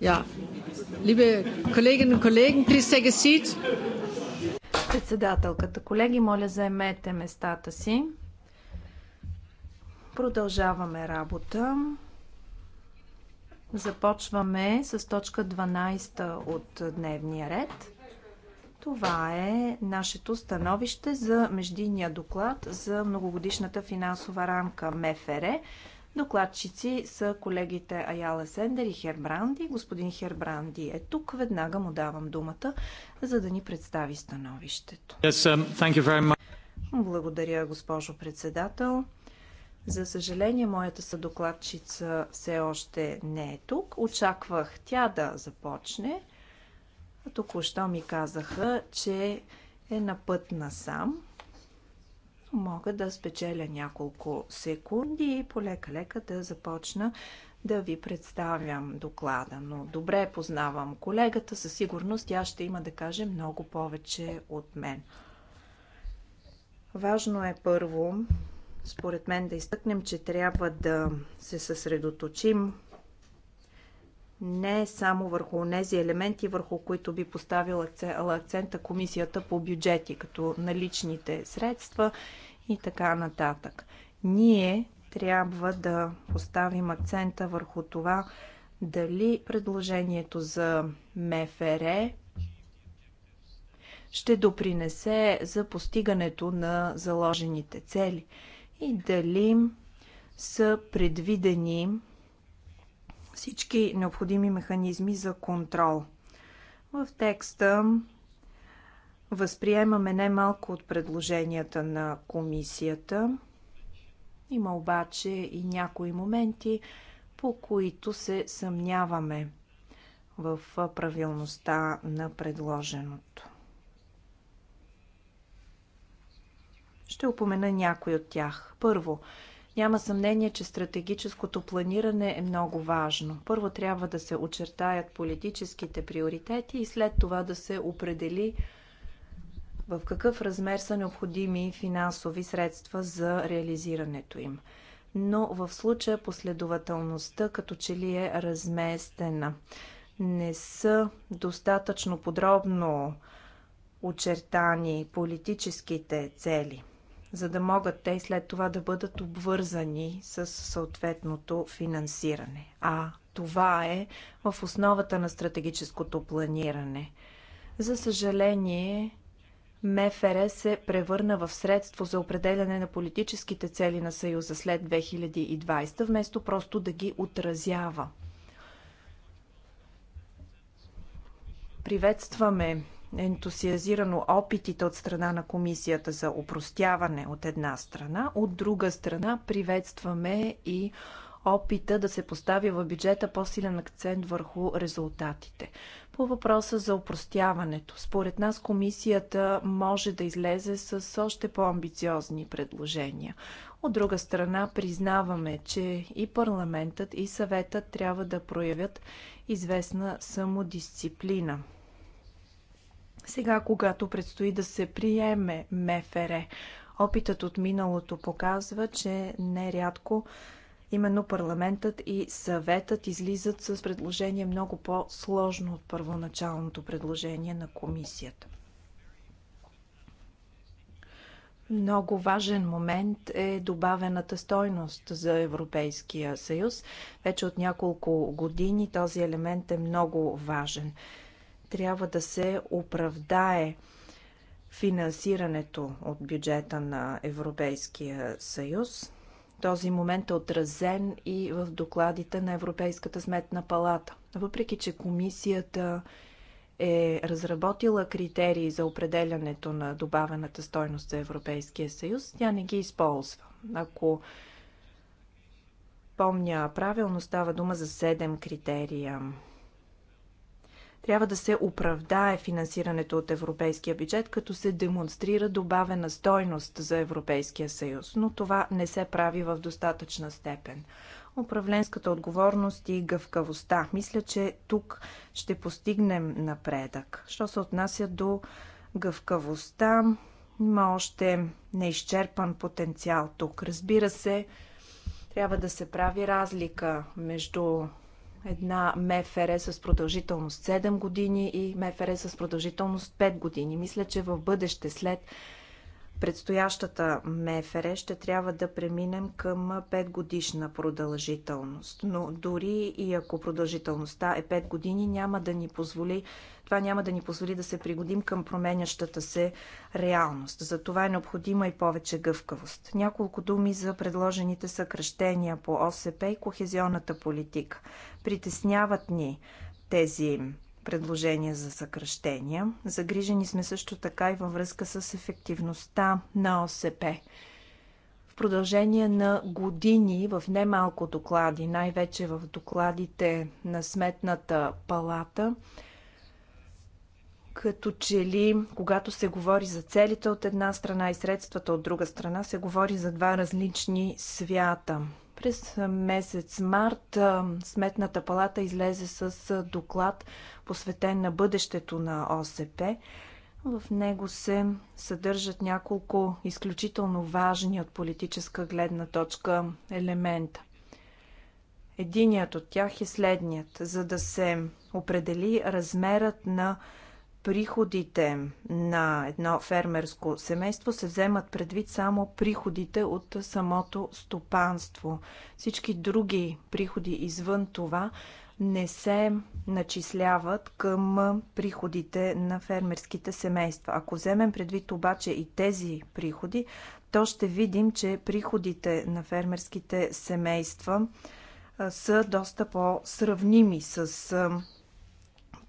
Ja. Liebe Kolleginnen und Kollegen, please take a seat. Председателката, колеги, моля заемете местата си. Продължаваме работа. Започваме с точка 12 от дневния ред. Това е нашето становище за междинния доклад за многогодишната финансова рамка МФР Докладчици са колегите Аяла Сендер и Хербранди. Господин Хербранди е тук. Веднага му давам думата, за да ни представи становището. Yes, um, Благодаря, госпожо председател. За съжаление, моята съдокладчица все още не е тук. Очаквах тя да започне. Току-що ми казаха, че е на път насам мога да спечеля няколко секунди и полека-лека да започна да ви представям доклада. Но добре познавам колегата, със сигурност тя ще има да каже много повече от мен. Важно е първо, според мен, да изтъкнем, че трябва да се съсредоточим не само върху тези елементи, върху които би поставила акцента комисията по бюджети, като наличните средства и така нататък. Ние трябва да поставим акцента върху това дали предложението за МФР ще допринесе за постигането на заложените цели и дали са предвидени всички необходими механизми за контрол. В текста възприемаме немалко от предложенията на комисията. Има обаче и някои моменти, по които се съмняваме в правилността на предложеното. Ще упомена някои от тях. Първо, няма съмнение, че стратегическото планиране е много важно. Първо трябва да се очертаят политическите приоритети и след това да се определи в какъв размер са необходими финансови средства за реализирането им. Но в случая последователността като че ли е разместена. Не са достатъчно подробно очертани политическите цели – за да могат те след това да бъдат обвързани с съответното финансиране. А това е в основата на стратегическото планиране. За съжаление, МФР се превърна в средство за определяне на политическите цели на Съюза след 2020, вместо просто да ги отразява. Приветстваме ентусиазирано опитите от страна на комисията за упростяване от една страна, от друга страна приветстваме и опита да се постави в бюджета по-силен акцент върху резултатите. По въпроса за упростяването, според нас комисията може да излезе с още по-амбициозни предложения. От друга страна, признаваме, че и парламентът, и съветът трябва да проявят известна самодисциплина. Сега, когато предстои да се приеме МФР, опитът от миналото показва, че нерядко именно парламентът и съветът излизат с предложение много по-сложно от първоначалното предложение на комисията. Много важен момент е добавената стойност за Европейския съюз. Вече от няколко години този елемент е много важен трябва да се оправдае финансирането от бюджета на Европейския съюз. Този момент е отразен и в докладите на Европейската сметна палата. Въпреки, че комисията е разработила критерии за определянето на добавената стойност за Европейския съюз, тя не ги използва. Ако помня правилно, става дума за 7 критерия трябва да се оправдае финансирането от европейския бюджет, като се демонстрира добавена стойност за Европейския съюз, но това не се прави в достатъчна степен. Управленската отговорност и гъвкавостта. Мисля, че тук ще постигнем напредък. Що се отнася до гъвкавостта, има още неизчерпан потенциал тук. Разбира се, трябва да се прави разлика между една МФР е с продължителност 7 години и МФР е с продължителност 5 години. Мисля, че в бъдеще след предстоящата мефере ще трябва да преминем към 5 годишна продължителност. Но дори и ако продължителността е 5 години, няма да ни позволи, това няма да ни позволи да се пригодим към променящата се реалност. За това е необходима и повече гъвкавост. Няколко думи за предложените съкръщения по ОСП и кохезионната политика. Притесняват ни тези предложения за съкръщения. Загрижени сме също така и във връзка с ефективността на ОСП. В продължение на години в немалко доклади, най-вече в докладите на Сметната палата, като че ли, когато се говори за целите от една страна и средствата от друга страна, се говори за два различни свята – през месец март Сметната палата излезе с доклад, посветен на бъдещето на ОСП. В него се съдържат няколко изключително важни от политическа гледна точка елемента. Единият от тях е следният. За да се определи размерът на приходите на едно фермерско семейство се вземат предвид само приходите от самото стопанство. Всички други приходи извън това не се начисляват към приходите на фермерските семейства. Ако вземем предвид обаче и тези приходи, то ще видим, че приходите на фермерските семейства са доста по-сравними с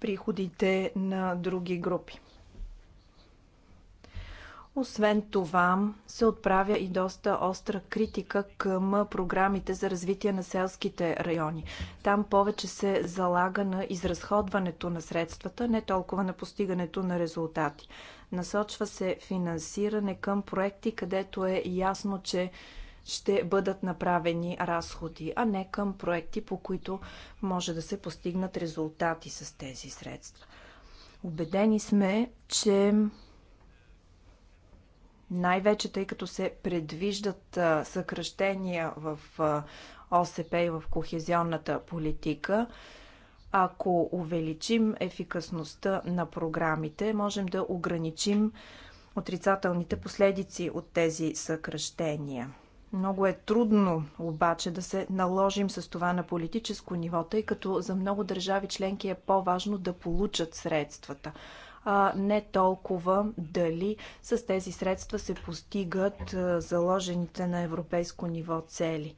приходите на други групи. Освен това, се отправя и доста остра критика към програмите за развитие на селските райони. Там повече се залага на изразходването на средствата, не толкова на постигането на резултати. Насочва се финансиране към проекти, където е ясно, че ще бъдат направени разходи, а не към проекти, по които може да се постигнат резултати с тези средства. Убедени сме, че най-вече тъй като се предвиждат съкръщения в ОСП и в кохезионната политика, ако увеличим ефикасността на програмите, можем да ограничим отрицателните последици от тези съкръщения. Много е трудно обаче да се наложим с това на политическо ниво, тъй като за много държави членки е по-важно да получат средствата, а не толкова дали с тези средства се постигат заложените на европейско ниво цели.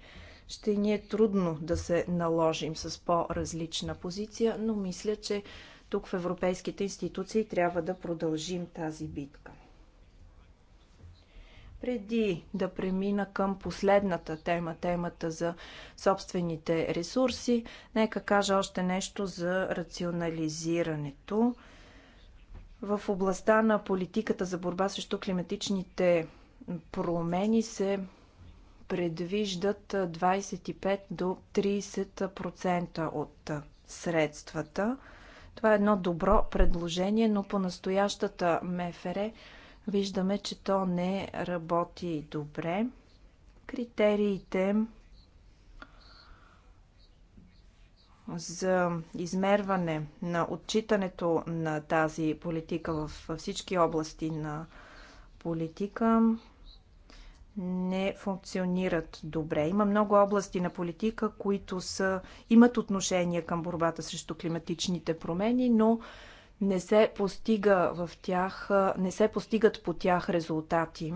Ще ни е трудно да се наложим с по-различна позиция, но мисля, че тук в европейските институции трябва да продължим тази битка. Преди да премина към последната тема, темата за собствените ресурси, нека кажа още нещо за рационализирането. В областта на политиката за борба срещу климатичните промени се предвиждат 25 до 30% от средствата. Това е едно добро предложение, но по настоящата МФР Виждаме, че то не работи добре. Критериите за измерване на отчитането на тази политика във всички области на политика не функционират добре. Има много области на политика, които са, имат отношение към борбата срещу климатичните промени, но не се постига в тях, не се постигат по тях резултати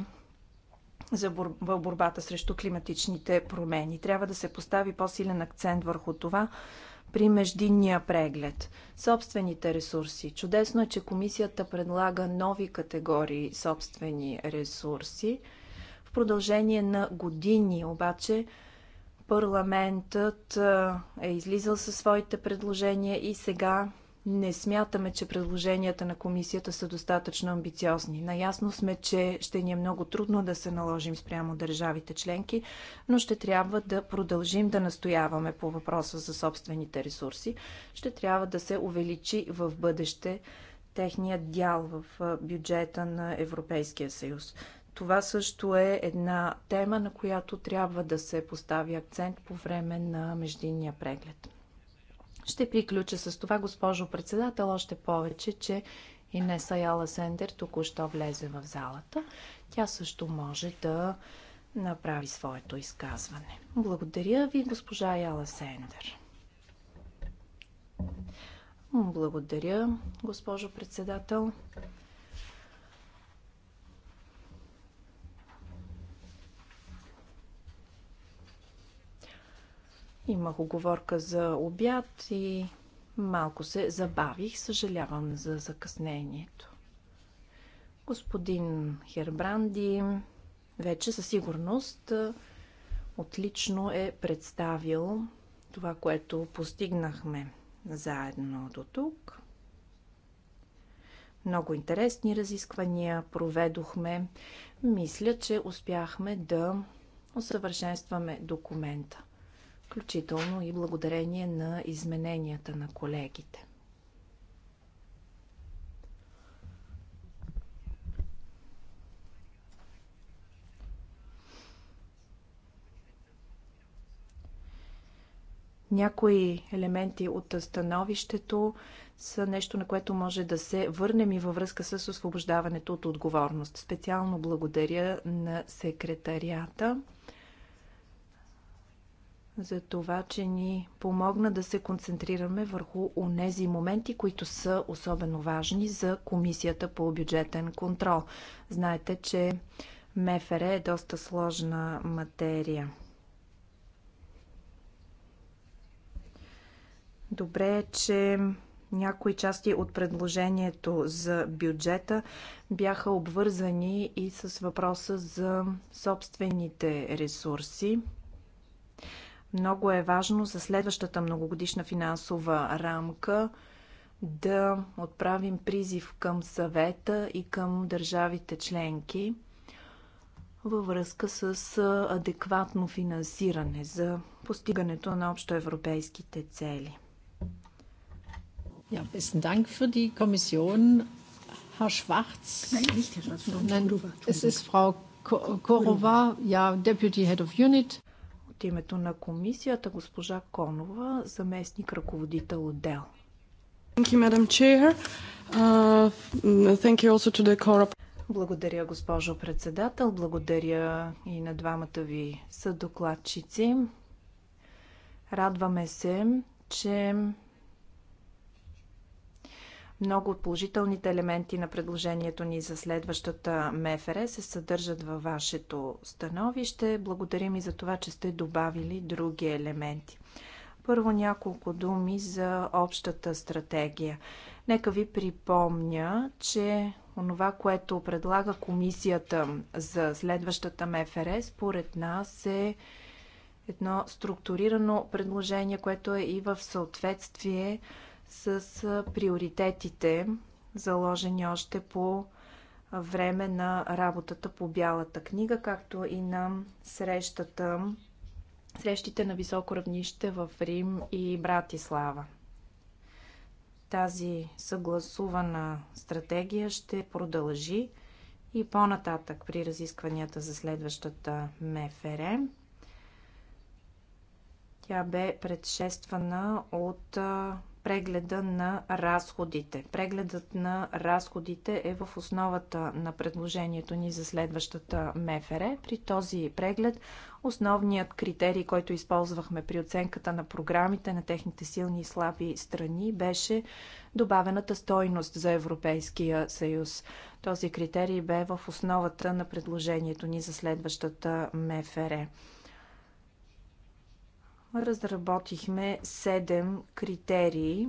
за бор, в борбата срещу климатичните промени. Трябва да се постави по-силен акцент върху това при междинния преглед. Собствените ресурси. Чудесно е, че комисията предлага нови категории собствени ресурси. В продължение на години обаче парламентът е излизал със своите предложения и сега не смятаме, че предложенията на комисията са достатъчно амбициозни. Наясно сме, че ще ни е много трудно да се наложим спрямо държавите членки, но ще трябва да продължим да настояваме по въпроса за собствените ресурси. Ще трябва да се увеличи в бъдеще техният дял в бюджета на Европейския съюз. Това също е една тема, на която трябва да се постави акцент по време на междинния преглед. Ще приключа с това, госпожо председател, още повече, че Инеса Яла Сендер току-що влезе в залата. Тя също може да направи своето изказване. Благодаря ви, госпожа Яла Сендер. Благодаря, госпожо председател. Имах оговорка за обяд и малко се забавих. Съжалявам за закъснението. Господин Хербранди вече със сигурност отлично е представил това, което постигнахме заедно до тук. Много интересни разисквания проведохме. Мисля, че успяхме да усъвършенстваме документа включително и благодарение на измененията на колегите. Някои елементи от становището са нещо, на което може да се върнем и във връзка с освобождаването от отговорност. Специално благодаря на секретарията за това, че ни помогна да се концентрираме върху онези моменти, които са особено важни за Комисията по бюджетен контрол. Знаете, че МФР е доста сложна материя. Добре е, че някои части от предложението за бюджета бяха обвързани и с въпроса за собствените ресурси. Много е важно за следващата многогодишна финансова рамка да отправим призив към съвета и към държавите членки във връзка с адекватно финансиране за постигането на общоевропейските цели. Ja, besten Dank für die Kommission. Herr Schwarz. Nein, nicht Herr Schwarz, Frau Nein, es ist Frau Korova, ja, Deputy Head of Unit името на комисията госпожа Конова, заместник ръководител отдел. Благодаря, госпожо председател. Благодаря и на двамата ви съдокладчици. Радваме се, че много от положителните елементи на предложението ни за следващата МФР се съдържат във вашето становище. Благодарим и за това, че сте добавили други елементи. Първо няколко думи за общата стратегия. Нека ви припомня, че онова, което предлага комисията за следващата МФР, според нас е едно структурирано предложение, което е и в съответствие с с приоритетите, заложени още по време на работата по Бялата книга, както и на срещата, срещите на високо равнище в Рим и Братислава. Тази съгласувана стратегия ще продължи и по-нататък при разискванията за следващата МФР. Тя бе предшествана от прегледа на разходите. Прегледът на разходите е в основата на предложението ни за следващата МФР. При този преглед основният критерий, който използвахме при оценката на програмите на техните силни и слаби страни, беше добавената стойност за Европейския съюз. Този критерий бе в основата на предложението ни за следващата МФР разработихме 7 критерии.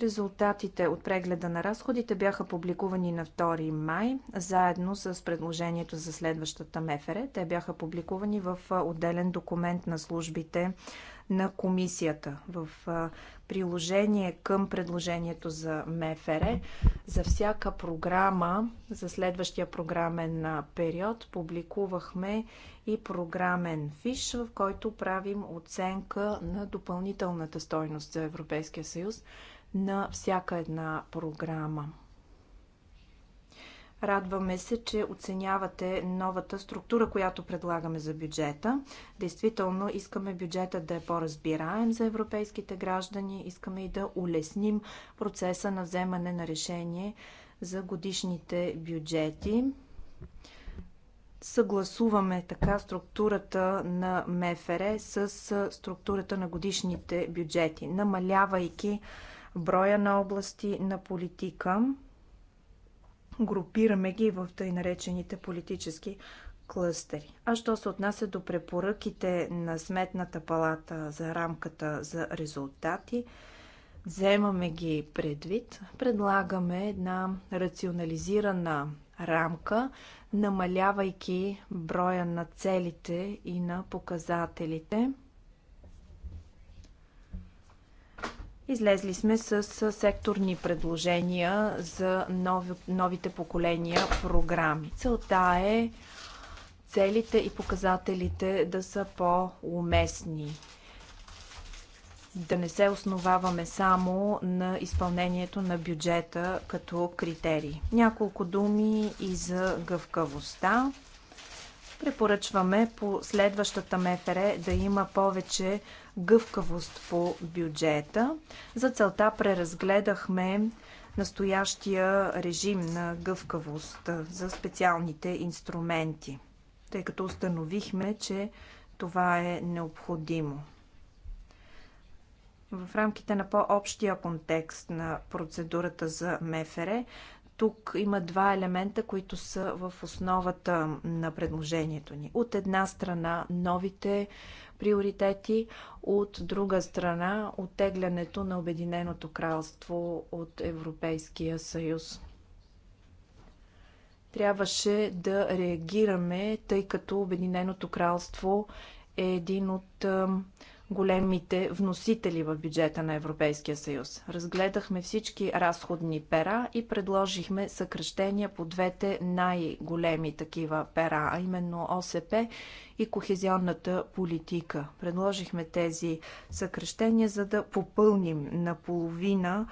Резултатите от прегледа на разходите бяха публикувани на 2 май, заедно с предложението за следващата МФР. Те бяха публикувани в отделен документ на службите на комисията. В приложение към предложението за МФР, за всяка програма, за следващия програмен период, публикувахме и програмен фиш, в който правим оценка на допълнителната стойност за Европейския съюз на всяка една програма. Радваме се, че оценявате новата структура, която предлагаме за бюджета. Действително искаме бюджета да е по-разбираем за европейските граждани, искаме и да улесним процеса на вземане на решение за годишните бюджети съгласуваме така структурата на МФР с структурата на годишните бюджети, намалявайки броя на области на политика. Групираме ги в тъй наречените политически клъстери. А що се отнася до препоръките на Сметната палата за рамката за резултати, вземаме ги предвид, предлагаме една рационализирана рамка, намалявайки броя на целите и на показателите. Излезли сме с секторни предложения за нови, новите поколения програми. Целта е целите и показателите да са по-уместни да не се основаваме само на изпълнението на бюджета като критерии. Няколко думи и за гъвкавостта. Препоръчваме по следващата МФР да има повече гъвкавост по бюджета. За целта преразгледахме настоящия режим на гъвкавост за специалните инструменти, тъй като установихме, че това е необходимо в рамките на по-общия контекст на процедурата за МФР, тук има два елемента, които са в основата на предложението ни. От една страна новите приоритети, от друга страна оттеглянето на Обединеното кралство от Европейския съюз. Трябваше да реагираме, тъй като Обединеното кралство е един от големите вносители в бюджета на Европейския съюз. Разгледахме всички разходни пера и предложихме съкръщения по двете най-големи такива пера, а именно ОСП и кохезионната политика. Предложихме тези съкръщения, за да попълним наполовина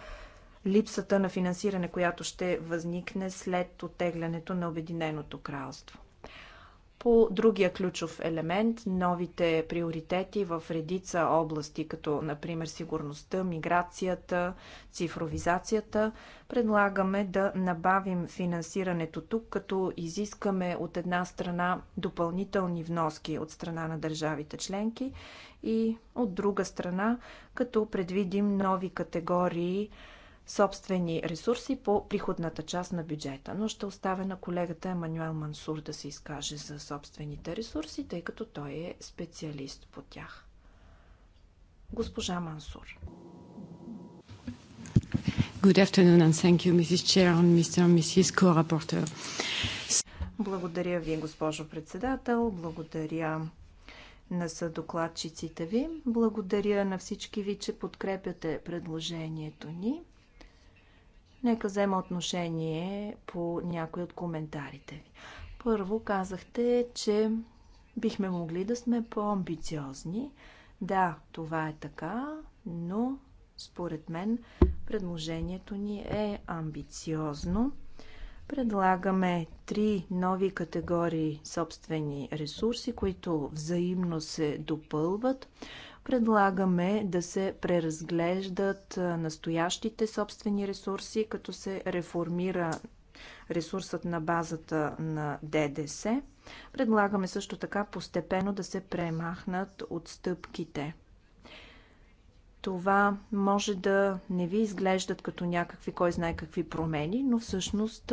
липсата на финансиране, която ще възникне след оттеглянето на Обединеното кралство. По другия ключов елемент, новите приоритети в редица области, като например сигурността, миграцията, цифровизацията, предлагаме да набавим финансирането тук, като изискаме от една страна допълнителни вноски от страна на държавите членки и от друга страна, като предвидим нови категории собствени ресурси по приходната част на бюджета. Но ще оставя на колегата Емануел Мансур да се изкаже за собствените ресурси, тъй като той е специалист по тях. Госпожа Мансур. Good afternoon and thank you, Mrs. Chair and Mr. and Mrs. co Благодаря ви, госпожо председател. Благодаря на съдокладчиците ви. Благодаря на всички ви, че подкрепяте предложението ни. Нека взема отношение по някои от коментарите ви. Първо казахте, че бихме могли да сме по-амбициозни. Да, това е така, но според мен предложението ни е амбициозно. Предлагаме три нови категории собствени ресурси, които взаимно се допълват предлагаме да се преразглеждат настоящите собствени ресурси, като се реформира ресурсът на базата на ДДС. Предлагаме също така постепенно да се премахнат отстъпките. Това може да не ви изглеждат като някакви, кой знае какви промени, но всъщност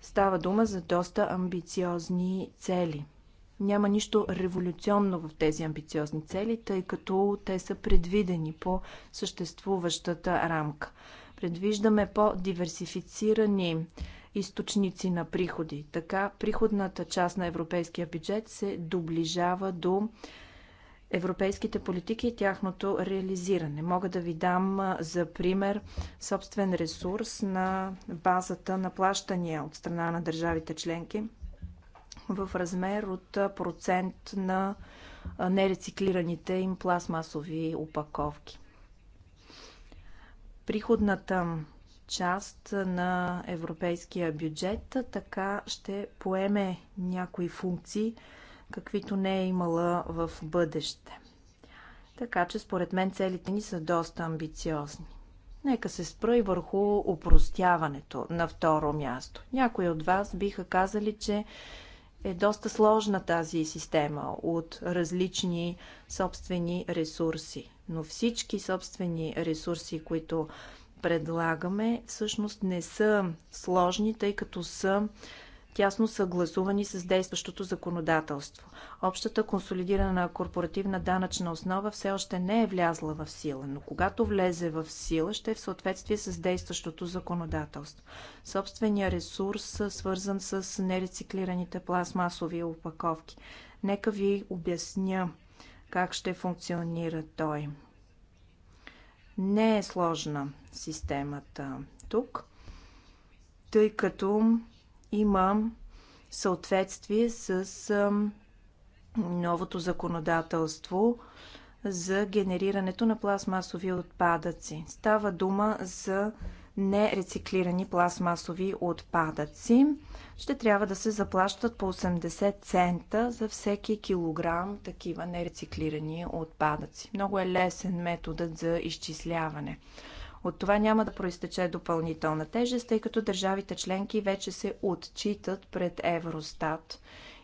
става дума за доста амбициозни цели – няма нищо революционно в тези амбициозни цели, тъй като те са предвидени по съществуващата рамка. Предвиждаме по-диверсифицирани източници на приходи. Така приходната част на европейския бюджет се доближава до европейските политики и тяхното реализиране. Мога да ви дам за пример собствен ресурс на базата на плащания от страна на държавите членки в размер от процент на нерециклираните им пластмасови опаковки. Приходната част на европейския бюджет така ще поеме някои функции, каквито не е имала в бъдеще. Така че според мен целите ни са доста амбициозни. Нека се спра и върху упростяването на второ място. Някои от вас биха казали, че е доста сложна тази система от различни собствени ресурси. Но всички собствени ресурси, които предлагаме, всъщност не са сложни, тъй като са тясно съгласувани с действащото законодателство. Общата консолидирана корпоративна данъчна основа все още не е влязла в сила, но когато влезе в сила, ще е в съответствие с действащото законодателство. Собствения ресурс, свързан с нерециклираните пластмасови опаковки. Нека ви обясня как ще функционира той. Не е сложна системата тук, тъй като има съответствие с новото законодателство за генерирането на пластмасови отпадъци. Става дума за нерециклирани пластмасови отпадъци. Ще трябва да се заплащат по 80 цента за всеки килограм такива нерециклирани отпадъци. Много е лесен методът за изчисляване. От това няма да проистече допълнителна тежест, тъй като държавите членки вече се отчитат пред Евростат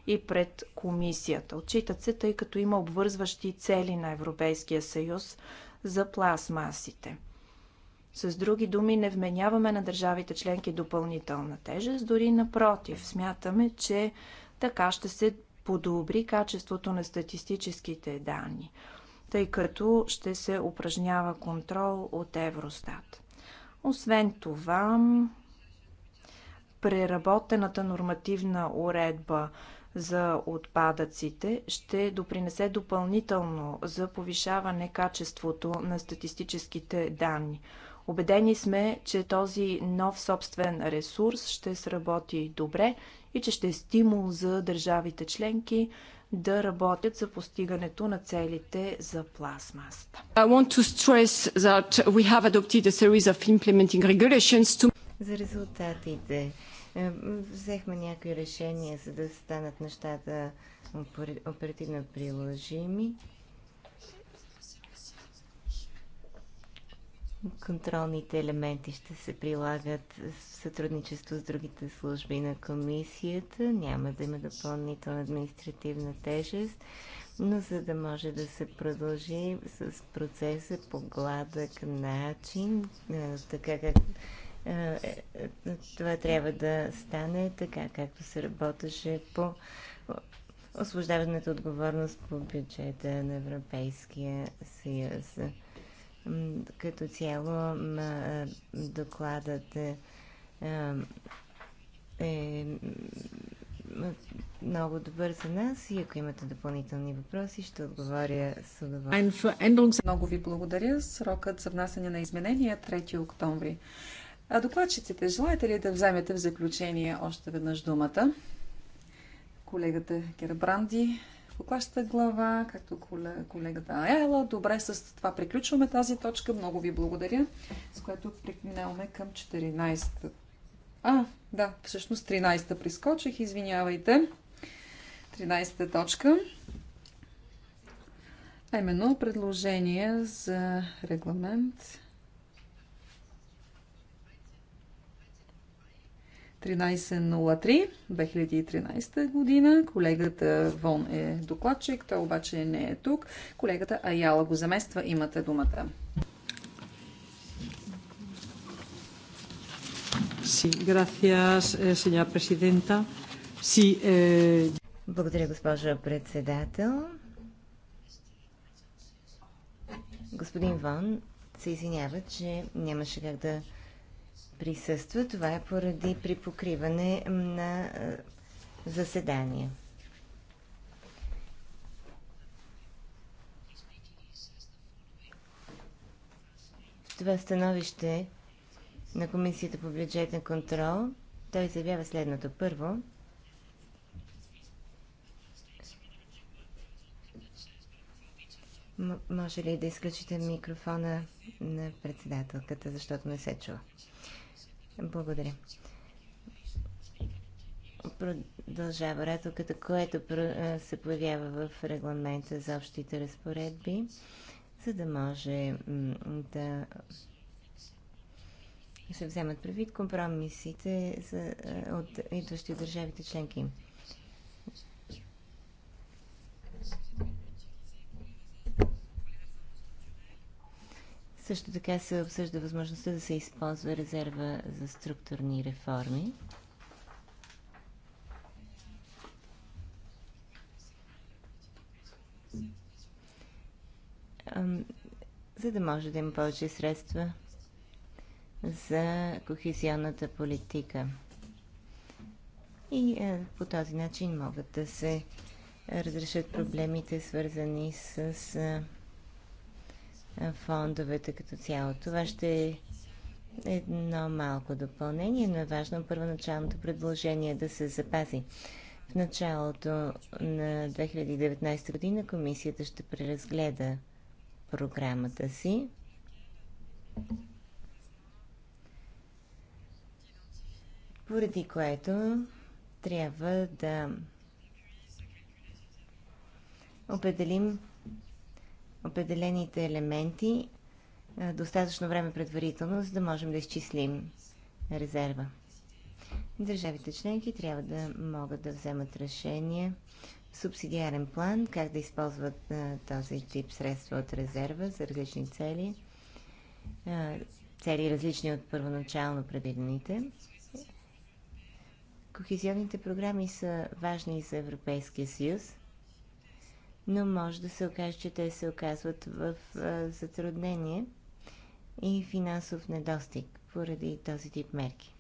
и пред комисията. Отчитат се, тъй като има обвързващи цели на Европейския съюз за пластмасите. С други думи, не вменяваме на държавите членки допълнителна тежест, дори напротив, смятаме, че така ще се подобри качеството на статистическите данни тъй като ще се упражнява контрол от Евростат. Освен това, преработената нормативна уредба за отпадъците ще допринесе допълнително за повишаване качеството на статистическите данни. Обедени сме, че този нов собствен ресурс ще сработи добре и че ще е стимул за държавите членки да работят за постигането на целите за пластмасата. To... За резултатите е, взехме някои решения, за да станат нещата оперативно приложими. Контролните елементи ще се прилагат в сътрудничество с другите служби на комисията. Няма да има допълнителна административна тежест, но за да може да се продължи с процеса по гладък начин, така как е, това трябва да стане така, както се работеше по освобождаването отговорност по бюджета на Европейския съюз. Като цяло докладът е, е много добър за нас и ако имате допълнителни въпроси, ще отговоря с удоволствие. Много ви благодаря. Срокът за внасяне на изменения 3 е октомври. А докладчиците, желаете ли да вземете в заключение още веднъж думата? Колегата Гербранди обхваща глава, както колегата Аела. Добре, с това приключваме тази точка. Много ви благодаря, с което преминаваме към 14-та. А, да, всъщност 13-та прискочих, извинявайте. 13-та точка. А именно предложение за регламент 1303-2013 година. Колегата Вон е докладчик, той обаче не е тук. Колегата Аяла го замества. Имате думата. Sí, gracias, eh, señora presidenta. Sí, eh... Благодаря, госпожа председател. Господин Вон се извинява, че нямаше как да присъства. Това е поради припокриване на заседания. В това становище на Комисията по бюджетен контрол той заявява следното. Първо, Може ли да изключите микрофона на председателката, защото не се чува? Благодаря. Продължава ратоката, което се появява в регламента за общите разпоредби, за да може да се вземат предвид компромисите за, от идващи държавите членки. Също така се обсъжда възможността да се използва резерва за структурни реформи. За да може да има повече средства за кохезионната политика. И е, по този начин могат да се разрешат проблемите, свързани с. Е, е, фондовете като цяло. Това ще е едно малко допълнение, но е важно първоначалното предложение да се запази. В началото на 2019 година комисията ще преразгледа програмата си. Поради което трябва да определим определените елементи достатъчно време предварително, за да можем да изчислим резерва. Държавите членки трябва да могат да вземат решение в субсидиарен план как да използват този тип средства от резерва за различни цели, цели различни от първоначално предвидените. Кохезионните програми са важни за Европейския съюз – но може да се окаже, че те се оказват в затруднение и финансов недостиг поради този тип мерки.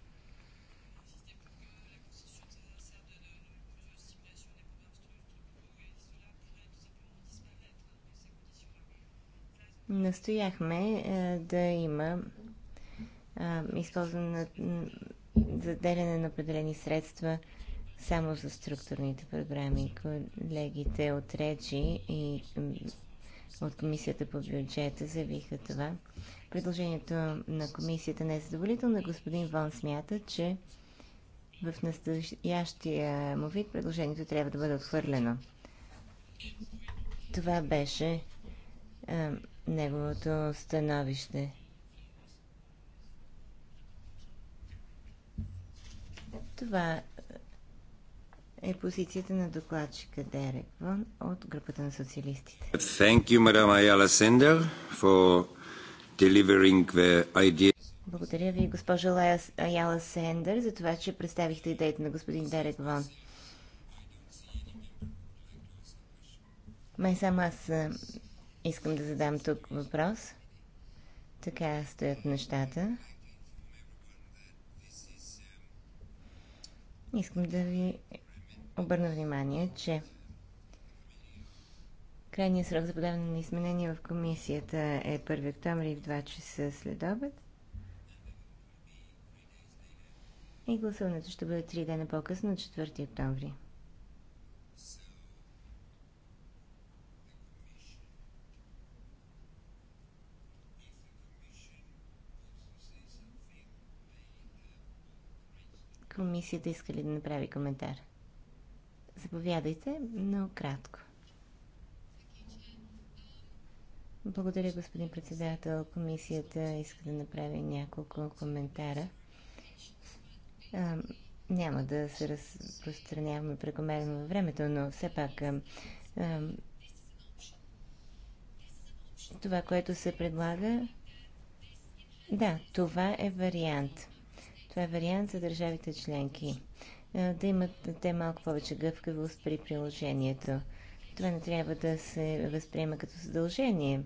Настояхме а, да има а, използване на заделяне на определени средства само за структурните програми. Колегите от речи и от Комисията по бюджета заявиха това. Предложението на комисията не е задоволително. Господин Вон смята, че в настоящия му вид предложението трябва да бъде отхвърлено. Това беше а, неговото становище. Това е позицията на докладчика Дерек Вън от групата на социалистите. Благодаря ви, госпожа Аяла Сендер, за това, че представихте идеята на господин Дерек Вон. Май само аз искам да задам тук въпрос. Така стоят нещата. Искам да ви обърна внимание, че крайният срок за подаване на изменения в комисията е 1 октомври в 2 часа след обед. И гласуването ще бъде 3 дена по-късно, на 4 октомври. Комисията иска ли да направи коментар? Заповядайте, но кратко. Благодаря, господин председател. Комисията иска да направи няколко коментара. А, няма да се разпространяваме прекомерно във времето, но все пак а, а, това, което се предлага, да, това е вариант. Това е вариант за държавите членки. Е, да имат те малко повече гъвкавост при приложението. Това не трябва да се възприема като задължение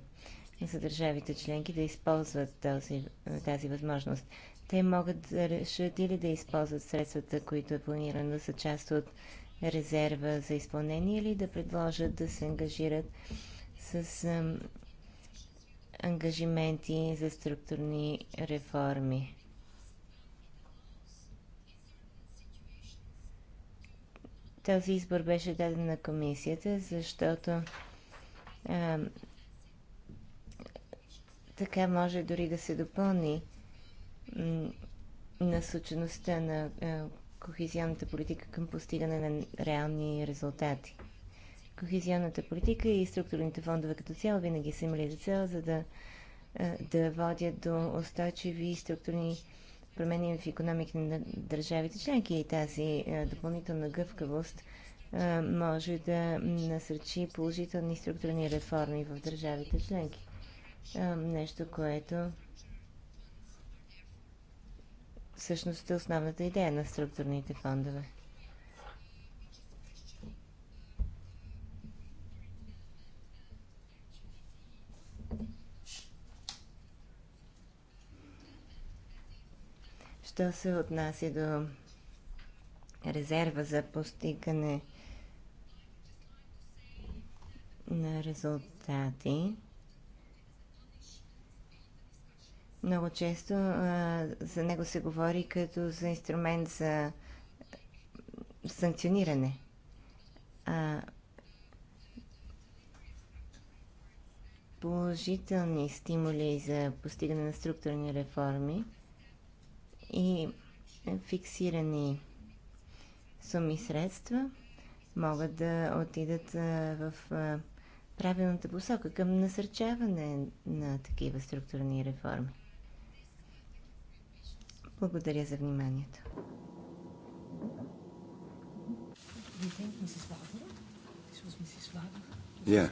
за държавите членки да използват този, тази възможност. Те могат да решат или да използват средствата, които е планирано са част от резерва за изпълнение, или да предложат да се ангажират с ам, ангажименти за структурни реформи. Този избор беше даден на комисията, защото а, така може дори да се допълни насочеността на а, кохезионната политика към постигане на реални резултати. Кохезионната политика и структурните фондове като цяло винаги са имали за цел, за да, а, да водят до устойчиви структурни промени в економиките на държавите членки и тази е, допълнителна гъвкавост е, може да насърчи положителни структурни реформи в държавите членки. Е, нещо, което всъщност е основната идея на структурните фондове. Що се отнася до резерва за постигане на резултати, много често а, за него се говори като за инструмент за санкциониране. А, положителни стимули за постигане на структурни реформи и фиксирани суми средства могат да отидат в правилната посока към насърчаване на такива структурни реформи. Благодаря за вниманието. Yeah.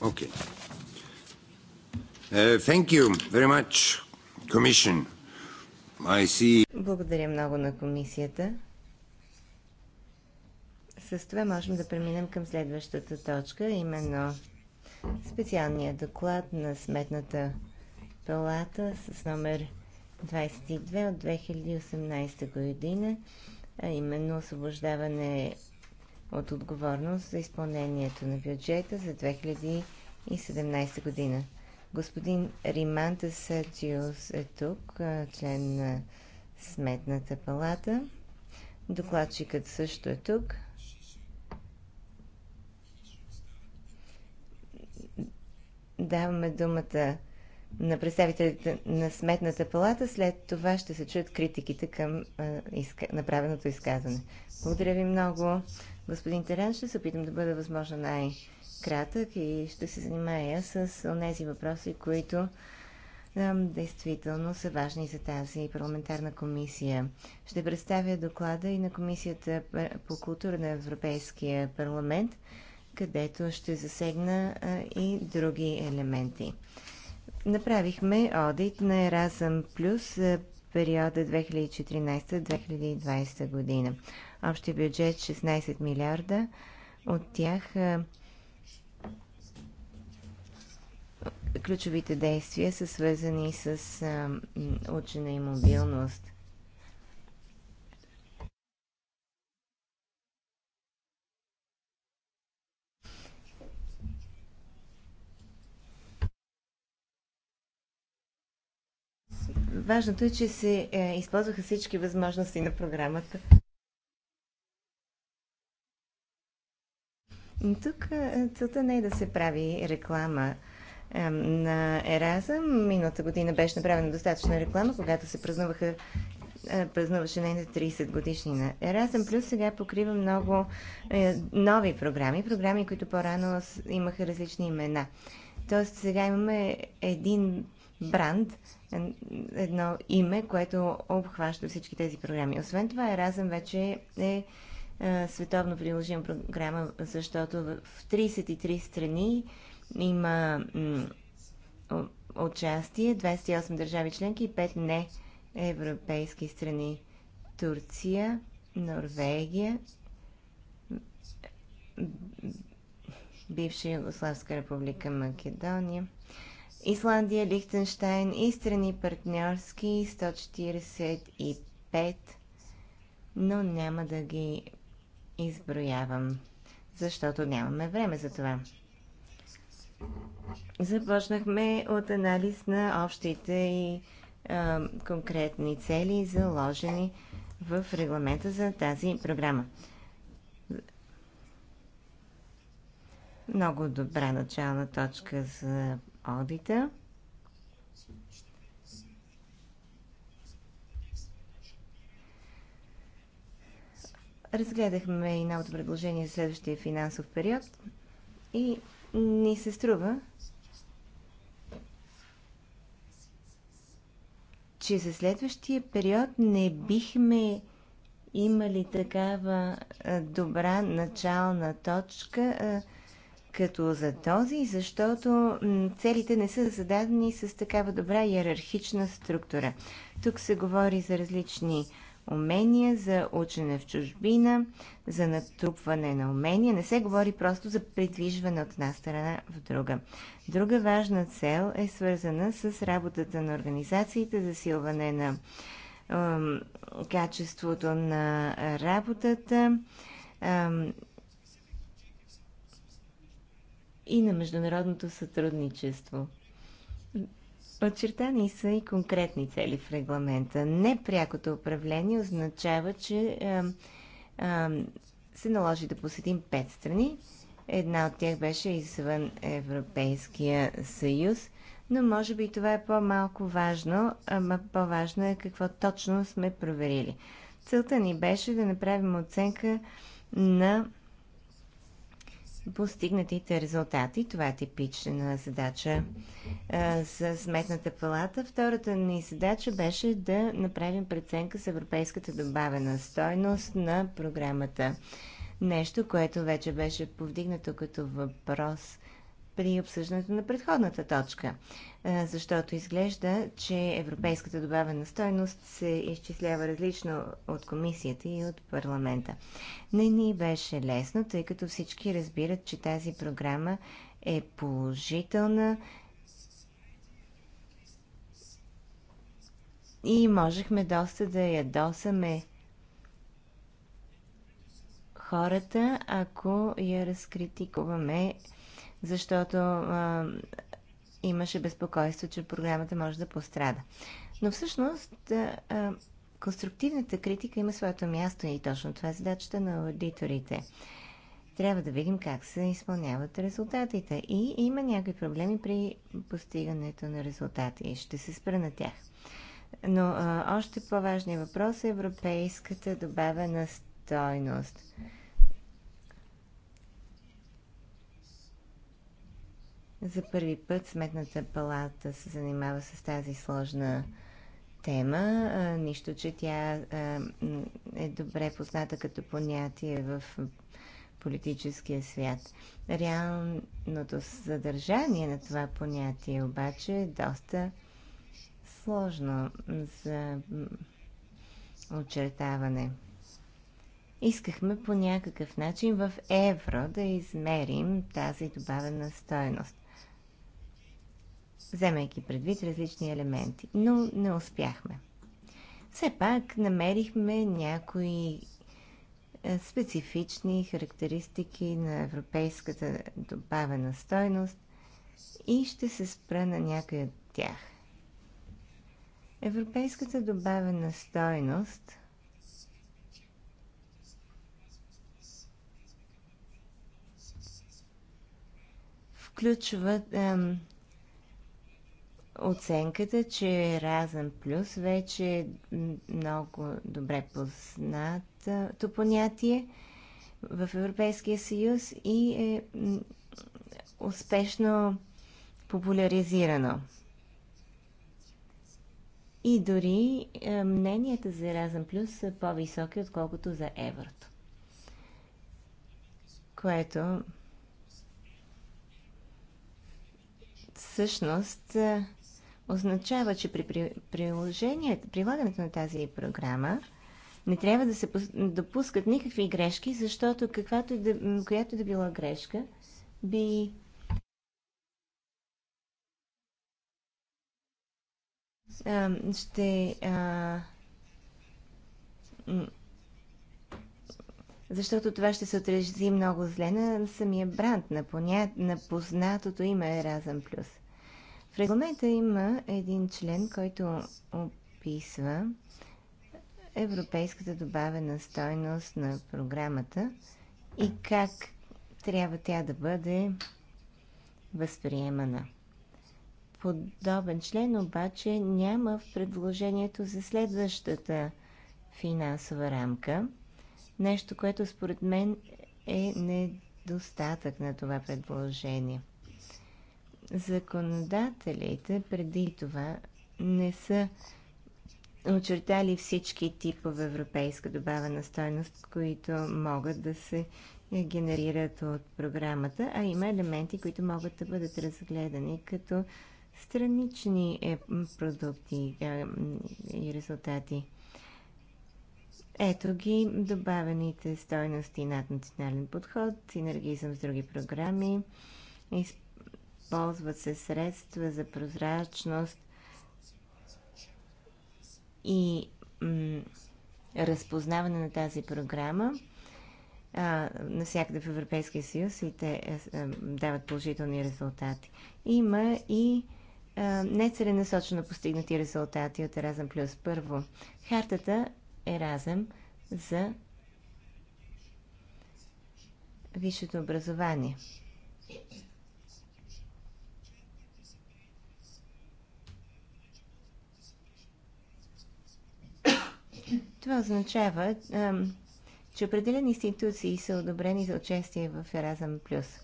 Okay. Uh, thank you very much, Commission. I see... Благодаря много на комисията. С това можем да преминем към следващата точка, именно специалния доклад на Сметната палата с номер 22 от 2018 година, а именно освобождаване от отговорност за изпълнението на бюджета за 2017 година. Господин Риманта Саджиос е тук, член на Сметната палата. Докладчикът също е тук. Даваме думата на представителите на Сметната палата. След това ще се чуят критиките към изка... направеното изказване. Благодаря ви много, господин Терен. Ще се опитам да бъда възможно най- кратък и ще се занимая с тези въпроси, които действително са важни за тази парламентарна комисия. Ще представя доклада и на Комисията по култура на Европейския парламент, където ще засегна и други елементи. Направихме одит на Еразъм Плюс за периода 2014-2020 година. Общия бюджет 16 милиарда, от тях ключовите действия са свързани с учене и мобилност. Важното е, че се е, използваха всички възможности на програмата. Тук е, целта не е да се прави реклама на Еразъм. Миналата година беше направена достатъчна реклама, когато се празнуваха празнуваше на 30 годишни на Еразъм Плюс сега покрива много е, нови програми, програми, които по-рано имаха различни имена. Тоест сега имаме един бранд, едно име, което обхваща всички тези програми. Освен това, Еразъм вече е, е световно приложим програма, защото в 33 страни има участие, 28 държави членки и 5 не европейски страни. Турция, Норвегия, бивша Югославска република Македония, Исландия, Лихтенштайн и страни партньорски 145, но няма да ги изброявам, защото нямаме време за това започнахме от анализ на общите и а, конкретни цели, заложени в регламента за тази програма. Много добра начална точка за одита. Разгледахме и новото предложение за следващия финансов период и ни се струва, че за следващия период не бихме имали такава добра начална точка като за този, защото целите не са зададени с такава добра иерархична структура. Тук се говори за различни умения, за учене в чужбина, за натрупване на умения. Не се говори просто за придвижване от една страна в друга. Друга важна цел е свързана с работата на организациите, засилване на е, качеството на работата е, и на международното сътрудничество. Подчертани са и конкретни цели в регламента. Непрякото управление означава, че а, а, се наложи да посетим пет страни. Една от тях беше извън Европейския съюз, но може би това е по-малко важно, ама по-важно е какво точно сме проверили. Целта ни беше да направим оценка на постигнатите резултати. Това е типична задача а, за Сметната палата. Втората ни задача беше да направим преценка с европейската добавена стойност на програмата. Нещо, което вече беше повдигнато като въпрос при обсъждането на предходната точка, е, защото изглежда, че европейската добавена стойност се изчислява различно от комисията и от парламента. Не ни беше лесно, тъй като всички разбират, че тази програма е положителна и можехме доста да я досаме хората, ако я разкритикуваме защото а, имаше безпокойство, че програмата може да пострада. Но всъщност а, а, конструктивната критика има своето място и точно това е задачата на аудиторите. Трябва да видим как се изпълняват резултатите. И има някакви проблеми при постигането на резултати. И ще се спра на тях. Но а, още по-важният въпрос е европейската добавена стойност. За първи път Сметната палата се занимава с тази сложна тема. Нищо, че тя е добре позната като понятие в политическия свят. Реалното съдържание на това понятие обаче е доста сложно за очертаване. Искахме по някакъв начин в евро да измерим тази добавена стоеност вземайки предвид различни елементи, но не успяхме. Все пак намерихме някои е, специфични характеристики на европейската добавена стойност и ще се спра на някои от тях. Европейската добавена стойност включва оценката, че разен Плюс вече е много добре познато понятие в Европейския съюз и е успешно популяризирано. И дори е, мненията за Еразъм Плюс са по-високи, отколкото за еврото. Което всъщност е, означава, че при приложението, прилагането на тази програма не трябва да се допускат никакви грешки, защото каквато да, която да била грешка, би а, ще а, защото това ще се отрази много зле на самия бранд, на, поня... на познатото име Еразъм Плюс. В регламента има един член, който описва европейската добавена стойност на програмата и как трябва тя да бъде възприемана. Подобен член обаче няма в предложението за следващата финансова рамка. Нещо, което според мен е недостатък на това предложение – законодателите преди това не са очертали всички типове европейска добавена стойност, които могат да се генерират от програмата, а има елементи, които могат да бъдат разгледани като странични е, продукти е, и резултати. Ето ги добавените стойности над национален подход, синергизъм с други програми, изпълнение използват се средства за прозрачност и разпознаване на тази програма. А, навсякъде в Европейския съюз и те а, е, е, дават положителни резултати. Има и а, нецеленасочено постигнати резултати от Еразъм Плюс. Първо, хартата Еразъм за висшето образование. Това означава, че определени институции са одобрени за участие в Еразъм Плюс.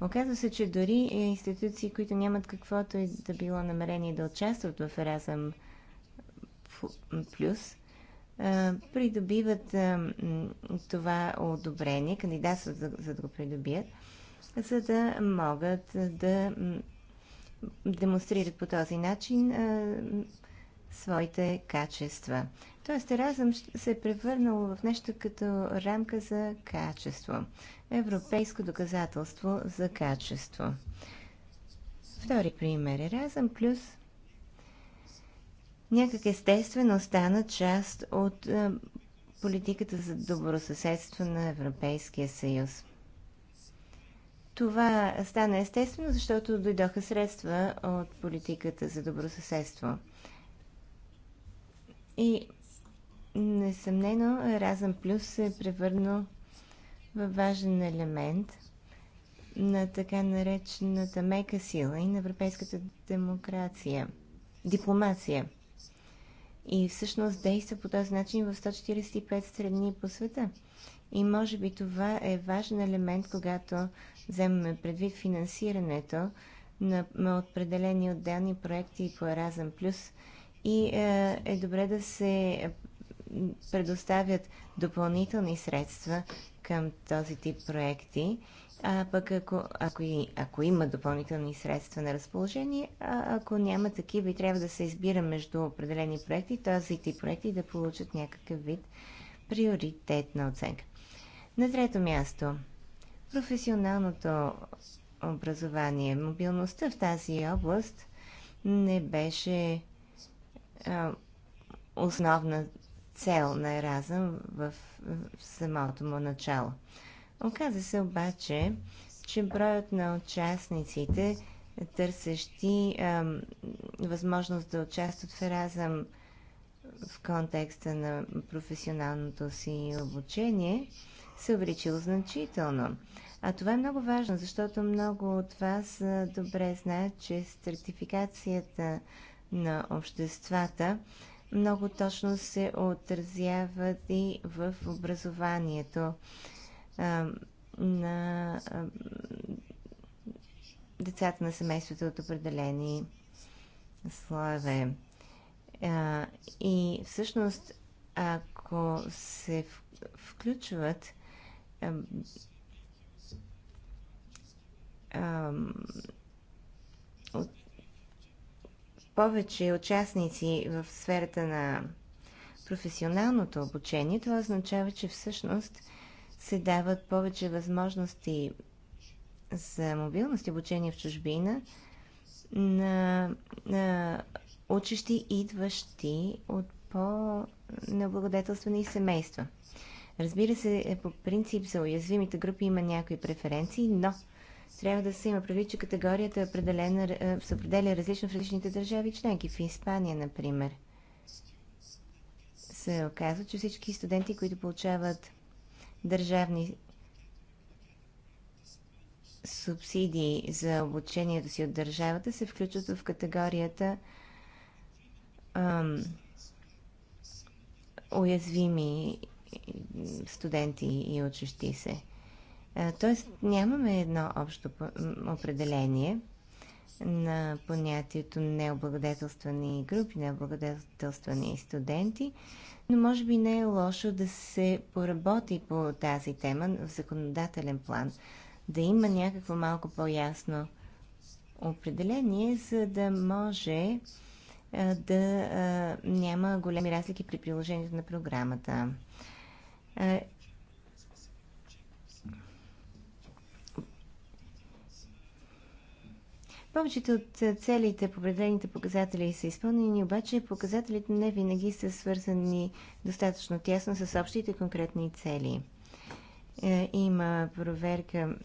Оказва се, че дори институции, които нямат каквото и да било намерение да участват в Еразъм Плюс, придобиват това одобрение, кандидатстват за да го придобият, за да могат да демонстрират по този начин своите качества. Тоест, разум се е превърнал в нещо като рамка за качество. Европейско доказателство за качество. Втори пример е разъм плюс някак естествено стана част от е, политиката за добросъседство на Европейския съюз. Това стана естествено, защото дойдоха средства от политиката за добросъседство. И Несъмнено, Еразъм Плюс се е превърнал в важен елемент на така наречената мека сила и на европейската демокрация, дипломация. И всъщност действа по този начин в 145 страни по света. И може би това е важен елемент, когато вземаме предвид финансирането на, на определени отделни проекти по Еразъм Плюс. И е, е добре да се предоставят допълнителни средства към този тип проекти, а пък ако, ако, и, ако има допълнителни средства на разположение, а ако няма такива и трябва да се избира между определени проекти, този тип проекти да получат някакъв вид приоритетна оценка. На трето място, професионалното образование. Мобилността в тази област не беше а, основна цел на Еразъм в самото му начало. Оказа се обаче, че броят на участниците, търсещи а, възможност да участват в Еразъм в контекста на професионалното си обучение, се увеличил значително. А това е много важно, защото много от вас добре знаят, че стратификацията на обществата много точно се отразяват и в образованието а, на а, децата на семейството от определени слоеве. А, и всъщност, ако се в, включват а, а, повече участници в сферата на професионалното обучение, това означава, че всъщност се дават повече възможности за мобилност и обучение в чужбина на, на учещи, идващи от по-наблагодетелствени семейства. Разбира се, по принцип за уязвимите групи има някои преференции, но трябва да се има предвид, че категорията е определена, е, се определя различно в различните държави членки. В Испания, например, се оказва, че всички студенти, които получават държавни субсидии за обучението си от държавата, се включват в категорията ам, уязвими студенти и учещи се. Е, тоест нямаме едно общо определение на понятието необлагодетелствани групи, необлагодетелствани студенти, но може би не е лошо да се поработи по тази тема в законодателен план, да има някакво малко по-ясно определение, за да може е, да е, няма големи разлики при приложението на програмата. Повечето от целите по определените показатели са изпълнени, обаче показателите не винаги са свързани достатъчно тясно с общите конкретни цели. Е, има проверка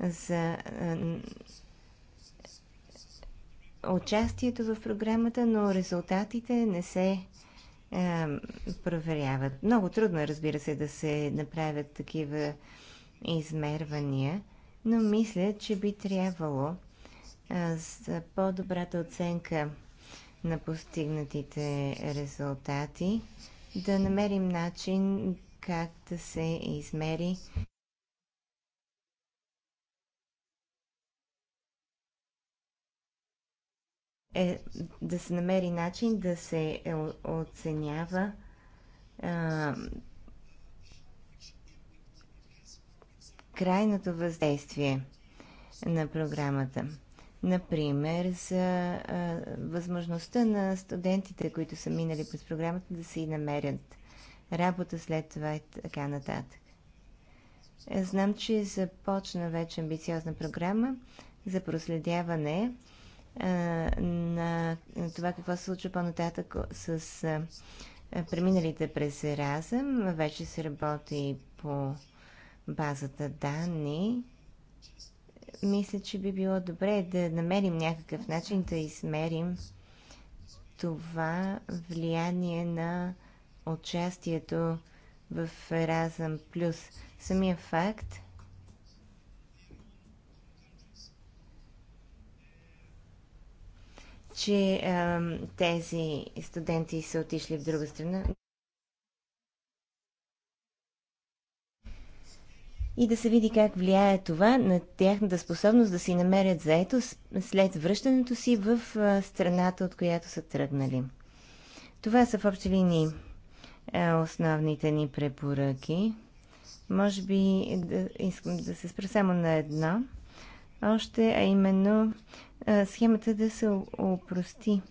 за е, участието в програмата, но резултатите не се е, проверяват. Много трудно разбира се, да се направят такива измервания, но мисля, че би трябвало за по-добрата оценка на постигнатите резултати, да намерим начин как да се измери е да се намери начин да се е, оценява а, крайното въздействие на програмата. Например, за а, възможността на студентите, които са минали през програмата, да си намерят работа след това и така нататък. Е, знам, че започна вече амбициозна програма за проследяване а, на, това какво се случва по-нататък с а, преминалите през Еразъм. Вече се работи по базата данни мисля, че би било добре да намерим някакъв начин да измерим това влияние на участието в Еразъм Плюс. Самия факт, че а, тези студенти са отишли в друга страна. и да се види как влияе това на тяхната способност да си намерят заето след връщането си в страната, от която са тръгнали. Това са в общи линии основните ни препоръки. Може би да, искам да се спра само на една. Още, а именно схемата да се опрости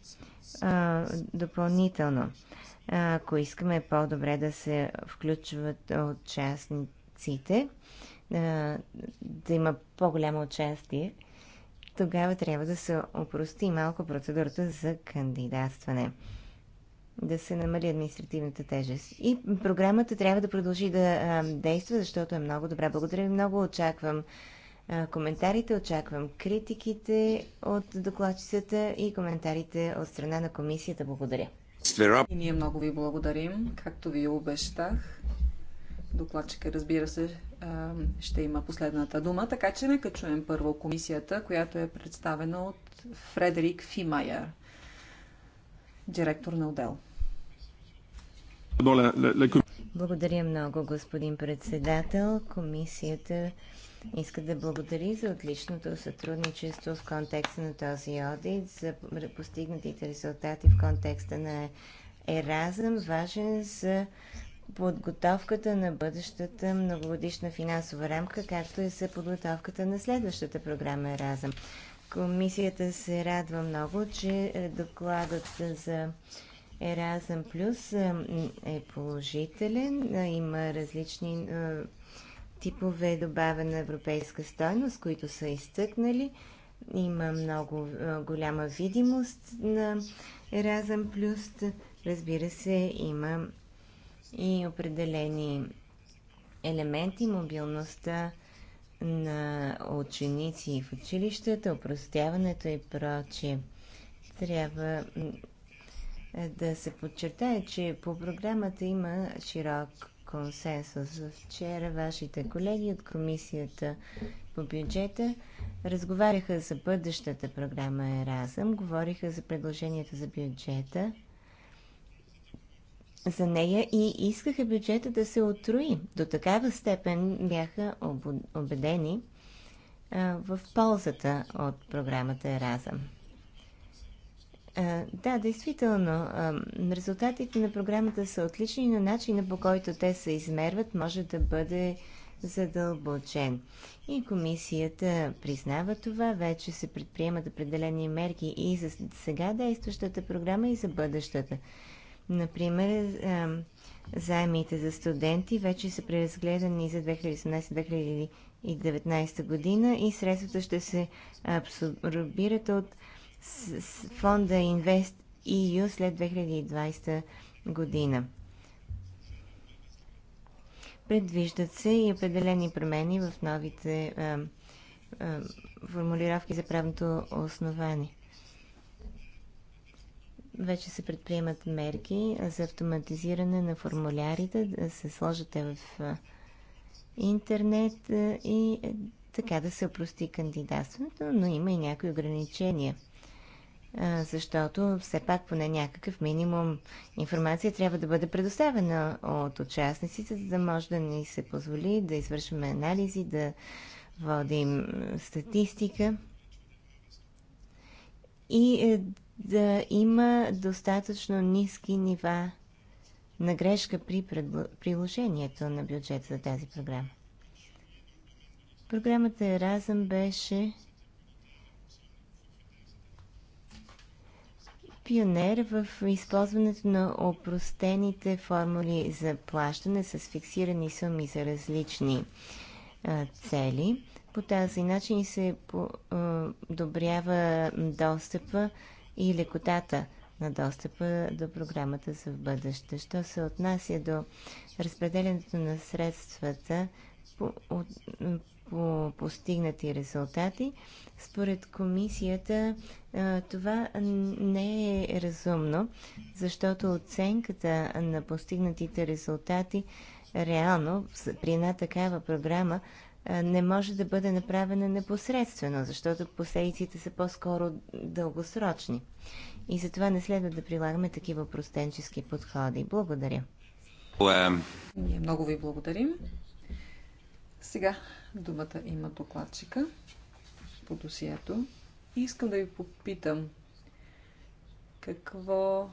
допълнително. Ако искаме по-добре да се включват от частните политиците да има по-голямо участие, тогава трябва да се опрости малко процедурата за кандидатстване. Да се намали административната тежест. И програмата трябва да продължи да действа, защото е много добра. Благодаря ви много. Очаквам коментарите, очаквам критиките от докладчицата и коментарите от страна на комисията. Благодаря. И ние много ви благодарим, както ви обещах. Докладчика, разбира се, ще има последната дума, така че нека чуем първо комисията, която е представена от Фредерик Фимайер, директор на отдел. Благодаря много, господин председател. Комисията иска да благодари за отличното сътрудничество в контекста на този одит, за постигнатите резултати в контекста на Еразъм, важен за подготовката на бъдещата многогодишна финансова рамка, както и за подготовката на следващата програма Еразъм. Комисията се радва много, че е, докладът за Еразъм Плюс е, е положителен. Е, има различни типове добавена европейска стойност, които са изтъкнали. Има много голяма видимост на Еразъм Плюс. Разбира се, има и определени елементи, мобилността на ученици в училищата, опростяването и прочие. Трябва да се подчертая, че по програмата има широк консенсус. Вчера вашите колеги от комисията по бюджета разговаряха за бъдещата програма Еразъм, говориха за предложението за бюджета за нея и искаха бюджета да се отруи. До такава степен бяха убедени в ползата от програмата Еразъм. Да, действително, резултатите на програмата са отлични, но начина по който те се измерват може да бъде задълбочен. И комисията признава това, вече се предприемат определени мерки и за сега действащата програма и за бъдещата. Например, е, заемите за студенти вече са преразгледани за 2018-2019 година и средствата ще се абсорбират от фонда Invest EU след 2020 година. Предвиждат се и определени промени в новите формулировки за правното основание вече се предприемат мерки за автоматизиране на формулярите, да се сложат в интернет и е, така да се опрости кандидатството, но има и някои ограничения. Защото все пак поне някакъв минимум информация трябва да бъде предоставена от участниците, за да може да ни се позволи да извършваме анализи, да водим статистика и е, да има достатъчно ниски нива на грешка при приложението на бюджета за тази програма. Програмата Еразъм беше пионер в използването на опростените формули за плащане с фиксирани суми за различни а, цели. По тази начин се подобрява достъпа и лекотата на достъпа до програмата за в бъдеще. Що се отнася до разпределянето на средствата по, от, по постигнати резултати, според комисията това не е разумно, защото оценката на постигнатите резултати реално при една такава програма не може да бъде направена непосредствено, защото последиците са по-скоро дългосрочни. И затова не следва да прилагаме такива простенчески подходи. Благодаря. Ние много ви благодарим. Сега думата има докладчика по досието. И искам да ви попитам какво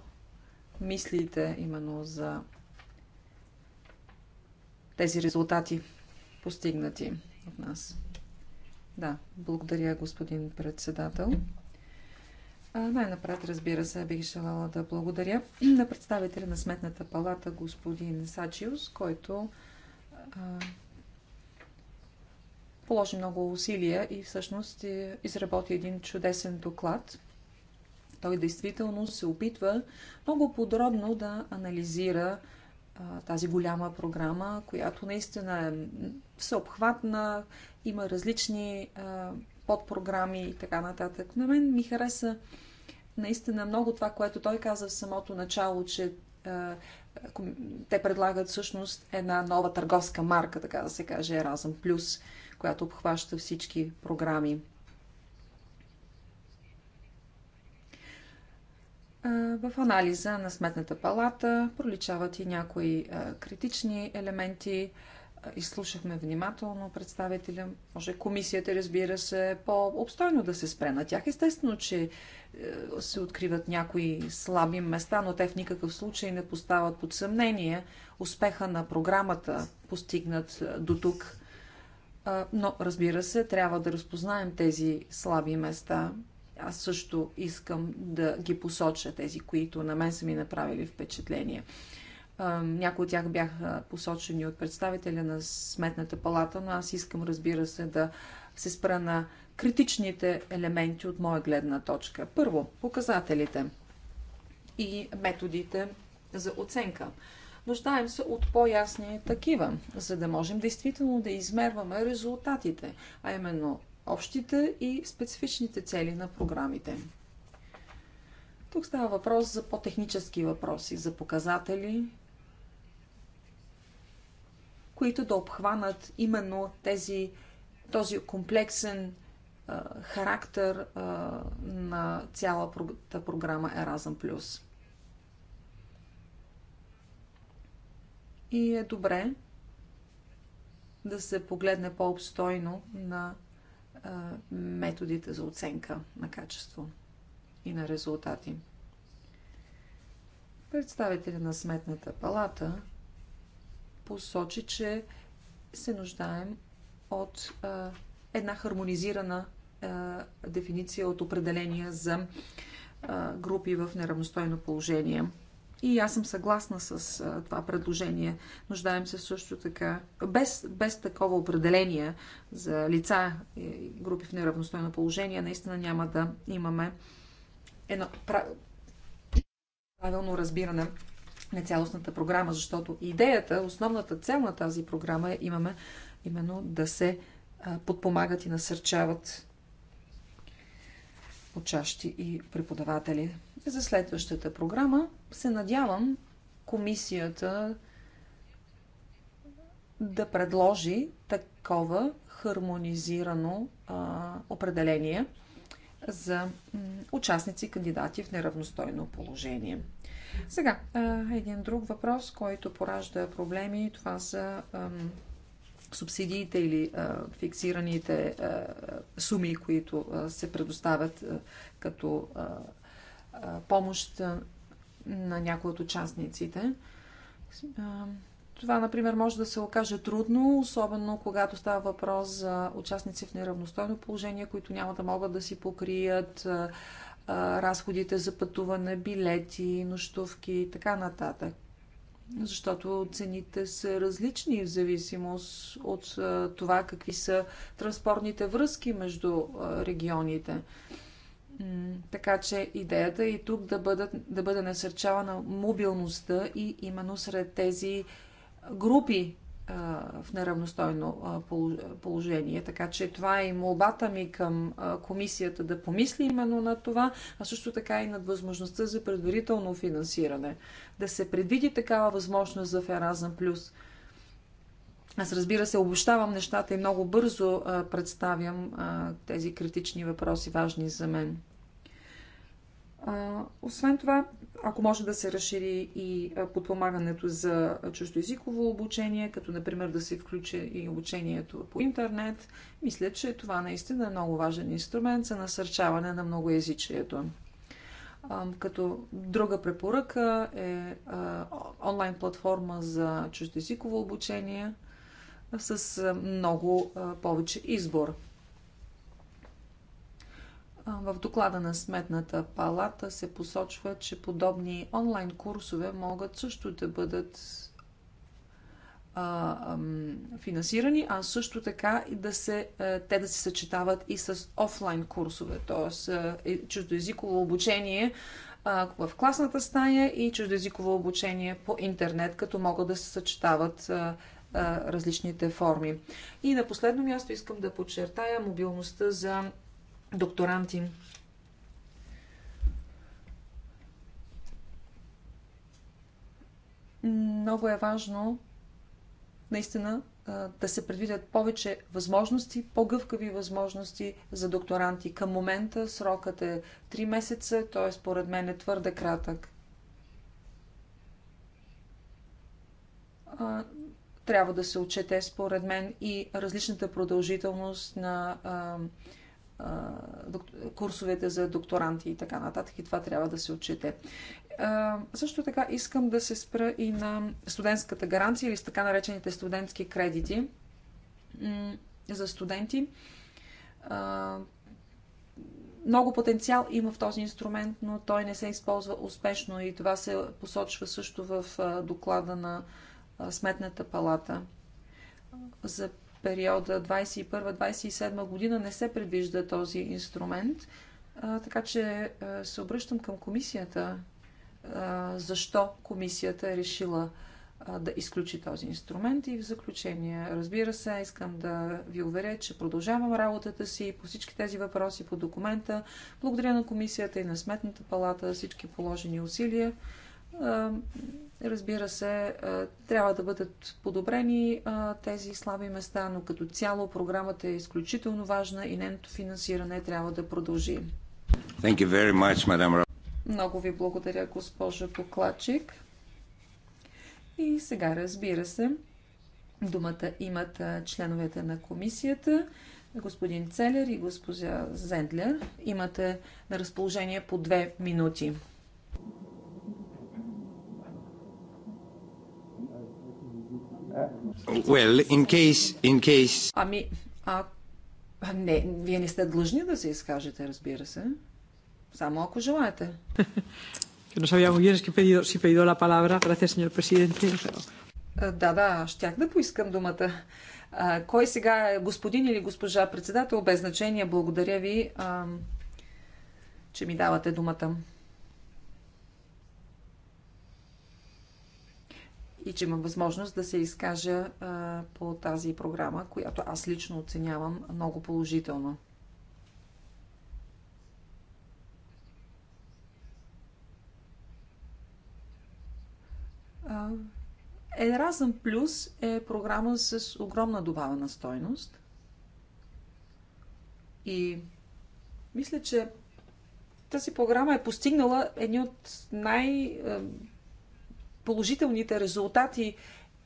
мислите именно за тези резултати постигнати от нас. Да, благодаря, господин председател. Най-напред, разбира се, бих желала да благодаря на представителя на Сметната палата, господин Сачиус, който а, положи много усилия и всъщност е, изработи един чудесен доклад. Той действително се опитва много подробно да анализира тази голяма програма, която наистина е всеобхватна, има различни подпрограми и така нататък. На мен ми хареса наистина много това, което той каза в самото начало, че те предлагат всъщност една нова търговска марка, така да се каже, Erasmus+, която обхваща всички програми. В анализа на Сметната палата проличават и някои критични елементи. Изслушахме внимателно представителя, може комисията, разбира се, по-обстойно да се спре на тях. Естествено, че е, се откриват някои слаби места, но те в никакъв случай не поставят под съмнение успеха на програмата, постигнат е, до тук. Е, но, разбира се, трябва да разпознаем тези слаби места – аз също искам да ги посоча, тези, които на мен са ми направили впечатление. Някои от тях бяха посочени от представителя на Сметната палата, но аз искам, разбира се, да се спра на критичните елементи от моя гледна точка. Първо, показателите и методите за оценка. Нуждаем се от по-ясни такива, за да можем действително да измерваме резултатите, а именно общите и специфичните цели на програмите. Тук става въпрос за по-технически въпроси, за показатели, които да обхванат именно тези, този комплексен а, характер а, на цялата програма Plus. И е добре да се погледне по-обстойно на методите за оценка на качество и на резултати. Представителя на Сметната палата посочи, че се нуждаем от а, една хармонизирана а, дефиниция от определения за а, групи в неравностойно положение – и аз съм съгласна с а, това предложение. Нуждаем се също така, без, без такова определение за лица и групи в неравностойно положение, наистина няма да имаме едно правилно разбиране на цялостната програма, защото идеята, основната цел на тази програма е имаме именно да се подпомагат и насърчават учащи и преподаватели за следващата програма се надявам комисията да предложи такова хармонизирано а, определение за участници и кандидати в неравностойно положение. Сега, един друг въпрос, който поражда проблеми, това са ам, субсидиите или а, фиксираните а, суми, които а, се предоставят като помощ на някои от участниците. Това, например, може да се окаже трудно, особено когато става въпрос за участници в неравностойно положение, които няма да могат да си покрият разходите за пътуване, билети, нощувки и така нататък. Защото цените са различни в зависимост от това какви са транспортните връзки между регионите. Така че идеята е и тук да, бъдат, да бъде насърчавана мобилността и именно сред тези групи в неравностойно положение. Така че това е и молбата ми към комисията да помисли именно на това, а също така и над възможността за предварително финансиране. Да се предвиди такава възможност за Феразъм Плюс. Аз разбира се, обобщавам нещата и много бързо представям тези критични въпроси, важни за мен. Освен това, ако може да се разшири и подпомагането за чуждоязиково обучение, като например да се включи и обучението по интернет, мисля, че това наистина е много важен инструмент за насърчаване на многоязичието. Като друга препоръка е онлайн платформа за чуждоязиково обучение с много повече избор. В доклада на Сметната палата се посочва, че подобни онлайн курсове могат също да бъдат финансирани, а също така и да се, те да се съчетават и с офлайн курсове, т.е. чуждоязиково обучение в класната стая и чуждоязиково обучение по интернет, като могат да се съчетават различните форми. И на последно място искам да подчертая мобилността за докторанти. Много е важно наистина да се предвидят повече възможности, по-гъвкави възможности за докторанти. Към момента срокът е 3 месеца, т.е. според мен е твърде кратък. Трябва да се отчете според мен и различната продължителност на курсовете за докторанти и така нататък. И това трябва да се отчете. Също така искам да се спра и на студентската гаранция или с така наречените студентски кредити за студенти. Много потенциал има в този инструмент, но той не се използва успешно и това се посочва също в доклада на Сметната палата за периода 2021-2027 година не се предвижда този инструмент. А, така че а, се обръщам към комисията. А, защо комисията е решила да изключи този инструмент и в заключение, разбира се, искам да ви уверя, че продължавам работата си по всички тези въпроси по документа. Благодаря на комисията и на Сметната палата за всички положени усилия Разбира се, е, трябва да бъдат подобрени е, тези слаби места, но като цяло програмата е изключително важна и нейното финансиране трябва да продължи. Thank you very much, madam. Много ви благодаря, госпожа Поклачик. И сега, разбира се, думата имат е, членовете на комисията, господин Целер и госпожа Зендлер. Имате на разположение по две минути. Well, in case, in case... Ами, а... Не, вие не сте длъжни да се изкажете, разбира се. Само ако желаете. Que no sabía muy bien es que pedido, si pedido la palabra. Gracias, señor presidente. Да, да, щях да поискам думата. А, кой сега е господин или госпожа председател, без значение, благодаря ви, а, че ми давате думата. и че имам възможност да се изкажа а, по тази програма, която аз лично оценявам много положително. Еразъм Плюс е програма с огромна добавена стойност. И мисля, че тази програма е постигнала едни от най- положителните резултати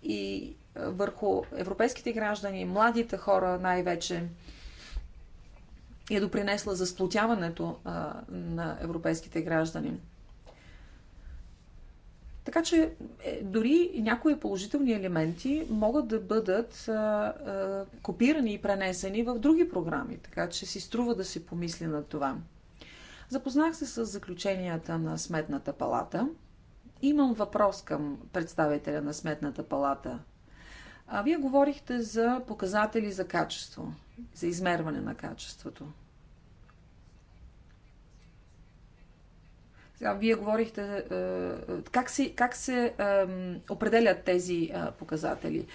и е, върху европейските граждани, младите хора най-вече е допринесла за сплотяването е, на европейските граждани. Така че е, дори някои положителни елементи могат да бъдат а, а, копирани и пренесени в други програми, така че си струва да се помисли на това. Запознах се с заключенията на Сметната палата – Имам въпрос към представителя на Сметната палата. А вие говорихте за показатели за качество, за измерване на качеството. Сега, вие говорихте е, е, как се, как се определят тези е, показатели.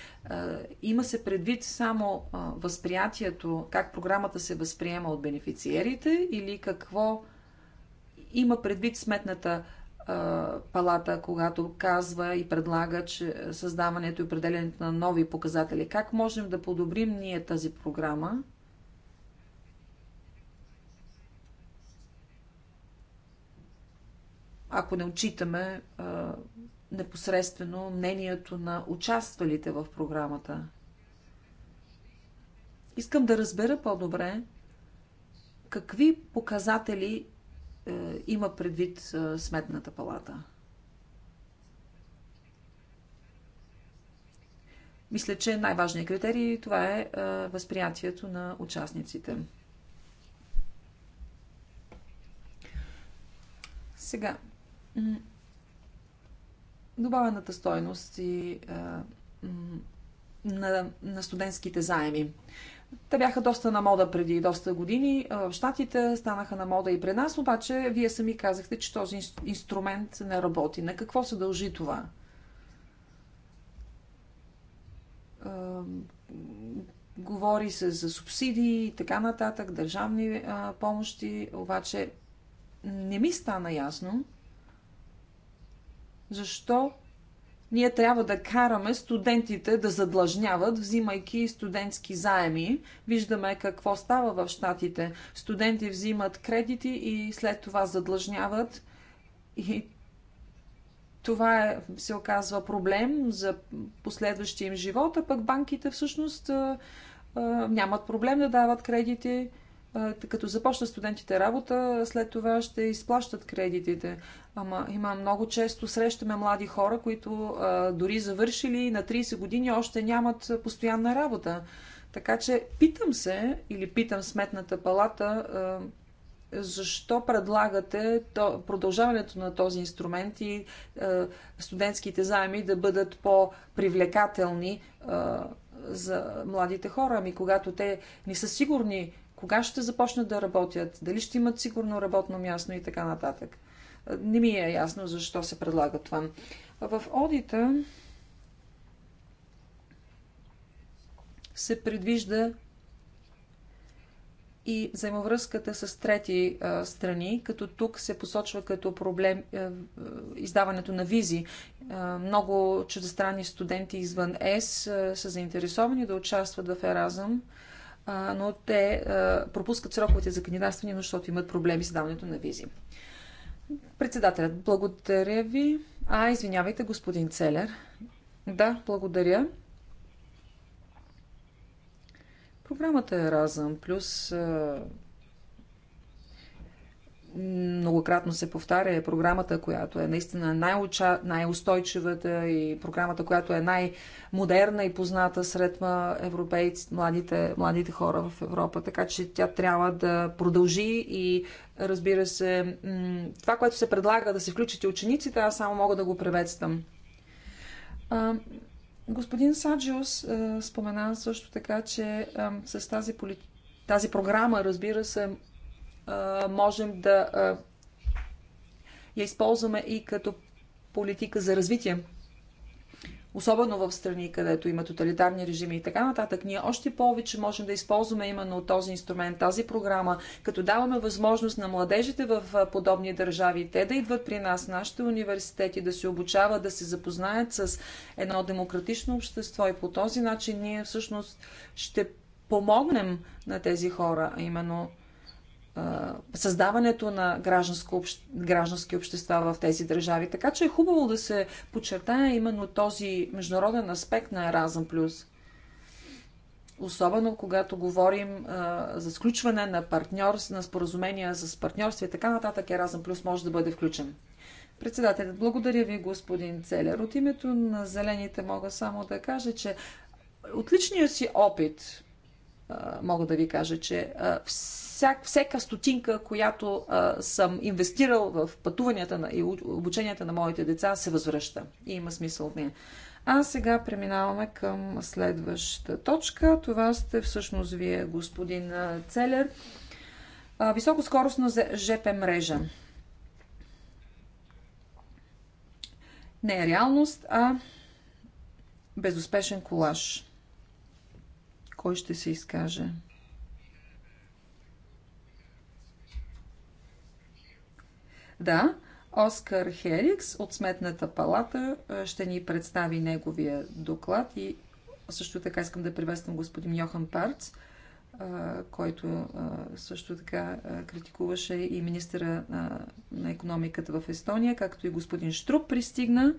Има се предвид само възприятието, как програмата се възприема от бенефициерите или какво има предвид сметната палата, когато казва и предлага, че създаването и определенето на нови показатели. Как можем да подобрим ние тази програма? Ако не отчитаме а, непосредствено мнението на участвалите в програмата. Искам да разбера по-добре какви показатели е, има предвид е, Сметната палата. Мисля, че най-важният критерий това е, е възприятието на участниците. Сега, добавената стойност и на, на студентските заеми. Те бяха доста на мода преди доста години. В Штатите станаха на мода и при нас, обаче вие сами казахте, че този инструмент не работи. На какво се дължи това? Говори се за субсидии и така нататък, държавни помощи, обаче не ми стана ясно защо ние трябва да караме студентите да задлъжняват, взимайки студентски заеми. Виждаме какво става в щатите. Студенти взимат кредити и след това задлъжняват. И това е, се оказва проблем за последващия им живот, а пък банките всъщност нямат проблем да дават кредити като започнат студентите работа, след това ще изплащат кредитите. Ама има много често срещаме млади хора, които а, дори завършили на 30 години още нямат постоянна работа. Така че питам се или питам сметната палата а, защо предлагате то, продължаването на този инструмент и а, студентските заеми да бъдат по-привлекателни за младите хора. Ами когато те не са сигурни кога ще започнат да работят, дали ще имат сигурно работно място и така нататък. Не ми е ясно защо се предлага това. В одита се предвижда и взаимовръзката с трети а, страни, като тук се посочва като проблем а, издаването на визи. А, много чуждестранни студенти извън ЕС а, са заинтересовани да участват в Еразъм. А, но те пропускат сроковете за кандидатстване, защото имат проблеми с даването на визи. Председателят, благодаря ви. А, извинявайте, господин Целер. Да, благодаря. Програмата е Разъм плюс многократно се повтаря, е програмата, която е наистина най-уча, най-устойчивата и програмата, която е най-модерна и позната сред европейци, младите, младите хора в Европа. Така че тя трябва да продължи и разбира се, това, което се предлага да се включите учениците, аз само мога да го приветствам. Господин Саджиос спомена също така, че с тази тази програма, разбира се, можем да я използваме и като политика за развитие. Особено в страни, където има тоталитарни режими и така нататък, ние още повече можем да използваме именно този инструмент, тази програма, като даваме възможност на младежите в подобни държави, те да идват при нас, нашите университети, да се обучават, да се запознаят с едно демократично общество и по този начин ние всъщност ще помогнем на тези хора, а именно създаването на гражданско граждански общества в тези държави. Така че е хубаво да се подчертая именно този международен аспект на Еразъм Плюс. Особено когато говорим а, за сключване на, партньор, на споразумения с партньорства и така нататък, Еразъм Плюс може да бъде включен. Председателят, благодаря ви, господин Целер. От името на Зелените мога само да кажа, че отличният си опит, а, мога да ви кажа, че а, всяка стотинка, която а, съм инвестирал в пътуванията на, и обученията на моите деца, се възвръща. И има смисъл от нея. А сега преминаваме към следващата точка. Това сте всъщност вие, господин Целер. А, високоскоростна ЖП мрежа. Не е реалност, а безуспешен колаж. Кой ще се изкаже? Да, Оскар Херикс от Сметната палата ще ни представи неговия доклад и също така искам да приветствам господин Йохан Парц, който също така критикуваше и министъра на економиката в Естония, както и господин Штруп пристигна,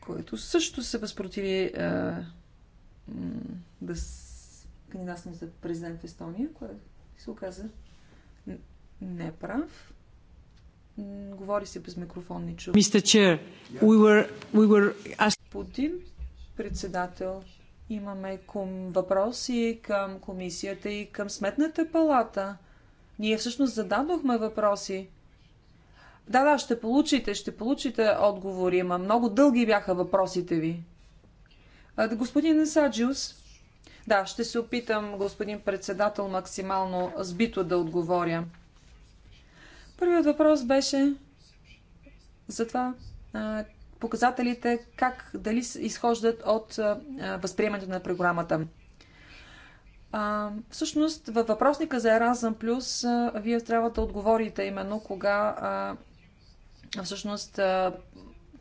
който също се възпротиви да кандидатствам за президент в Естония, което се оказа не е прав. Говори се без микрофон, не чува. Мистер Чер, we were, we were... Господин председател, имаме ком... въпроси към комисията и към сметната палата. Ние всъщност зададохме въпроси. Да, да, ще получите, ще получите отговори, има много дълги бяха въпросите ви. А, господин Саджиус, да, ще се опитам, господин председател, максимално сбито да отговоря. Първият въпрос беше за това показателите как дали изхождат от възприемането на програмата. А, всъщност, във въпросника за Erasmus Плюс, вие трябва да отговорите именно кога а, всъщност а,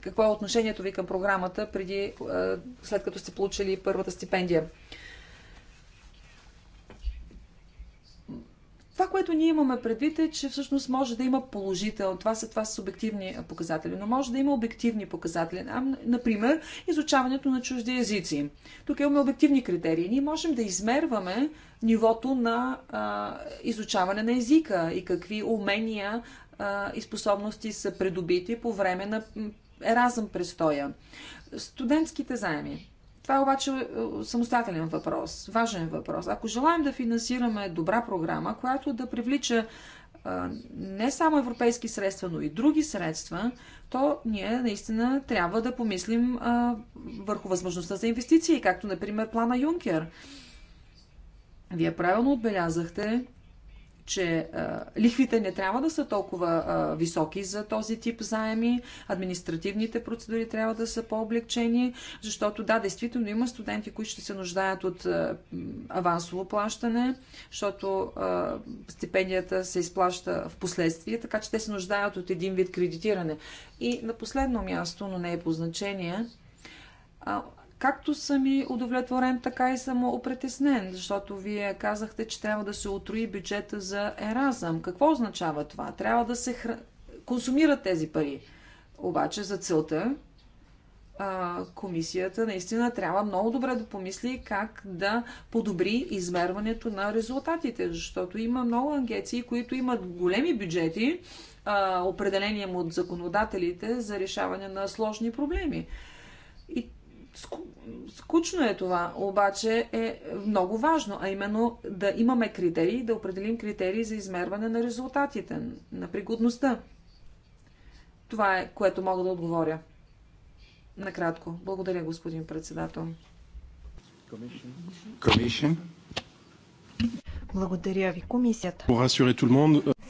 какво е отношението ви към програмата преди, а, след като сте получили първата стипендия. Това, което ние имаме предвид е, че всъщност може да има положително. Това са, това са субективни показатели, но може да има обективни показатели. Например, изучаването на чужди езици. Тук имаме обективни критерии. Ние можем да измерваме нивото на а, изучаване на езика и какви умения а, и способности са придобити по време на еразъм престоя. Студентските заеми. Това е обаче е, самостателен въпрос, важен въпрос. Ако желаем да финансираме добра програма, която да привлича е, не само европейски средства, но и други средства, то ние наистина трябва да помислим е, върху възможността за инвестиции, както например плана Юнкер. Вие правилно отбелязахте, че а, лихвите не трябва да са толкова а, високи за този тип заеми, административните процедури трябва да са по-облегчени, защото да, действително има студенти, които ще се нуждаят от а, авансово плащане, защото а, стипендията се изплаща в последствие, така че те се нуждаят от един вид кредитиране. И на последно място, но не е по значение, а, Както съм и удовлетворен, така и съм опретеснен, защото вие казахте, че трябва да се отруи бюджета за Еразъм. Какво означава това? Трябва да се хра... консумират тези пари. Обаче за целта а, комисията наистина трябва много добре да помисли как да подобри измерването на резултатите, защото има много агенции, които имат големи бюджети, а, определени от законодателите за решаване на сложни проблеми. И Скучно е това, обаче е много важно, а именно да имаме критерии, да определим критерии за измерване на резултатите, на пригодността. Това е, което мога да отговоря. Накратко. Благодаря, господин председател. Благодаря ви, комисията.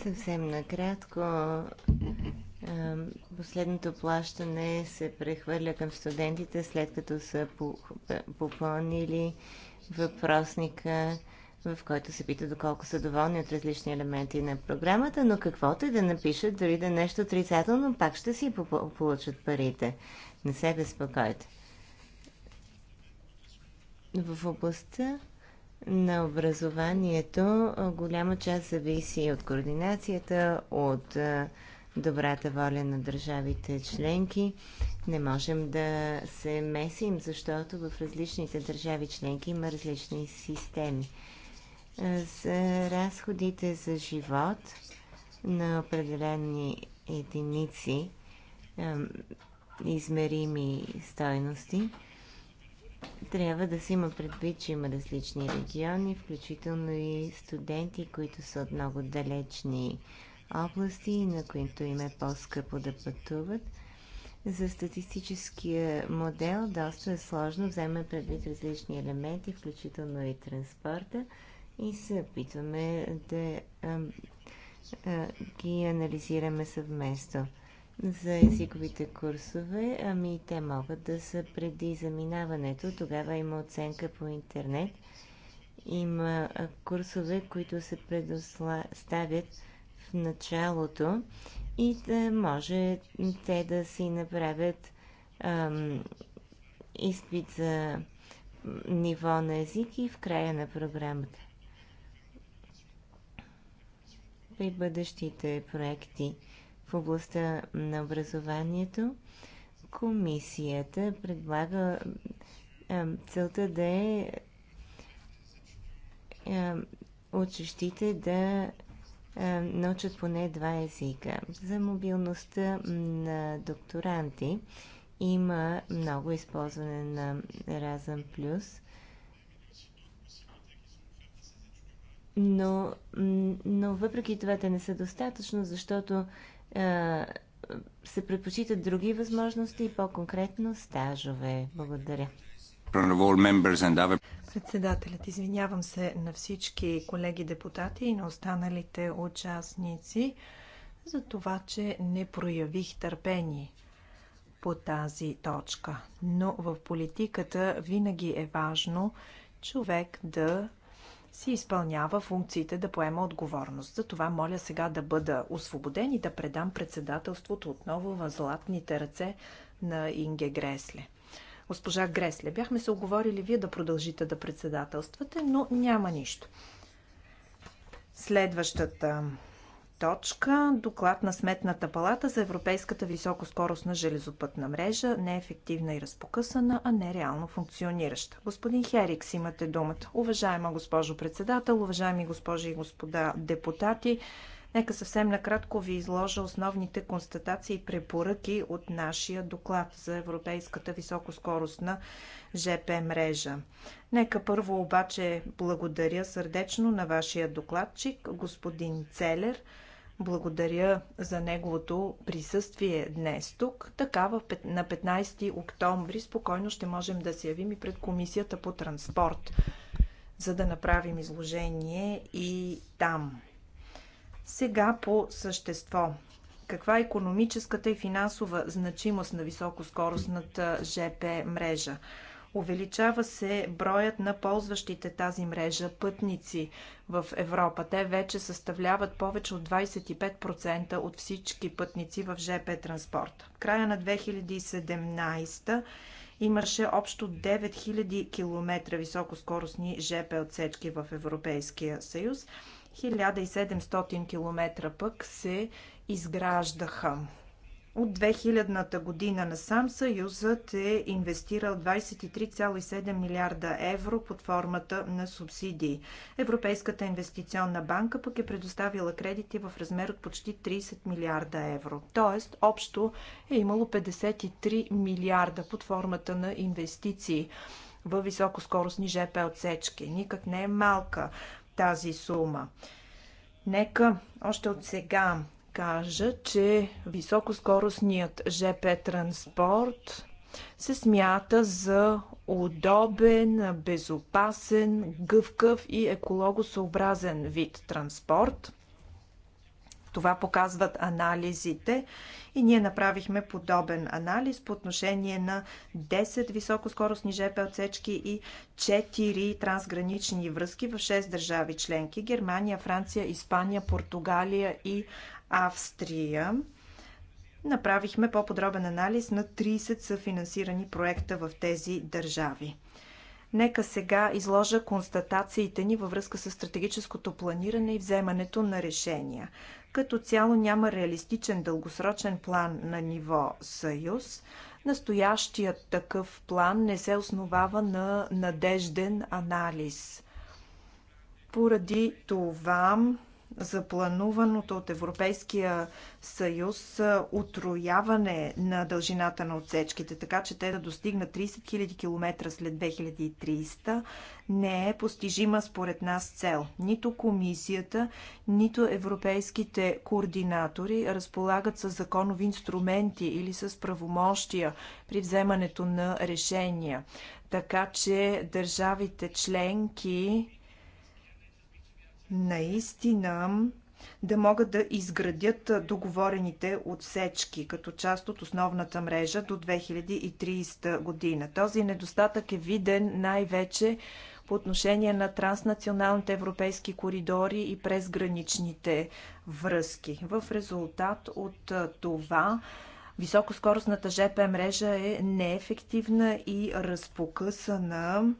Съвсем накратко Последното плащане се прехвърля към студентите, след като са е, попълнили въпросника, в който се пита доколко са доволни от различни елементи на програмата, но каквото и да напишат, дори да е нещо отрицателно, пак ще си получат парите. Не се безпокойте. В областта на образованието голяма част зависи от координацията, от добрата воля на държавите членки. Не можем да се месим, защото в различните държави членки има различни системи. Е, за разходите за живот на определени единици, измерими стойности, трябва да се има предвид, че има различни региони, включително и студенти, които са от много далечни области, на които им е по-скъпо да пътуват. За статистическия модел доста е сложно, взема предвид различни елементи, включително и транспорта и се опитваме да а, а, ги анализираме съвместно. За езиковите курсове, ами те могат да са преди заминаването, тогава има оценка по интернет. Има курсове, които се предоставят началото и да може те да си направят ам, изпит за ниво на език и в края на програмата. При бъдещите проекти в областта на образованието комисията предлага ам, целта да е ам, учещите да е, научат поне два езика. За мобилността на докторанти има много използване на Разъм Плюс, но, но въпреки това те не са достатъчно, защото е, се предпочитат други възможности и по-конкретно стажове. Благодаря. Председателят, извинявам се на всички колеги депутати и на останалите участници за това, че не проявих търпение по тази точка. Но в политиката винаги е важно човек да си изпълнява функциите да поема отговорност. Затова моля сега да бъда освободен и да предам председателството отново в златните ръце на Инге Гресле госпожа Гресле. Бяхме се оговорили вие да продължите да председателствате, но няма нищо. Следващата точка – доклад на Сметната палата за Европейската високоскоростна железопътна мрежа, неефективна и разпокъсана, а не реално функционираща. Господин Херикс, имате думата. Уважаема госпожо председател, уважаеми госпожи и господа депутати, Нека съвсем накратко ви изложа основните констатации и препоръки от нашия доклад за Европейската високоскоростна ЖП мрежа. Нека първо обаче благодаря сърдечно на вашия докладчик, господин Целер, благодаря за неговото присъствие днес тук. Така в, на 15 октомври спокойно ще можем да се явим и пред Комисията по транспорт, за да направим изложение и там. Сега по същество. Каква е економическата и финансова значимост на високоскоростната ЖП мрежа? Увеличава се броят на ползващите тази мрежа пътници в Европа. Те вече съставляват повече от 25% от всички пътници в ЖП транспорта. В края на 2017 имаше общо 9000 км високоскоростни ЖП отсечки в Европейския съюз. 1700 км пък се изграждаха. От 2000-та година насам Съюзът е инвестирал 23,7 милиарда евро под формата на субсидии. Европейската инвестиционна банка пък е предоставила кредити в размер от почти 30 милиарда евро. Тоест, общо е имало 53 милиарда под формата на инвестиции в високоскоростни ЖП отсечки. Никак не е малка тази сума. Нека още от сега кажа, че високоскоростният ЖП транспорт се смята за удобен, безопасен, гъвкав и екологосъобразен вид транспорт. Това показват анализите и ние направихме подобен анализ по отношение на 10 високоскоростни ЖП отсечки и 4 трансгранични връзки в 6 държави членки Германия, Франция, Испания, Португалия и Австрия. Направихме по-подробен анализ на 30 съфинансирани проекта в тези държави. Нека сега изложа констатациите ни във връзка с стратегическото планиране и вземането на решения. Като цяло няма реалистичен дългосрочен план на ниво Съюз. Настоящият такъв план не се основава на надежден анализ. Поради това за плануваното от Европейския съюз отрояване на дължината на отсечките, така че те да достигнат 30 000 км след 2300, не е постижима според нас цел. Нито комисията, нито европейските координатори разполагат с законови инструменти или с правомощия при вземането на решения. Така че държавите членки наистина да могат да изградят договорените отсечки като част от основната мрежа до 2030 година. Този недостатък е виден най-вече по отношение на транснационалните европейски коридори и презграничните връзки. В резултат от това високоскоростната ЖП мрежа е неефективна и разпокъсана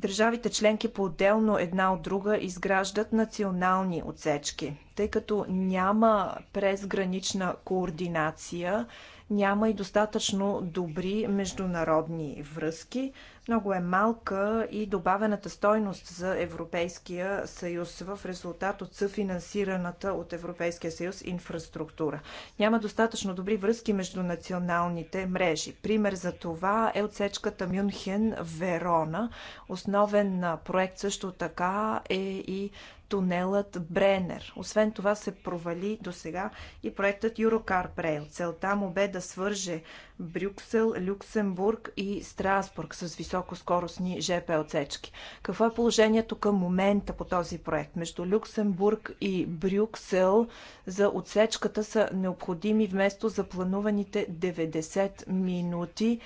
Държавите членки по-отделно една от друга изграждат национални отсечки. Тъй като няма презгранична координация, няма и достатъчно добри международни връзки. Много е малка и добавената стойност за Европейския съюз в резултат от съфинансираната от Европейския съюз инфраструктура. Няма достатъчно добри връзки между националните мрежи. Пример за това е отсечката Мюнхен-Верона. Основен проект също така е и тунелът Бренер. Освен това се провали до сега и проектът Юрокар Брейл. Целта му бе да свърже Брюксел, Люксембург и Страсбург с високоскоростни ЖП отсечки. Какво е положението към момента по този проект? Между Люксембург и Брюксел за отсечката са необходими вместо заплануваните 90 минути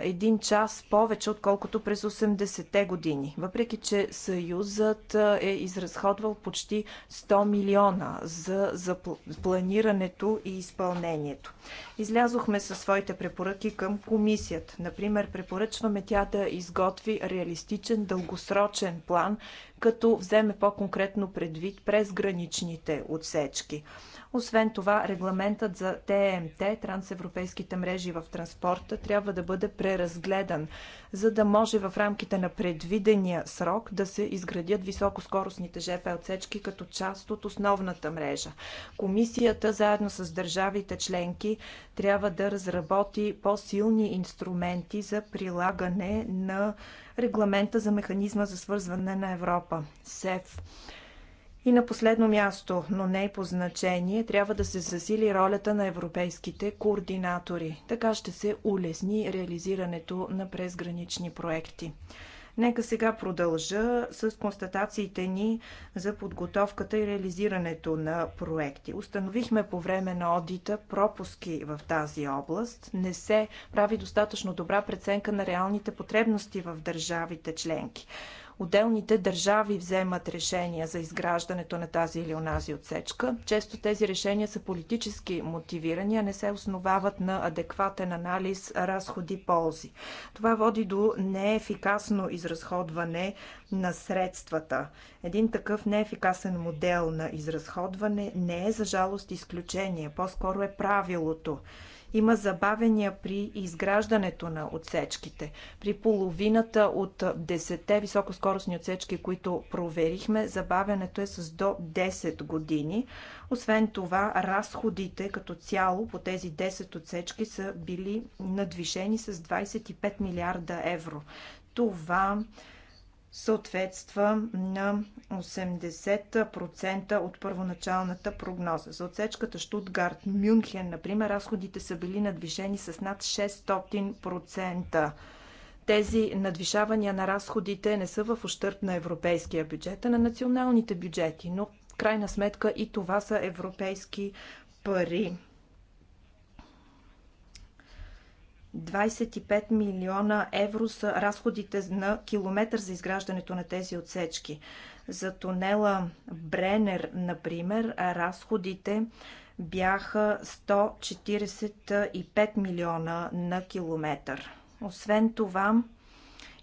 един час повече, отколкото през 80-те години. Въпреки, че Съюзът е изразходвал почти 100 милиона за, за планирането и изпълнението. Излязохме със своите препоръки към комисията. Например, препоръчваме тя да изготви реалистичен дългосрочен план, като вземе по-конкретно предвид през граничните отсечки. Освен това, регламентът за ТМТ, трансевропейските мрежи в транспорта, трябва да бъде преразгледан, за да може в рамките на предвидения срок да се изградят високоскоростните ЖП отсечки като част от основната мрежа. Комисията заедно с държавите членки трябва да разработи по-силни инструменти за прилагане на регламента за механизма за свързване на Европа, СЕФ. И на последно място, но не по значение, трябва да се засили ролята на европейските координатори. Така ще се улесни реализирането на презгранични проекти. Нека сега продължа с констатациите ни за подготовката и реализирането на проекти. Установихме по време на одита пропуски в тази област. Не се прави достатъчно добра преценка на реалните потребности в държавите членки отделните държави вземат решения за изграждането на тази или онази отсечка. Често тези решения са политически мотивирани, а не се основават на адекватен анализ разходи-ползи. Това води до неефикасно изразходване на средствата. Един такъв неефикасен модел на изразходване не е за жалост изключение, по-скоро е правилото. Има забавения при изграждането на отсечките. При половината от 10 високоскоростни отсечки, които проверихме, забавянето е с до 10 години. Освен това, разходите като цяло по тези 10 отсечки са били надвишени с 25 милиарда евро. Това съответства на 80% от първоначалната прогноза. За отсечката Штутгарт Мюнхен, например, разходите са били надвишени с над 600%. Тези надвишавания на разходите не са в ущърп на европейския бюджет, а на националните бюджети, но в крайна сметка и това са европейски пари. 25 милиона евро са разходите на километър за изграждането на тези отсечки. За тунела Бренер, например, разходите бяха 145 милиона на километър. Освен това,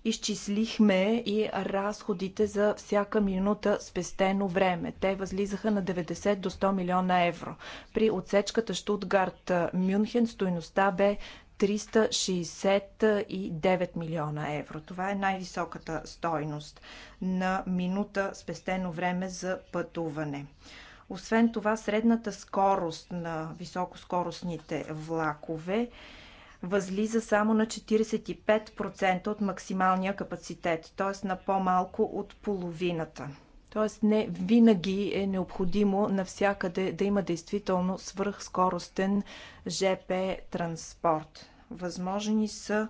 изчислихме и разходите за всяка минута спестено време. Те възлизаха на 90 до 100 милиона евро. При отсечката Штутгарт-Мюнхен стоеността бе 369 милиона евро. Това е най-високата стойност на минута спестено време за пътуване. Освен това, средната скорост на високоскоростните влакове възлиза само на 45% от максималния капацитет, т.е. на по-малко от половината. Тоест не винаги е необходимо навсякъде да има действително свръхскоростен ЖП транспорт. Възможни са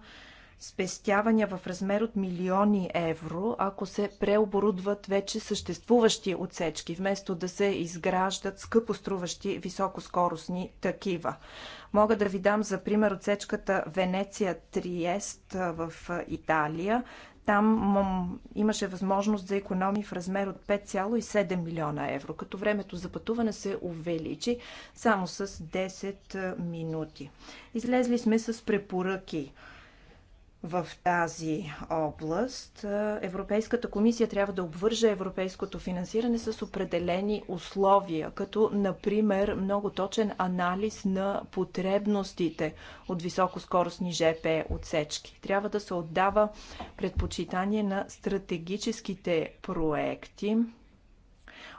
спестявания в размер от милиони евро, ако се преоборудват вече съществуващи отсечки, вместо да се изграждат скъпоструващи високоскоростни такива. Мога да ви дам за пример отсечката Венеция-Триест в Италия. Там имаше възможност за економи в размер от 5,7 милиона евро, като времето за пътуване се увеличи само с 10 минути. Излезли сме с препоръки в тази област. Европейската комисия трябва да обвърже европейското финансиране с определени условия, като например много точен анализ на потребностите от високоскоростни ЖП отсечки. Трябва да се отдава предпочитание на стратегическите проекти.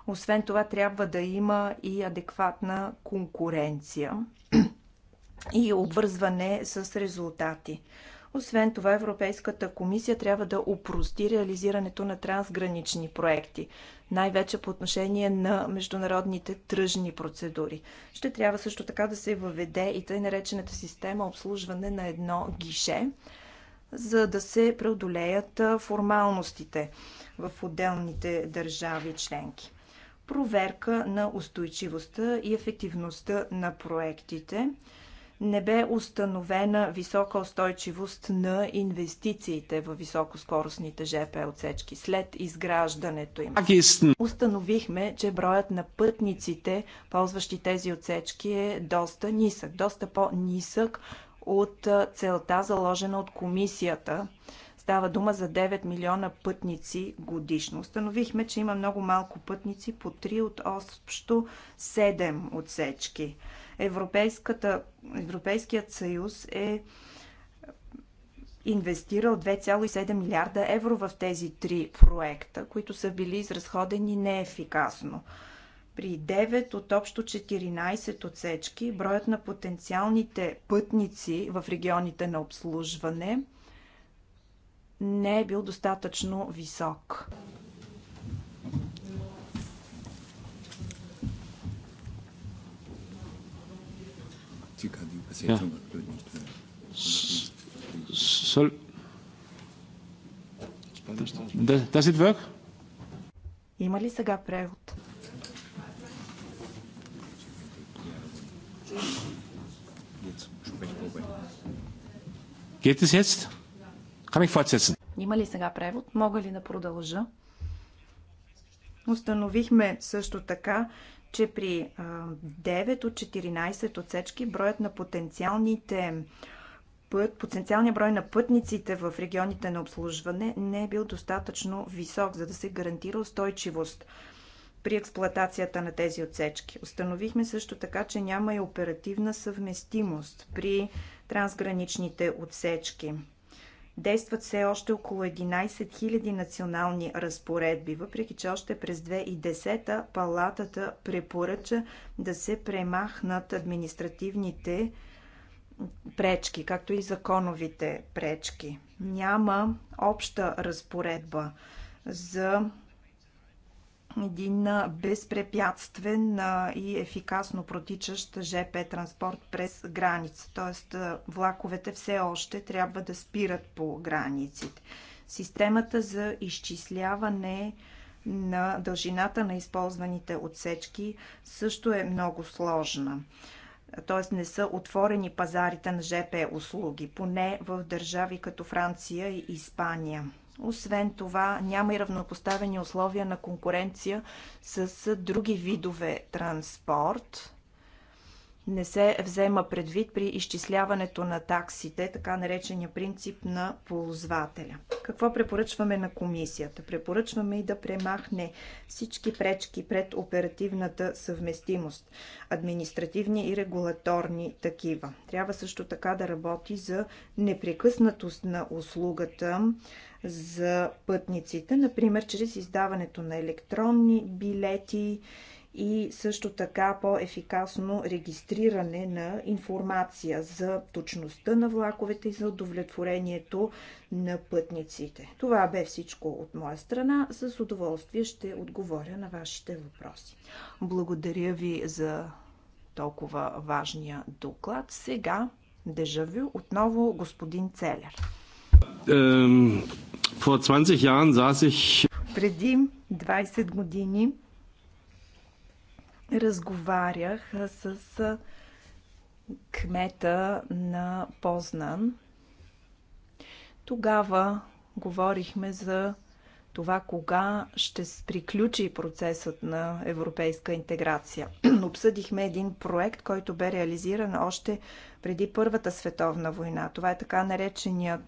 Освен това трябва да има и адекватна конкуренция и обвързване с резултати. Освен това, Европейската комисия трябва да упрости реализирането на трансгранични проекти, най-вече по отношение на международните тръжни процедури. Ще трябва също така да се въведе и тъй наречената система обслужване на едно гише, за да се преодолеят формалностите в отделните държави членки. Проверка на устойчивостта и ефективността на проектите – не бе установена висока устойчивост на инвестициите в високоскоростните ЖП отсечки след изграждането им. Установихме, че броят на пътниците, ползващи тези отсечки, е доста нисък, доста по-нисък от целта, заложена от комисията. Става дума за 9 милиона пътници годишно. Установихме, че има много малко пътници по 3 от общо 7 отсечки. Европейският съюз е инвестирал 2,7 милиарда евро в тези три проекта, които са били изразходени неефикасно. При 9 от общо 14 отсечки, броят на потенциалните пътници в регионите на обслужване не е бил достатъчно висок. Ja. Soll. Does it work? Има ли сега превод? Geht es jetzt? Kann ich fortsetzen? Има ли сега превод? Мога ли да продължа? Установихме също така, че при 9 от 14 отсечки броят на потенциалните потенциалният брой на пътниците в регионите на обслужване не е бил достатъчно висок, за да се гарантира устойчивост при експлоатацията на тези отсечки. Установихме също така, че няма и оперативна съвместимост при трансграничните отсечки. Действат все още около 11 000 национални разпоредби, въпреки че още през 2010 палатата препоръча да се премахнат административните пречки, както и законовите пречки. Няма обща разпоредба за един безпрепятствен и ефикасно протичащ ЖП транспорт през граница. Тоест влаковете все още трябва да спират по границите. Системата за изчисляване на дължината на използваните отсечки също е много сложна. Т.е. не са отворени пазарите на ЖП услуги, поне в държави като Франция и Испания. Освен това, няма и равнопоставени условия на конкуренция с други видове транспорт. Не се взема предвид при изчисляването на таксите, така наречения принцип на ползвателя. Какво препоръчваме на комисията? Препоръчваме и да премахне всички пречки пред оперативната съвместимост, административни и регулаторни такива. Трябва също така да работи за непрекъснатост на услугата, за пътниците, например чрез издаването на електронни билети и също така по-ефикасно регистриране на информация за точността на влаковете и за удовлетворението на пътниците. Това бе всичко от моя страна. С удоволствие ще отговоря на вашите въпроси. Благодаря ви за толкова важния доклад. Сега дежавю отново господин Целер. Ehm, преди 20 години разговарях с кмета на Познан. Тогава говорихме за това кога ще приключи процесът на европейска интеграция. Обсъдихме един проект, който бе реализиран още преди Първата световна война. Това е така наречения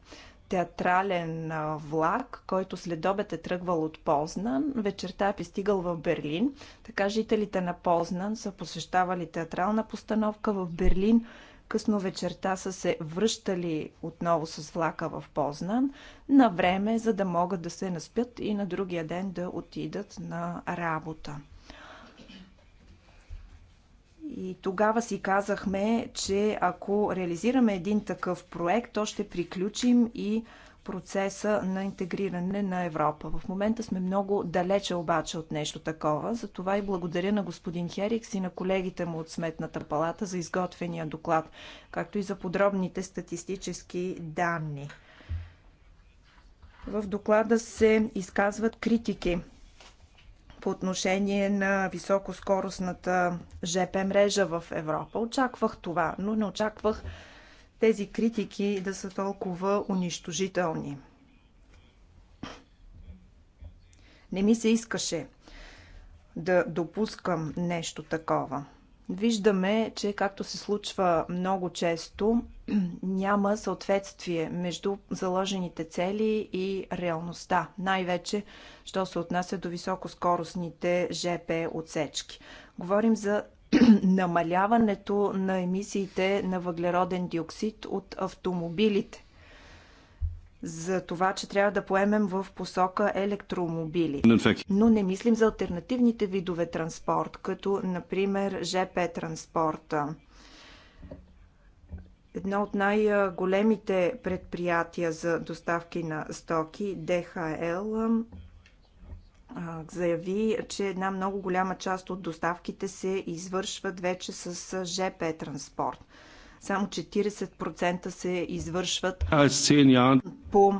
театрален влак, който след обед е тръгвал от Познан, вечерта е пристигал в Берлин. Така жителите на Познан са посещавали театрална постановка в Берлин, късно вечерта са се връщали отново с влака в Познан на време, за да могат да се наспят и на другия ден да отидат на работа. И тогава си казахме, че ако реализираме един такъв проект, то ще приключим и процеса на интегриране на Европа. В момента сме много далече обаче от нещо такова, затова и благодаря на господин Херикс и на колегите му от Сметната палата за изготвения доклад, както и за подробните статистически данни. В доклада се изказват критики по отношение на високоскоростната ЖП мрежа в Европа. Очаквах това, но не очаквах тези критики да са толкова унищожителни. Не ми се искаше да допускам нещо такова виждаме, че както се случва много често, няма съответствие между заложените цели и реалността, най-вече, що се отнася до високоскоростните ЖП отсечки. Говорим за намаляването на емисиите на въглероден диоксид от автомобилите за това, че трябва да поемем в посока електромобили. Но не мислим за альтернативните видове транспорт, като например ЖП транспорта. Едно от най-големите предприятия за доставки на стоки, ДХЛ, заяви, че една много голяма част от доставките се извършват вече с ЖП транспорт само 40% се извършват по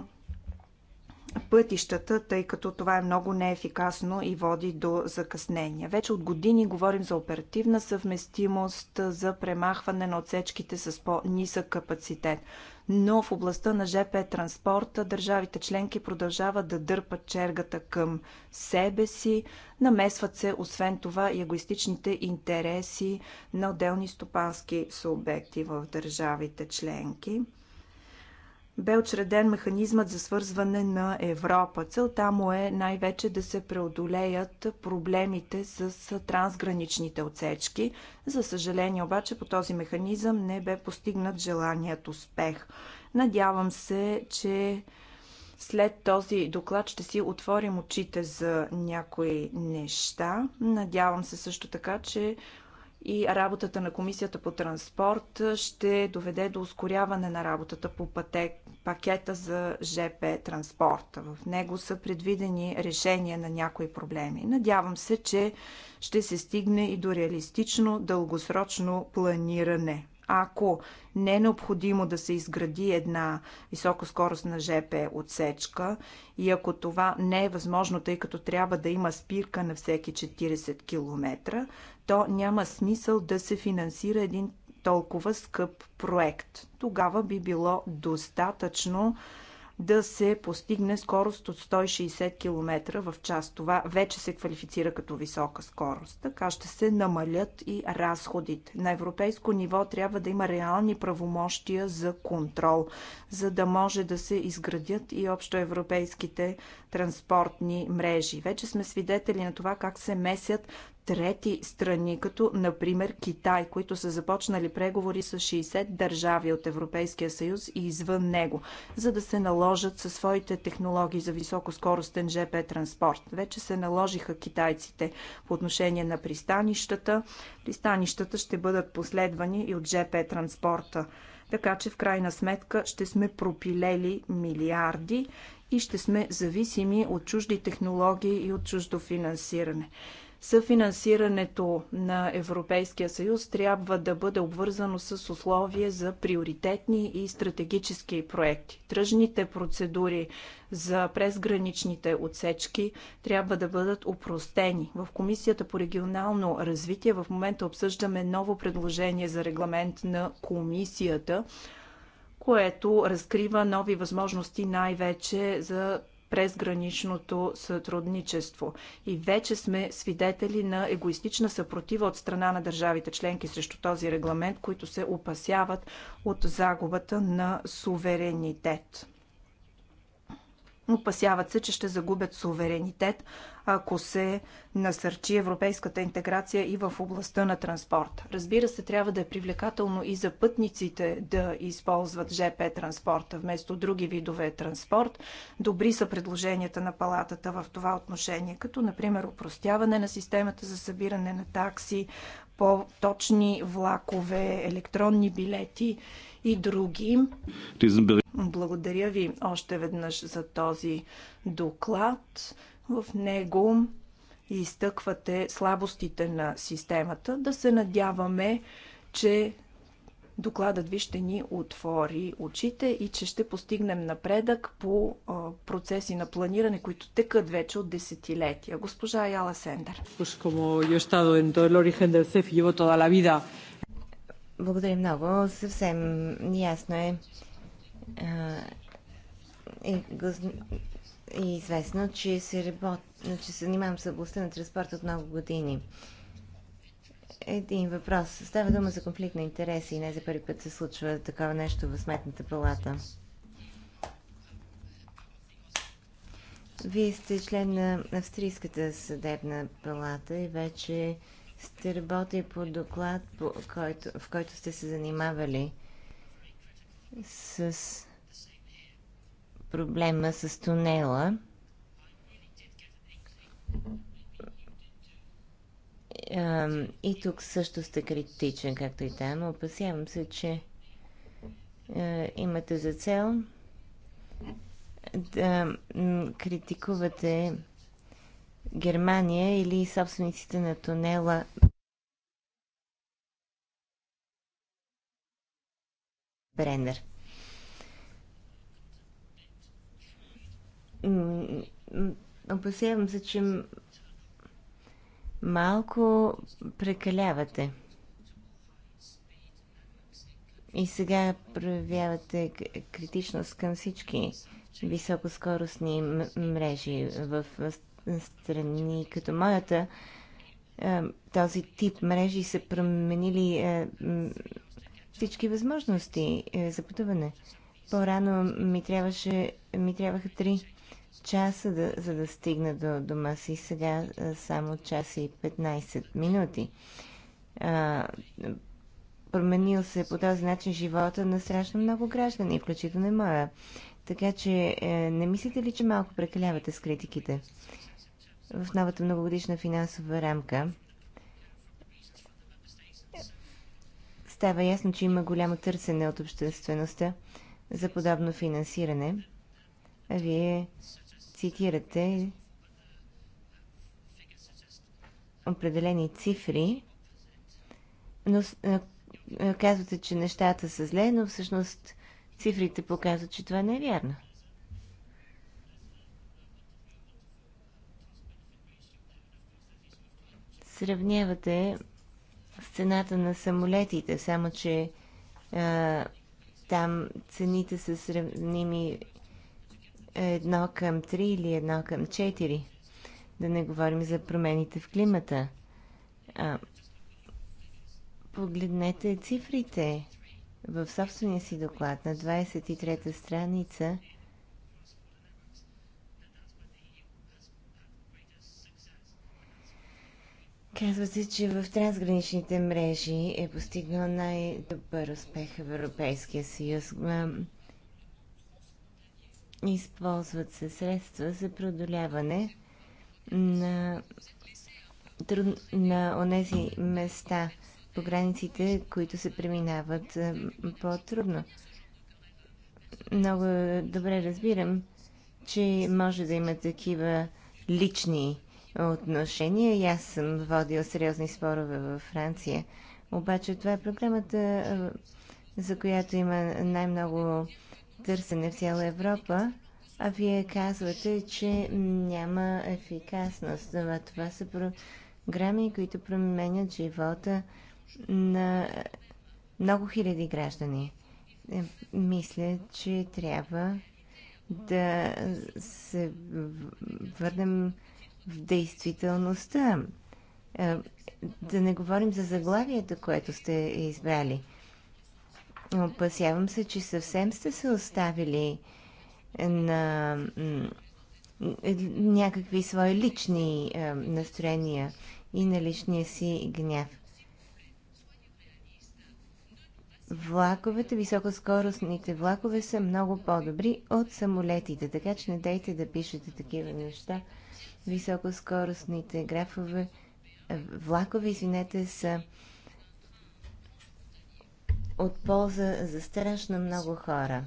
пътищата, тъй като това е много неефикасно и води до закъснения. Вече от години говорим за оперативна съвместимост, за премахване на отсечките с по-нисък капацитет. Но в областта на ЖП транспорта държавите членки продължават да дърпат чергата към себе си, намесват се освен това и егоистичните интереси на отделни стопански субекти в държавите членки бе учреден механизмът за свързване на Европа. Целта му е най-вече да се преодолеят проблемите с трансграничните отсечки. За съжаление обаче по този механизъм не бе постигнат желаният успех. Надявам се, че след този доклад ще си отворим очите за някои неща. Надявам се също така, че и работата на Комисията по транспорт ще доведе до ускоряване на работата по пътек, пакета за ЖП транспорта. В него са предвидени решения на някои проблеми. Надявам се, че ще се стигне и до реалистично дългосрочно планиране. Ако не е необходимо да се изгради една високоскоростна ЖП отсечка и ако това не е възможно, тъй като трябва да има спирка на всеки 40 км, то няма смисъл да се финансира един толкова скъп проект. Тогава би било достатъчно да се постигне скорост от 160 км в час. Това вече се квалифицира като висока скорост. Така ще се намалят и разходите. На европейско ниво трябва да има реални правомощия за контрол, за да може да се изградят и общоевропейските транспортни мрежи. Вече сме свидетели на това как се месят трети страни, като например Китай, които са започнали преговори с 60 държави от Европейския съюз и извън него, за да се наложат със своите технологии за високоскоростен ЖП транспорт. Вече се наложиха китайците по отношение на пристанищата. Пристанищата ще бъдат последвани и от ЖП транспорта. Така че в крайна сметка ще сме пропилели милиарди и ще сме зависими от чужди технологии и от чуждо финансиране съфинансирането на Европейския съюз трябва да бъде обвързано с условие за приоритетни и стратегически проекти. Тръжните процедури за презграничните отсечки трябва да бъдат упростени. В Комисията по регионално развитие в момента обсъждаме ново предложение за регламент на Комисията, което разкрива нови възможности най-вече за презграничното сътрудничество. И вече сме свидетели на егоистична съпротива от страна на държавите членки срещу този регламент, които се опасяват от загубата на суверенитет. Опасяват се, че ще загубят суверенитет, ако се насърчи европейската интеграция и в областта на транспорт. Разбира се, трябва да е привлекателно и за пътниците да използват ЖП транспорта вместо други видове транспорт. Добри са предложенията на палатата в това отношение, като например упростяване на системата за събиране на такси, по-точни влакове, електронни билети и други. Благодаря ви още веднъж за този доклад. В него изтъквате слабостите на системата. Да се надяваме, че докладът ви ще ни отвори очите и че ще постигнем напредък по процеси на планиране, които текат вече от десетилетия. Госпожа Яла Сендер. Благодаря много. Съвсем ясно е и, и известно, че се, работ... че се занимавам с областта на транспорт от много години. Един въпрос. Става дума за конфликт на интереси и не за първи път се случва такова нещо в сметната палата. Вие сте член на Австрийската съдебна палата и вече сте работили по доклад, по който, в който сте се занимавали с проблема с тунела. И тук също сте критичен, както и там. Опасявам се, че имате за цел да критикувате Германия или собствениците на тунела Бренер. Опасявам се, че малко прекалявате. И сега проявявате критичност към всички високоскоростни мрежи в страни като моята, този тип мрежи са променили всички възможности за пътуване. По-рано ми, трябваше, ми трябваха три часа, да, за да стигна до дома си. Сега само час и 15 минути. А, променил се по този начин живота на страшно много граждани, включително и моя. Така че е, не мислите ли, че малко прекалявате с критиките? в новата многогодишна финансова рамка става ясно, че има голямо търсене от обществеността за подобно финансиране. А вие цитирате определени цифри, но казвате, че нещата са зле, но всъщност цифрите показват, че това не е вярно. сравнявате с цената на самолетите, само че а, там цените са сравними едно към 3 или едно към 4. Да не говорим за промените в климата. А, погледнете цифрите в собствения си доклад на 23-та страница – Казва се, че в трансграничните мрежи е постигнал най-добър успех в Европейския съюз. Използват се средства за преодоляване на, труд... на онези места по границите, които се преминават по-трудно. Много добре разбирам, че може да има такива лични отношения и аз съм водил сериозни спорове във Франция. Обаче това е програмата, за която има най-много търсене в цяла Европа, а вие казвате, че няма ефикасност. Това, това са програми, които променят живота на много хиляди граждани. Е, мисля, че трябва да се върнем в действителността. Е, да не говорим за заглавията, което сте избрали. Опасявам се, че съвсем сте се оставили на някакви свои лични е, настроения и на личния си гняв. Влаковете, високоскоростните влакове са много по-добри от самолетите, така че не дайте да пишете такива неща високоскоростните графове, е, влакове, извинете, са от полза за страшно много хора,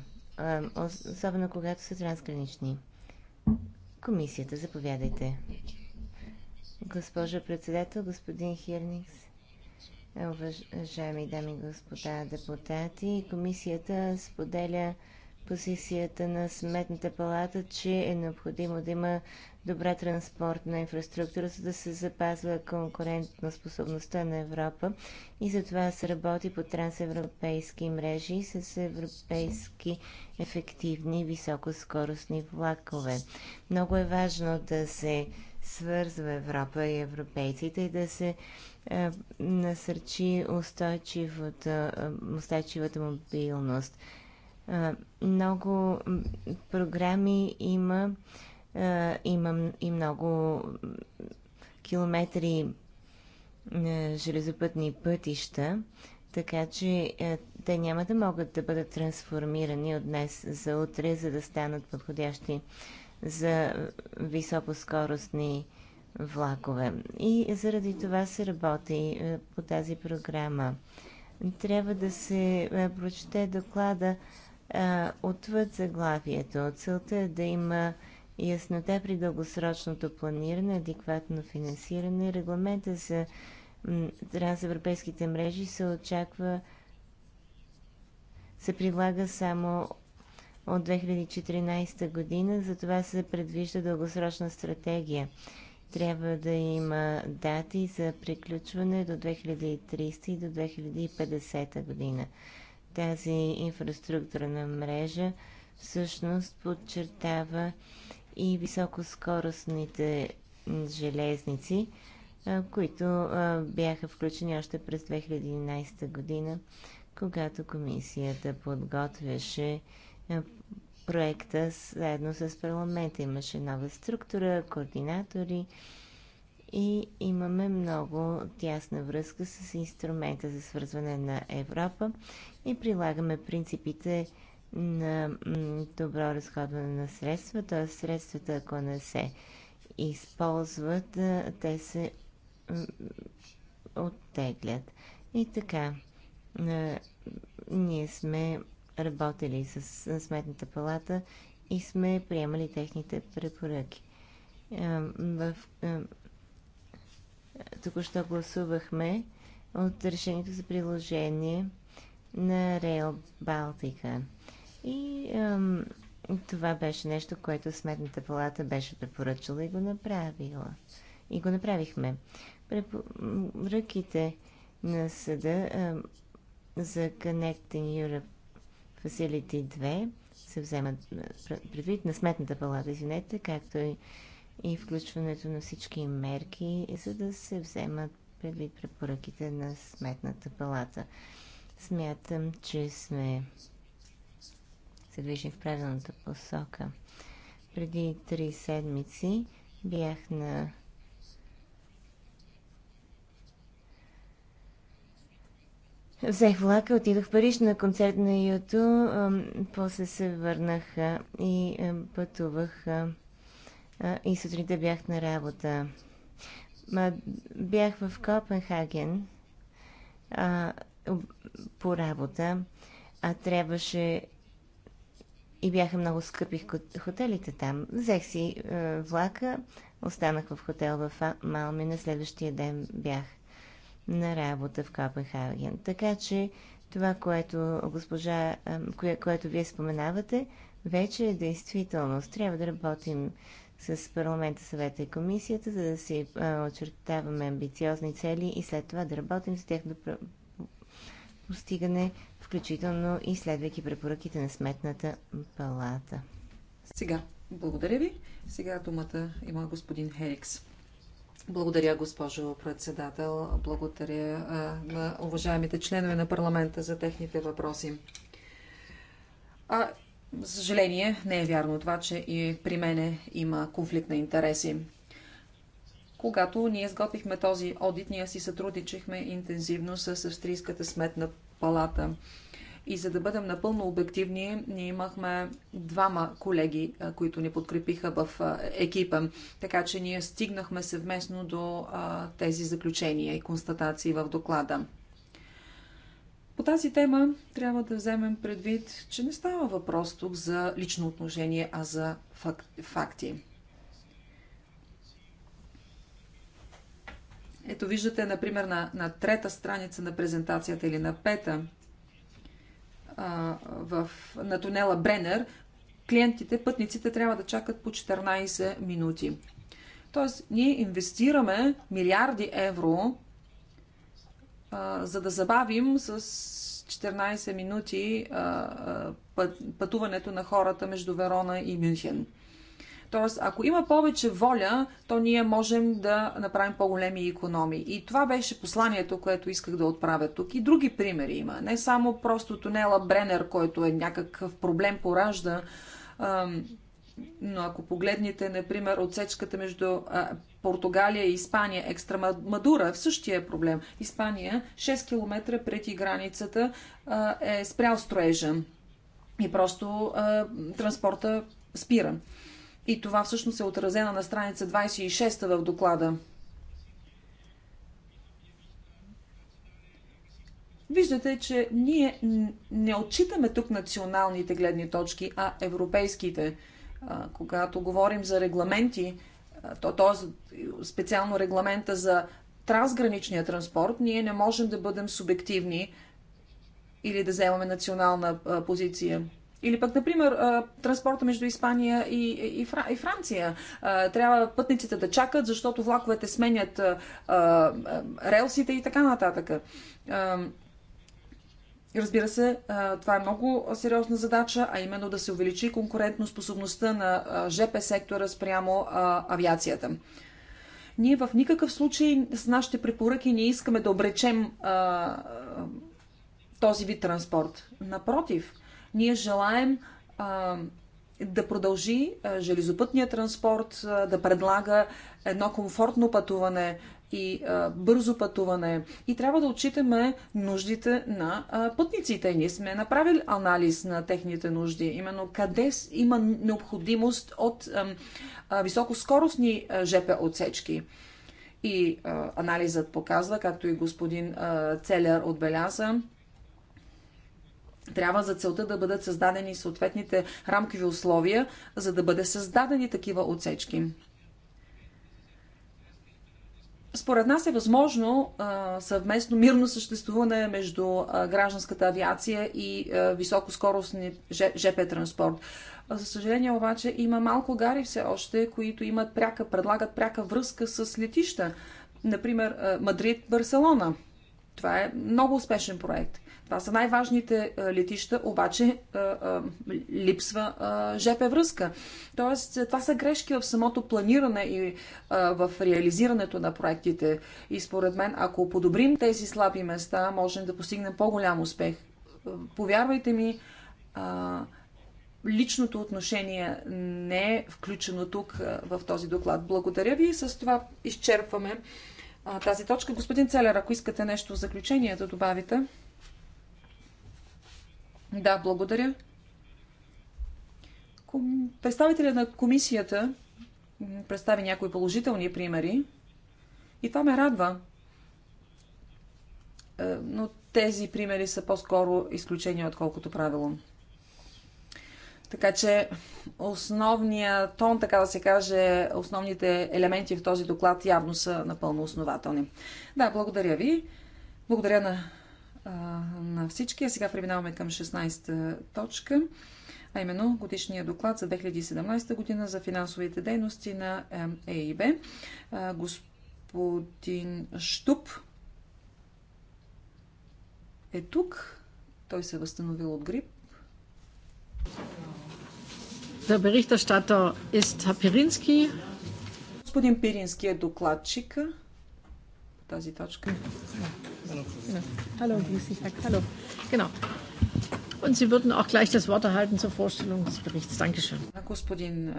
особено когато са трансгранични. Комисията, заповядайте. Госпожа председател, господин Хирникс, е, уважаеми дами и господа депутати, комисията споделя позицията на Сметната палата, че е необходимо да има добра транспортна инфраструктура, за да се запазва конкурентна способността на Европа и затова се работи по трансевропейски мрежи с европейски ефективни високоскоростни влакове. Много е важно да се свързва Европа и европейците и да се е, насърчи устойчивата, е, устойчивата мобилност. Е, много програми има е, е, има и много километри е, железопътни пътища, така че е, те няма да могат да бъдат трансформирани от днес за утре, за да станат подходящи за високоскоростни влакове. И заради това се работи по тази програма. Трябва да се прочете доклада отвъд заглавието. Целта е да има яснота при дългосрочното планиране, адекватно финансиране. Регламента за трансевропейските мрежи се очаква се прилага само от 2014 година, затова се предвижда дългосрочна стратегия. Трябва да има дати за приключване до 2030 и до 2050 година. Тази инфраструктурна мрежа всъщност подчертава и високоскоростните железници, които бяха включени още през 2011 година, когато комисията подготвяше проекта заедно с парламента. Имаше нова структура, координатори и имаме много тясна връзка с инструмента за свързване на Европа и прилагаме принципите на добро разходване на средства, т.е. средствата, ако не се използват, те се оттеглят. И така, ние сме работили с Сметната палата и сме приемали техните препоръки. В... Току-що гласувахме от решението за приложение на Рейл Балтика. И ам, това беше нещо, което Сметната палата беше препоръчала и го направила. И го направихме. Препоръките на съда ам, за Connecting Europe Facility 2 се вземат предвид на Сметната палата, извинете, както и, и включването на всички мерки, за да се вземат предвид препоръките на Сметната палата. Смятам, че сме се движи в правилната посока. Преди три седмици бях на Взех влака, отидох в Париж на концерт на Юту, после се върнах и пътувах и сутринта бях на работа. Бях в Копенхаген по работа, а трябваше и бяха много скъпи хотелите там. Взех си е, влака, останах в хотел в Малми, на следващия ден бях на работа в Копенхаген. Така че това, което госпожа, е, кое, което вие споменавате, вече е действителност. Трябва да работим с парламента, съвета и комисията, за да си е, очертаваме амбициозни цели и след това да работим за тяхното постигане, включително и следвайки препоръките на Сметната палата. Сега, благодаря ви. Сега думата има господин Херикс. Благодаря, госпожо председател. Благодаря а, на уважаемите членове на парламента за техните въпроси. А, за съжаление, не е вярно това, че и при мене има конфликт на интереси. Когато ние изготвихме този одит, ние си сътрудничихме интензивно с Австрийската сметна палата. И за да бъдем напълно обективни, ние имахме двама колеги, които ни подкрепиха в екипа. Така че ние стигнахме съвместно до тези заключения и констатации в доклада. По тази тема трябва да вземем предвид, че не става въпрос тук за лично отношение, а за факти. Ето виждате, например, на, на трета страница на презентацията или на пета а, в, на тунела Бренер, клиентите, пътниците трябва да чакат по 14 минути. Тоест, ние инвестираме милиарди евро, а, за да забавим с 14 минути а, път, пътуването на хората между Верона и Мюнхен. Тоест, ако има повече воля, то ние можем да направим по-големи економии. И това беше посланието, което исках да отправя тук. И други примери има. Не само просто тунела Бренер, който е някакъв проблем поражда. Но ако погледнете, например, отсечката между Португалия и Испания, Екстрамадура, в същия е проблем. Испания, 6 км преди границата, е спрял строежа. И просто транспорта спира. И това всъщност е отразено на страница 26 в доклада. Виждате, че ние не отчитаме тук националните гледни точки, а европейските. Когато говорим за регламенти, то, то е специално регламента за трансграничния транспорт, ние не можем да бъдем субективни или да вземаме национална позиция. Или пък, например, транспорта между Испания и, и, и Франция. Трябва пътниците да чакат, защото влаковете сменят релсите и така нататък. Разбира се, това е много сериозна задача, а именно да се увеличи способността на ЖП сектора спрямо авиацията. Ние в никакъв случай с нашите препоръки не искаме да обречем този вид транспорт. Напротив, ние желаем да продължи железопътния транспорт да предлага едно комфортно пътуване и бързо пътуване. И трябва да отчитаме нуждите на пътниците. Ние сме направили анализ на техните нужди, именно къде има необходимост от високоскоростни ЖП отсечки. И анализът показва, както и господин Целер отбеляза, трябва за целта да бъдат създадени съответните рамкови условия, за да бъде създадени такива отсечки. Според нас е възможно съвместно мирно съществуване между гражданската авиация и високоскоростни ЖП транспорт. За съжаление обаче има малко гари все още, които имат пряка, предлагат пряка връзка с летища. Например, Мадрид-Барселона. Това е много успешен проект. Това са най-важните летища, обаче а, а, липсва а, ЖП връзка. Тоест, е, това са грешки в самото планиране и в реализирането на проектите. И според мен, ако подобрим тези слаби места, можем да постигнем по-голям успех. Повярвайте ми, личното отношение не е включено тук в този доклад. Благодаря ви и с това изчерпваме тази точка. Господин Целер, ако искате нещо в заключение да добавите. Да, благодаря. Представителя на комисията представи някои положителни примери и това ме радва. Е, но тези примери са по-скоро изключения, отколкото правило. Така че основният тон, така да се каже, основните елементи в този доклад явно са напълно основателни. Да, благодаря ви. Благодаря на на всички. А сега преминаваме към 16 точка, а именно годишния доклад за 2017 година за финансовите дейности на ЕИБ. Е господин Штуп е тук. Той се е възстановил от грип. Der Berichterstatter ist Господин Пирински е докладчика по тази точка. Yeah. Hallo, grüß dich, Herr. Hallo. Genau. Und Sie würden auch gleich das Wort erhalten zur Vorstellung des Berichts. Dankeschön. Господин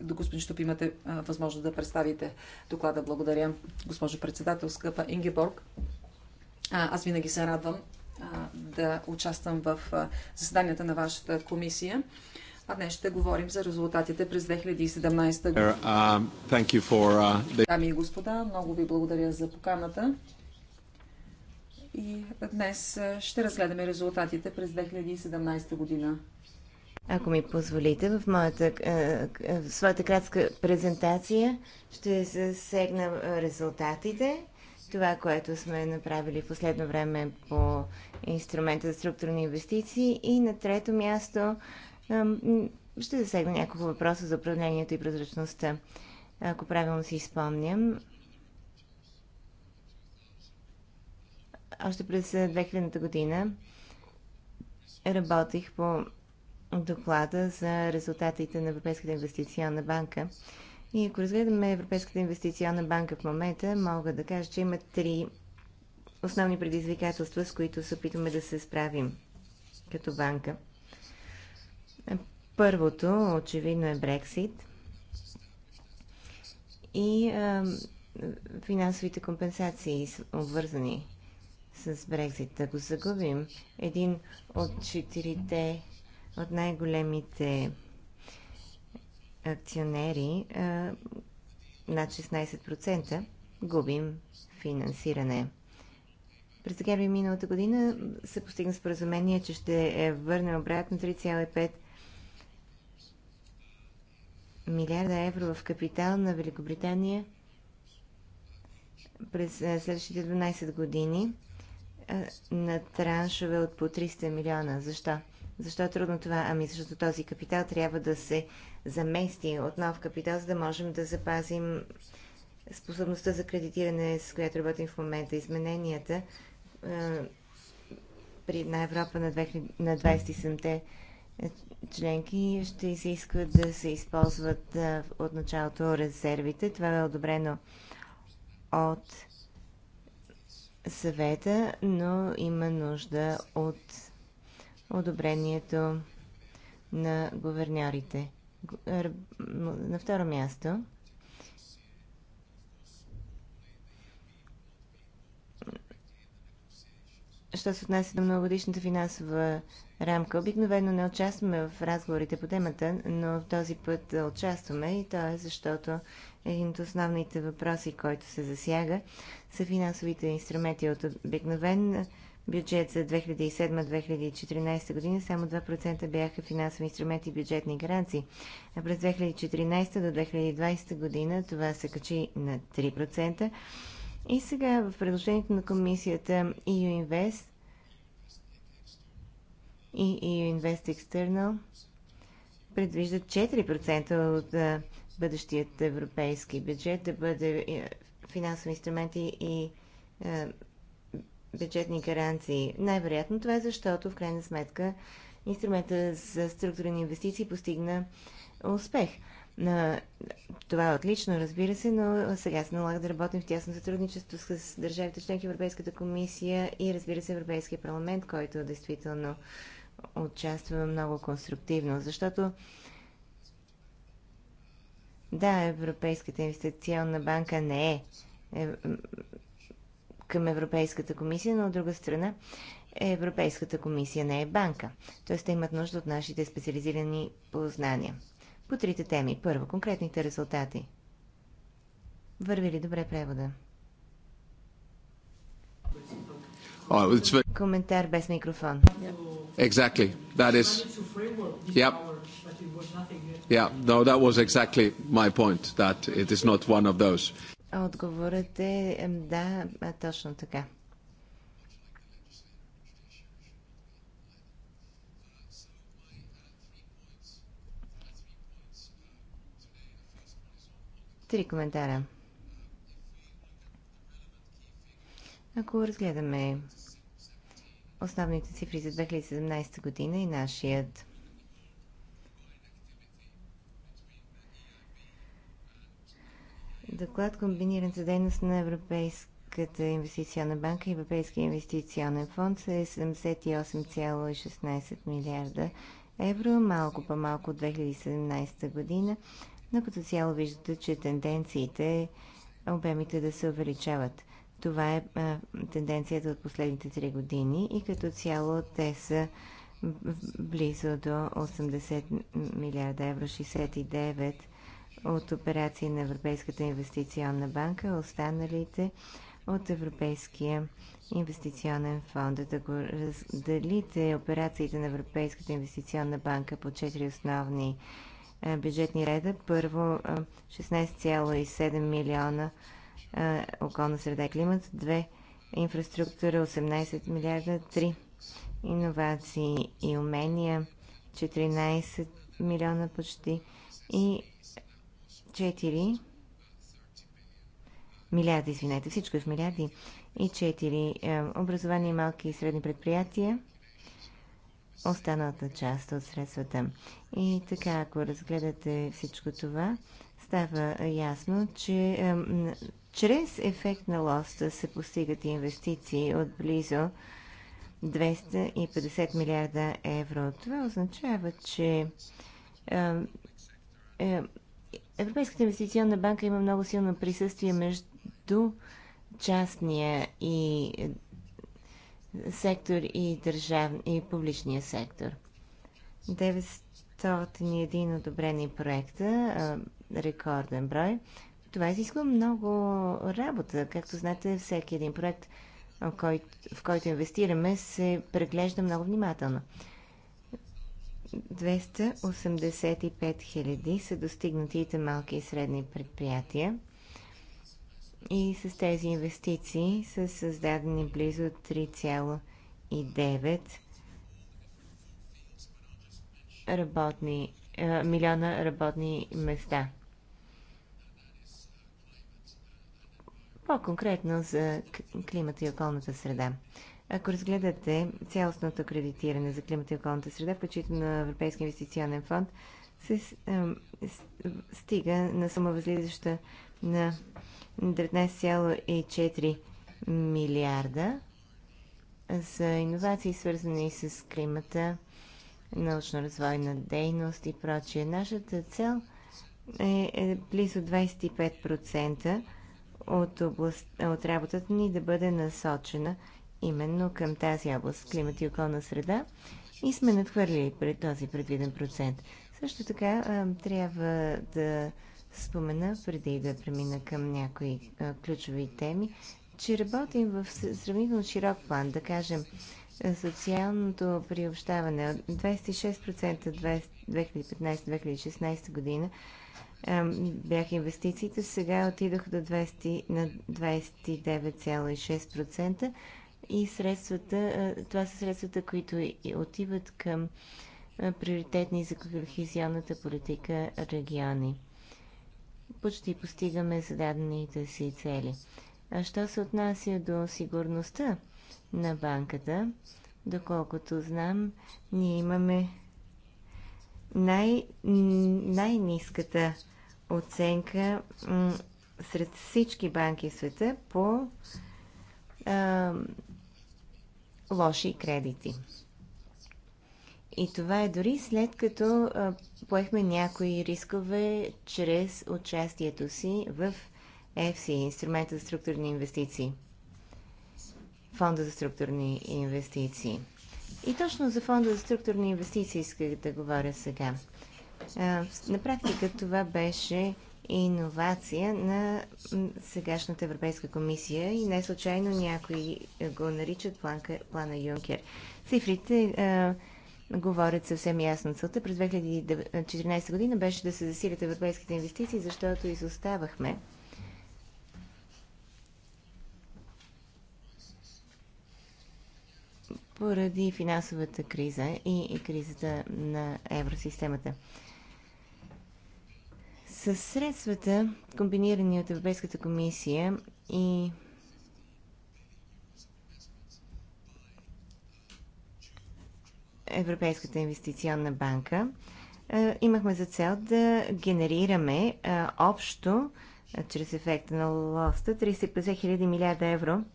докладчик, имате възможност да представите доклада. Благодаря, госпожо председател, скъпа Ингеборг. Аз винаги се радвам да участвам в заседанията на вашата комисия. А днес ще говорим за резултатите през 2017 година. Um, uh, Дами и господа, много ви благодаря за поканата. И днес е, ще разгледаме резултатите през 2017 година. Ако ми позволите, в, моята, е, е, в своята кратка презентация ще засегна резултатите, това, което сме направили в последно време по инструмента за структурни инвестиции и на трето място ще засегна няколко въпроса за управлението и прозрачността. Ако правилно си изпомням, още през 2000-та година работих по доклада за резултатите на Европейската инвестиционна банка. И ако разгледаме Европейската инвестиционна банка в момента, мога да кажа, че има три основни предизвикателства, с които се опитваме да се справим като банка – Първото, очевидно, е Брексит и а, финансовите компенсации, обвързани с Брекзит. Ако загубим един от четирите, от най-големите акционери, а, над 16%, губим финансиране. През декември миналата година се постигна споразумение, че ще върнем обратно 3,5 милиарда евро в капитал на Великобритания през е, следващите 12 години е, на траншове от по 300 милиона. Защо? Защо е трудно това? Ами защото този капитал трябва да се замести от нов капитал, за да можем да запазим способността за кредитиране, с която работим в момента. Измененията е, при една Европа на, 20, на 27-те членки ще изискват да се използват от началото резервите. Това е одобрено от съвета, но има нужда от одобрението на говерньорите. На второ място що се отнася до многогодишната финансова рамка. Обикновено не участваме в разговорите по темата, но този път участваме и то е защото един от основните въпроси, който се засяга, са финансовите инструменти от обикновен бюджет за 2007-2014 година само 2% бяха финансови инструменти и бюджетни гаранции. А през 2014 до 2020 година това се качи на 3%. И сега в предложението на комисията EU Invest и EU Invest External предвиждат 4% от бъдещият европейски бюджет да бъде е, финансови инструменти и бюджетни гаранции. Най-вероятно това е защото в крайна сметка инструмента за структурни инвестиции постигна успех. Това е отлично, разбира се, но сега се налага да работим в тясно сътрудничество с държавите членки, Европейската комисия и, разбира се, Европейския парламент, който действително участваме много конструктивно, защото да, Европейската инвестиционна банка не е, е, към Европейската комисия, но от друга страна Европейската комисия не е банка. Тоест те имат нужда от нашите специализирани познания. По трите теми. Първо, конкретните резултати. Върви ли добре превода? Коментар без микрофон. Exactly. That is. Yep. Yeah, no, that was exactly my point, that it is not one of those. Отговорът е да, точно така. Три коментара. Ако разгледаме основните цифри за 2017 година и нашият доклад, комбиниран за дейност на Европейската инвестиционна банка и Европейския инвестиционен фонд е 78,16 милиарда евро, малко по-малко от 2017 година, но като цяло виждате, че тенденциите обемите да се увеличават. Това е а, тенденцията от последните 3 години и като цяло те са близо до 80 милиарда евро, 69 от операции на Европейската инвестиционна банка, останалите от Европейския инвестиционен фонд. Да го разделите операциите на Европейската инвестиционна банка по 4 основни бюджетни реда. Първо 16,7 милиона околна среда и климат, 2 инфраструктура 18 милиарда, 3 иновации и умения 14 милиона почти и 4 милиарда, извинете, всичко е в милиарди и 4 е, образование, малки и средни предприятия останалата част от средствата. И така, ако разгледате всичко това, става ясно, че чрез ефект на лоста се постигат инвестиции от близо 250 милиарда евро. Това означава, че Европейската инвестиционна банка има много силно присъствие между частния и сектор и, държав... и публичния сектор. 901 одобрени проекта рекорден брой. Това изисква много работа. Както знаете, всеки един проект, в който инвестираме, се преглежда много внимателно. 285 000 са достигнатите малки и средни предприятия. И с тези инвестиции са създадени близо 3,9 работни, милиона работни места. по-конкретно за климата и околната среда. Ако разгледате цялостното кредитиране за климата и околната среда, включително на Европейския инвестиционен фонд, се стига на сума възлизаща на 19,4 милиарда за иновации, свързани с климата, научно-развойна дейност и прочие. Нашата цел е, е близо 25% от, област, от работата ни да бъде насочена именно към тази област климат и околна среда и сме надхвърлили пред този предвиден процент. Също така трябва да спомена, преди да премина към някои ключови теми, че работим в сравнително широк план, да кажем социалното приобщаване от 26% 2015-2016 година бяха инвестициите, сега отидоха до 20, на 29,6% и средствата, това са средствата, които отиват към приоритетни за кохезионната политика региони. Почти постигаме зададените си цели. А що се отнася до сигурността на банката, доколкото знам, ние имаме най- най-низката оценка сред всички банки в света по а, лоши кредити. И това е дори след като а, поехме някои рискове чрез участието си в EFSI, инструмента за структурни инвестиции, фонда за структурни инвестиции. И точно за фонда за структурни инвестиции исках да говоря сега. На практика това беше иновация на сегашната Европейска комисия и не случайно някои е, го наричат планка, плана Юнкер. Цифрите а, говорят съвсем ясно. Целта през 2014 година беше да се засилят европейските инвестиции, защото изоставахме поради финансовата криза и, и кризата на евросистемата. С средствата, комбинирани от Европейската комисия и Европейската инвестиционна банка, е, имахме за цел да генерираме е, общо, е, чрез ефекта на лоста, 350 000 милиарда евро –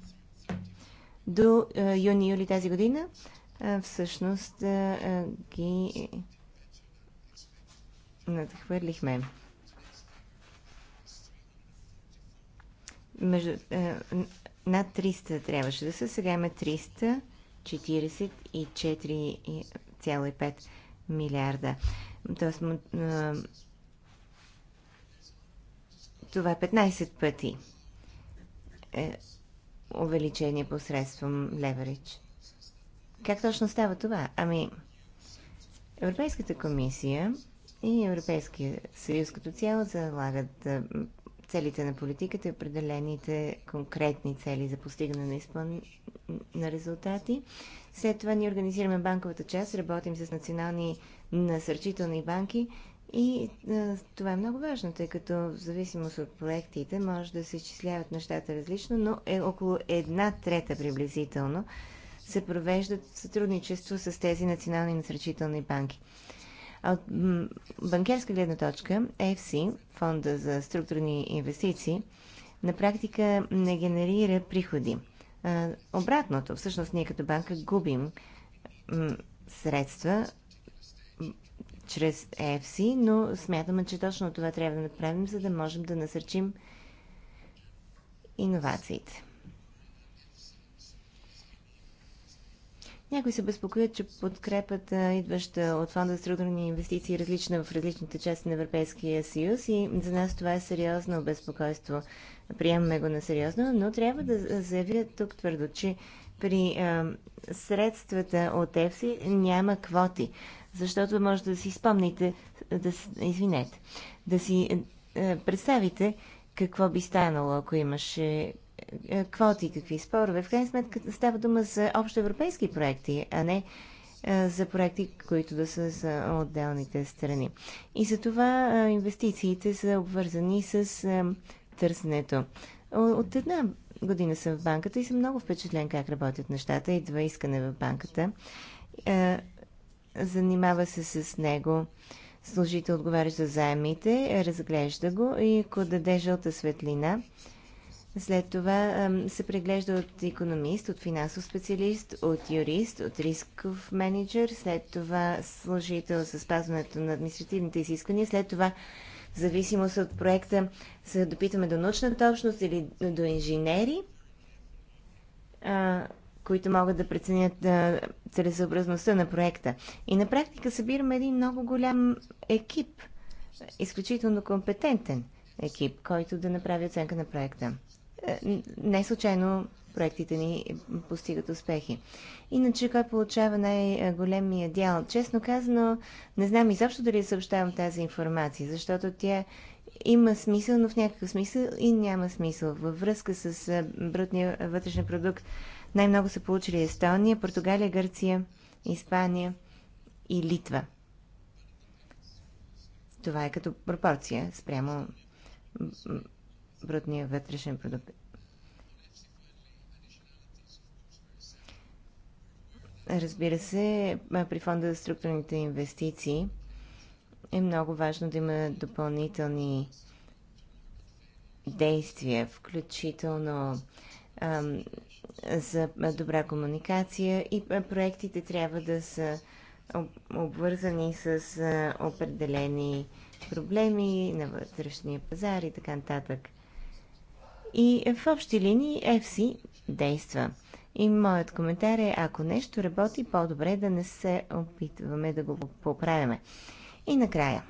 до е, юни-юли тази година, е, всъщност е, ги надхвърлихме. Между, над 300 трябваше да са, сега има 344,5 милиарда. Тоест, това е 15 пъти увеличение посредством леверидж. Как точно става това? Ами, Европейската комисия и Европейския съюз като цяло залагат целите на политиката и определените конкретни цели за постигане на, изпълн... на резултати. След това ние организираме банковата част, работим с национални насърчителни банки, и а, това е много важно, тъй като в зависимост от проектите може да се изчисляват нещата различно, но е около една трета приблизително се провеждат в сътрудничество с тези национални насръчителни банки. А от банкерска гледна точка, FC, Фонда за структурни инвестиции, на практика не генерира приходи. обратното, всъщност ние като банка губим средства чрез ЕФСИ, но смятаме, че точно това трябва да направим, за да можем да насърчим иновациите. Някои се безпокоят, че подкрепата, идваща от фонда за структурни инвестиции, е различна в различните части на Европейския съюз и за нас това е сериозно безпокойство. Приемаме го на сериозно, но трябва да заявя тук твърдо, че при а, средствата от ЕФСИ няма квоти защото може да си спомните, да, извинете, да си е, е, представите какво би станало, ако имаше е, е, квоти, какви спорове. В крайна сметка става дума за общоевропейски проекти, а не е, за проекти, които да са за отделните страни. И за това е, инвестициите са обвързани с търсенето. От една година съм в банката и съм много впечатлен как работят нещата. Идва искане в банката занимава се с него служител отговаря за заемите, разглежда го и ако даде жълта светлина, след това се преглежда от економист, от финансов специалист, от юрист, от рисков менеджер, след това служител за спазването на административните изисквания, след това в зависимост от проекта се допитваме до научната общност или до инженери които могат да преценят целесъобразността на проекта. И на практика събираме един много голям екип, изключително компетентен екип, който да направи оценка на проекта. Е, не случайно проектите ни постигат успехи. Иначе кой получава най-големия дял? Честно казано, не знам изобщо дали съобщавам тази информация, защото тя има смисъл, но в някакъв смисъл и няма смисъл. Във връзка с брутния вътрешен продукт най-много са получили Естония, Португалия, Гърция, Испания и Литва. Това е като пропорция спрямо брутния вътрешен продукт. Разбира се, при фонда за структурните инвестиции е много важно да има допълнителни действия, включително за добра комуникация и проектите трябва да са обвързани с определени проблеми на вътрешния пазар и така нататък. И в общи линии FC действа. И моят коментар е, ако нещо работи, по-добре да не се опитваме да го поправяме. И накрая,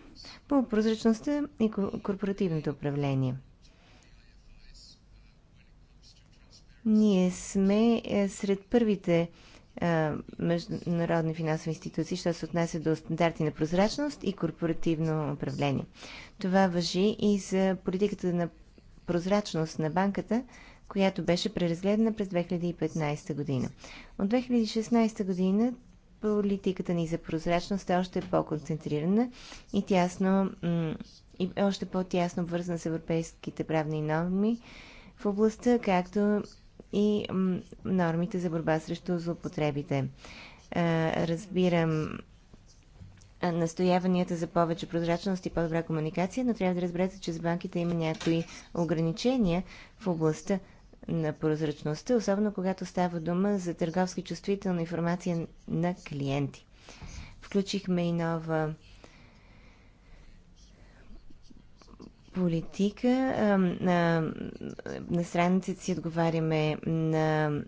по прозрачността и корпоративното управление. Ние сме е, сред първите е, международни финансови институции, що се отнася до стандарти на прозрачност и корпоративно управление. Това въжи и за политиката на прозрачност на банката, която беше преразгледана през 2015 година. От 2016 година политиката ни за прозрачност е още по-концентрирана и тясно и още по-тясно вързана с европейските правни норми в областта, както и нормите за борба срещу злоупотребите. Е, разбирам настояванията за повече прозрачност и по-добра комуникация, но трябва да разберете, че с банките има някои ограничения в областта на прозрачността, особено когато става дума за търговски чувствителна информация на клиенти. Включихме и нова политика. На, на страницата си отговаряме на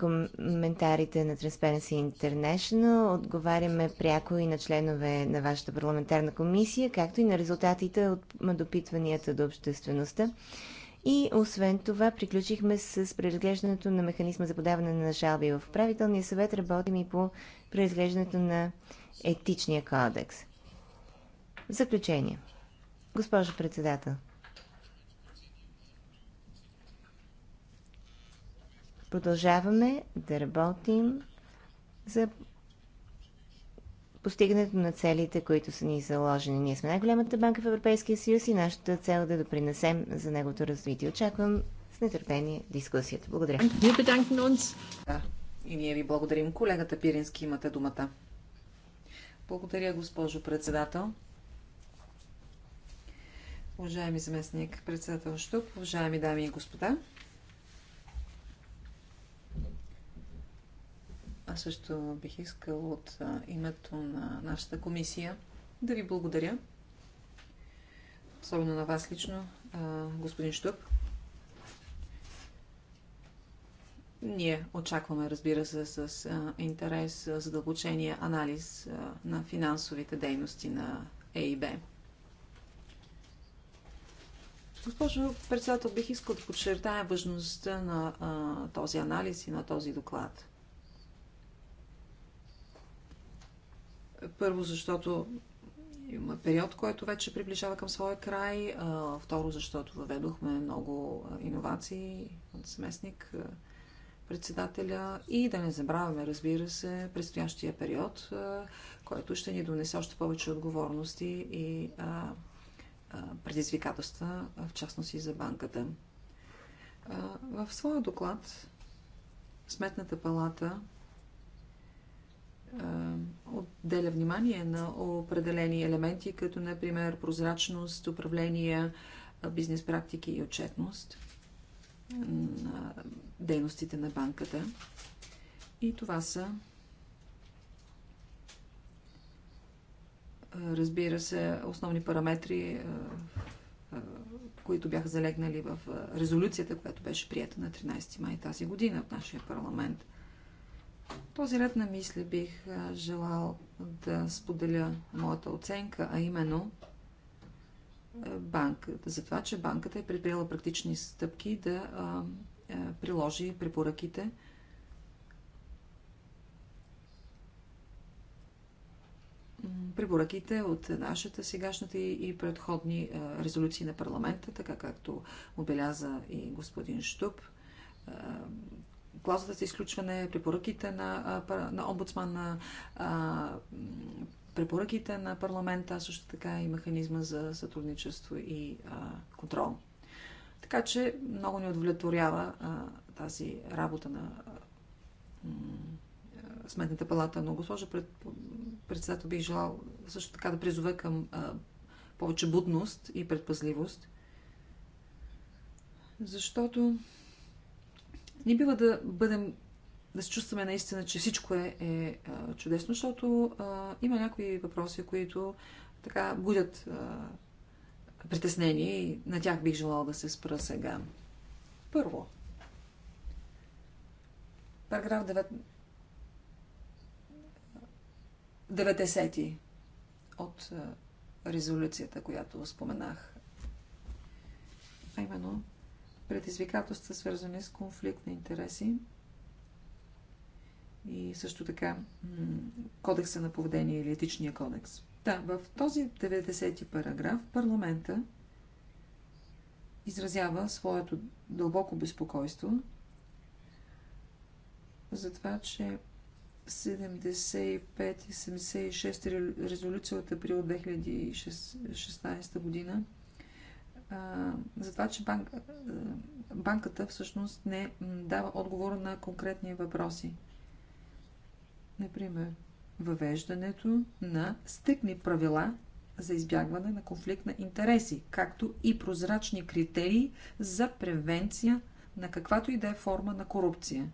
коментарите на Transparency International, отговаряме пряко и на членове на вашата парламентарна комисия, както и на резултатите от допитванията до обществеността. И освен това, приключихме с преразглеждането на механизма за подаване на жалби в правителния съвет. Работим и по преразглеждането на етичния кодекс. В заключение, госпожо председател, продължаваме да работим за постигането на целите, които са ни заложени. Ние сме най-голямата банка в Европейския съюз и нашата цел е да допринесем за неговото развитие. Очаквам с нетърпение дискусията. Благодаря. Да, и ние ви благодарим. Колегата Пирински, имате думата. Благодаря, госпожо председател. Уважаеми заместник председател Штук, уважаеми дами и господа, аз също бих искал от името на нашата комисия да ви благодаря, особено на вас лично, господин Штук. Ние очакваме, разбира се, с интерес задълбочения анализ на финансовите дейности на ЕИБ. Госпожо председател, бих искал да подчертая важността на а, този анализ и на този доклад. Първо, защото има период, който вече приближава към своя край. А, второ, защото въведохме много иновации от сместник председателя и да не забравяме, разбира се, предстоящия период, който ще ни донесе още повече отговорности и а, предизвикателства, в частност и за банката. В своя доклад Сметната палата отделя внимание на определени елементи, като например прозрачност, управление, бизнес практики и отчетност на дейностите на банката. И това са разбира се, основни параметри, е, е, които бяха залегнали в е, резолюцията, която беше прията на 13 май тази година от нашия парламент. Този ред на мисли бих желал да споделя моята оценка, а именно банката, за това, че банката е предприела практични стъпки да приложи препоръките препоръките от нашата сегашната и предходни резолюции на парламента, така както обеляза и господин Штуб. Клаузата за изключване, препоръките на, на омбудсмана, препоръките на парламента, също така и механизма за сътрудничество и контрол. Така че много ни удовлетворява тази работа на Сметната палата. Но, госпожа председател, бих желал също така да призове към а, повече будност и предпазливост, защото не бива да бъдем да се чувстваме наистина, че всичко е, е чудесно, защото а, има някои въпроси, които така будят а, притеснение и на тях бих желал да се спра сега. Първо, параграф 9, 90 от е, резолюцията, която споменах. А именно предизвикателства, свързани с конфликт на интереси и също така кодекса на поведение или етичния кодекс. Да, в този 90 ти параграф парламента изразява своето дълбоко безпокойство за това, че 75 и 76 резолюция от април 2016 година за това, че банк, банката всъщност не дава отговор на конкретни въпроси. Например, въвеждането на стрикни правила за избягване на конфликт на интереси, както и прозрачни критерии за превенция на каквато и да е форма на корупция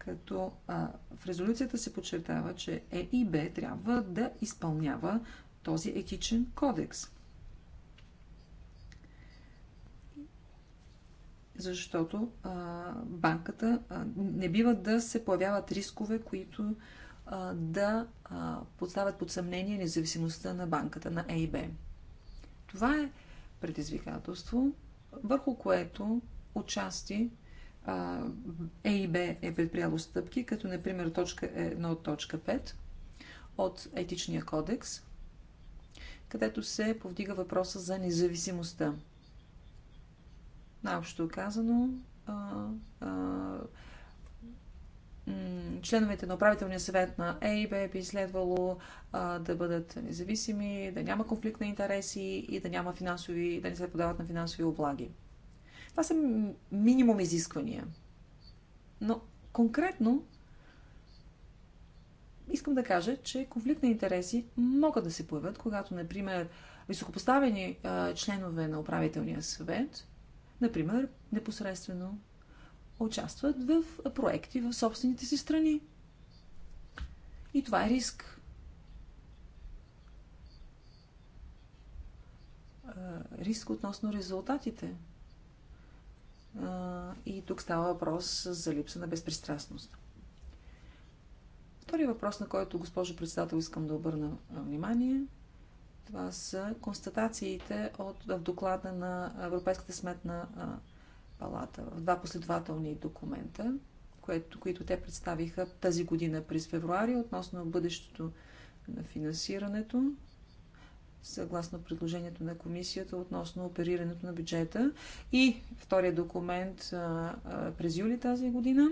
като а, в резолюцията се подчертава, че е Б трябва да изпълнява този етичен кодекс. Защото а, банката а, не бива да се появяват рискове, които а, да а, подставят под съмнение независимостта на банката, на е Б. Това е предизвикателство, върху което отчасти а и Б е предприяло стъпки, като например точка 1.5 от точка 5 от етичния кодекс, където се повдига въпроса за независимостта. Наобщо казано, а, а, членовете на управителния съвет на ЕИБ би следвало а, да бъдат независими, да няма конфликт на интереси и да няма финансови, да не се подават на финансови облаги. Това са минимум изисквания. Но конкретно искам да кажа, че конфликт на интереси могат да се появят, когато, например, високопоставени а, членове на управителния съвет, например, непосредствено участват в проекти в собствените си страни. И това е риск. риск относно резултатите – и тук става въпрос за липса на безпристрастност. Втори въпрос, на който, госпожо председател, искам да обърна внимание, това са констатациите от, в доклада на Европейската сметна палата. В два последователни документа, което, които те представиха тази година през февруари относно бъдещето на финансирането съгласно предложението на комисията относно оперирането на бюджета и втория документ през юли тази година.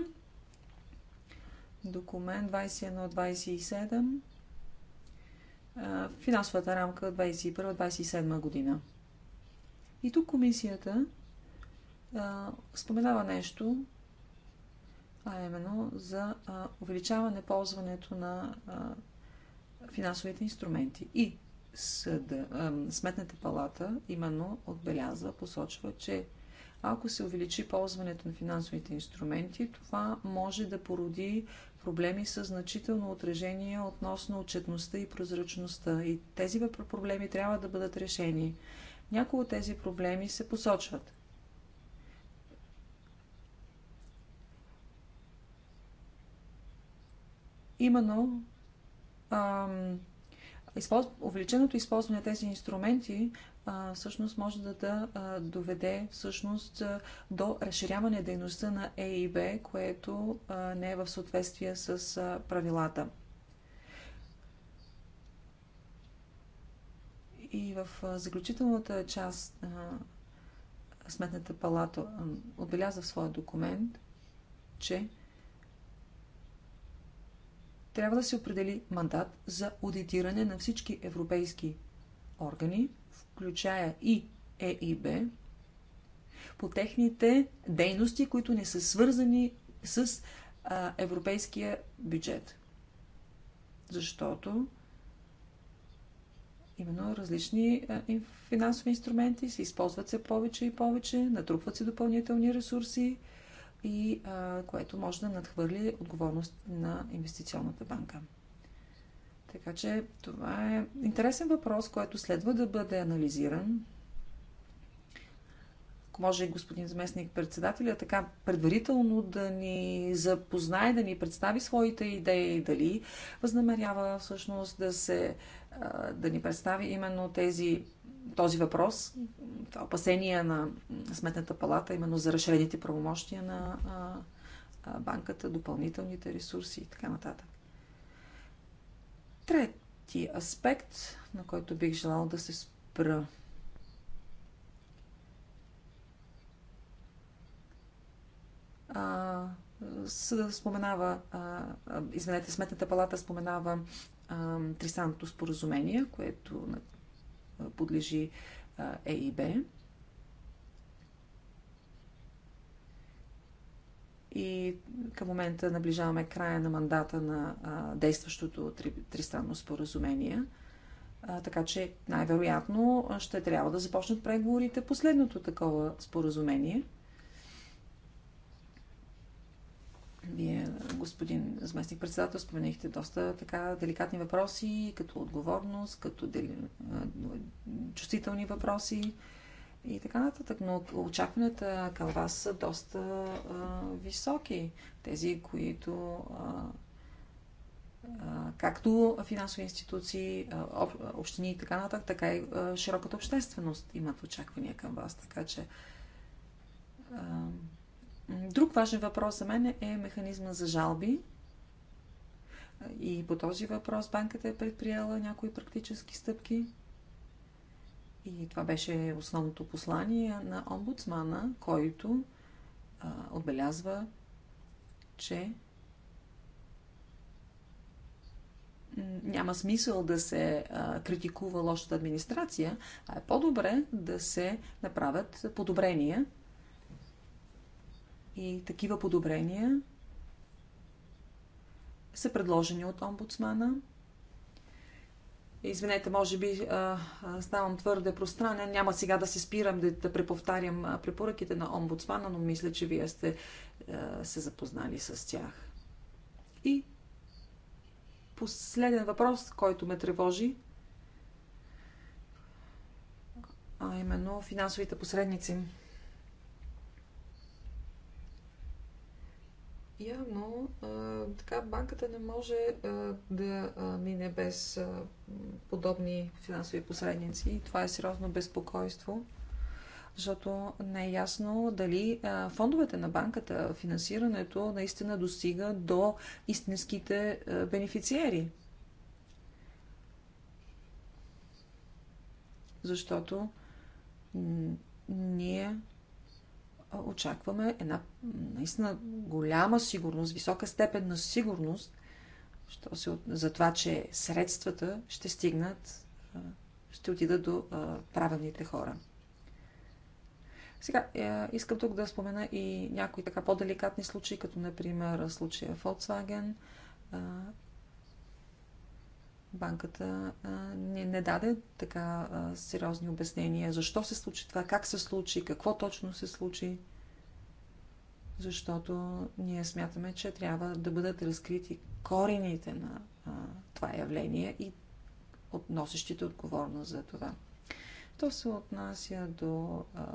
Документ 21-27, финансовата рамка 21-27 година. И тук комисията споменава нещо, а именно за увеличаване ползването на финансовите инструменти. И съда, Сметната палата именно отбелязва, посочва, че ако се увеличи ползването на финансовите инструменти, това може да породи проблеми с значително отражение относно отчетността и прозрачността. И тези проблеми трябва да бъдат решени. Някои от тези проблеми се посочват. Именно ам, увеличеното използване на тези инструменти а, всъщност може да, да а, доведе всъщност до разширяване дейността на ЕИБ, което а, не е в съответствие с а, правилата. И в а, заключителната част а, Сметната палата а, отбеляза в своя документ, че трябва да се определи мандат за аудитиране на всички европейски органи, включая и ЕИБ, по техните дейности, които не са свързани с а, европейския бюджет. Защото именно различни финансови инструменти се използват се повече и повече, натрупват се допълнителни ресурси, и а, което може да надхвърли отговорност на инвестиционната банка. Така че това е интересен въпрос, който следва да бъде анализиран. Ако може господин заместник председателя така предварително да ни запознае, да ни представи своите идеи, дали възнамерява всъщност да се да ни представи именно тези, този въпрос, Опасения на Сметната палата, именно за разширените правомощия на банката, допълнителните ресурси и така нататък. Трети аспект, на който бих желал да се спра. А, споменава, а, извинете, Сметната палата споменава Трисанто споразумение, което подлежи ЕИБ. И към момента наближаваме края на мандата на действащото тристранно споразумение. Така че най-вероятно ще трябва да започнат преговорите последното такова споразумение – Вие, господин заместник председател, споменихте доста така деликатни въпроси, като отговорност, като дели... чувствителни въпроси и така нататък. Но очакванията към вас са доста а, високи. Тези, които а, а, както финансови институции, а, об, общини и така нататък, така и а, широката общественост имат очаквания към вас. Така че а, Друг важен въпрос за мен е механизма за жалби. И по този въпрос банката е предприела някои практически стъпки. И това беше основното послание на омбудсмана, който а, отбелязва, че няма смисъл да се а, критикува лошата администрация, а е по-добре да се направят подобрения и такива подобрения са предложени от омбудсмана. Извинете, може би а, а, ставам твърде пространен. Няма сега да се спирам да, да преповтарям препоръките на омбудсмана, но мисля, че вие сте а, се запознали с тях. И последен въпрос, който ме тревожи, а именно финансовите посредници. Явно, а, така банката не може а, да а, мине без а, подобни финансови посредници и това е сериозно безпокойство, защото не е ясно дали а, фондовете на банката, финансирането наистина достига до истинските а, бенефициери. Защото ние очакваме една наистина голяма сигурност, висока степен на сигурност що се, за това, че средствата ще стигнат, ще отидат до правилните хора. Сега, е, искам тук да спомена и някои така по-деликатни случаи, като например случая Volkswagen банката а, не, не даде така а, сериозни обяснения. Защо се случи това, как се случи, какво точно се случи. Защото ние смятаме, че трябва да бъдат разкрити корените на а, това явление и относещите отговорност за това. То се отнася до а,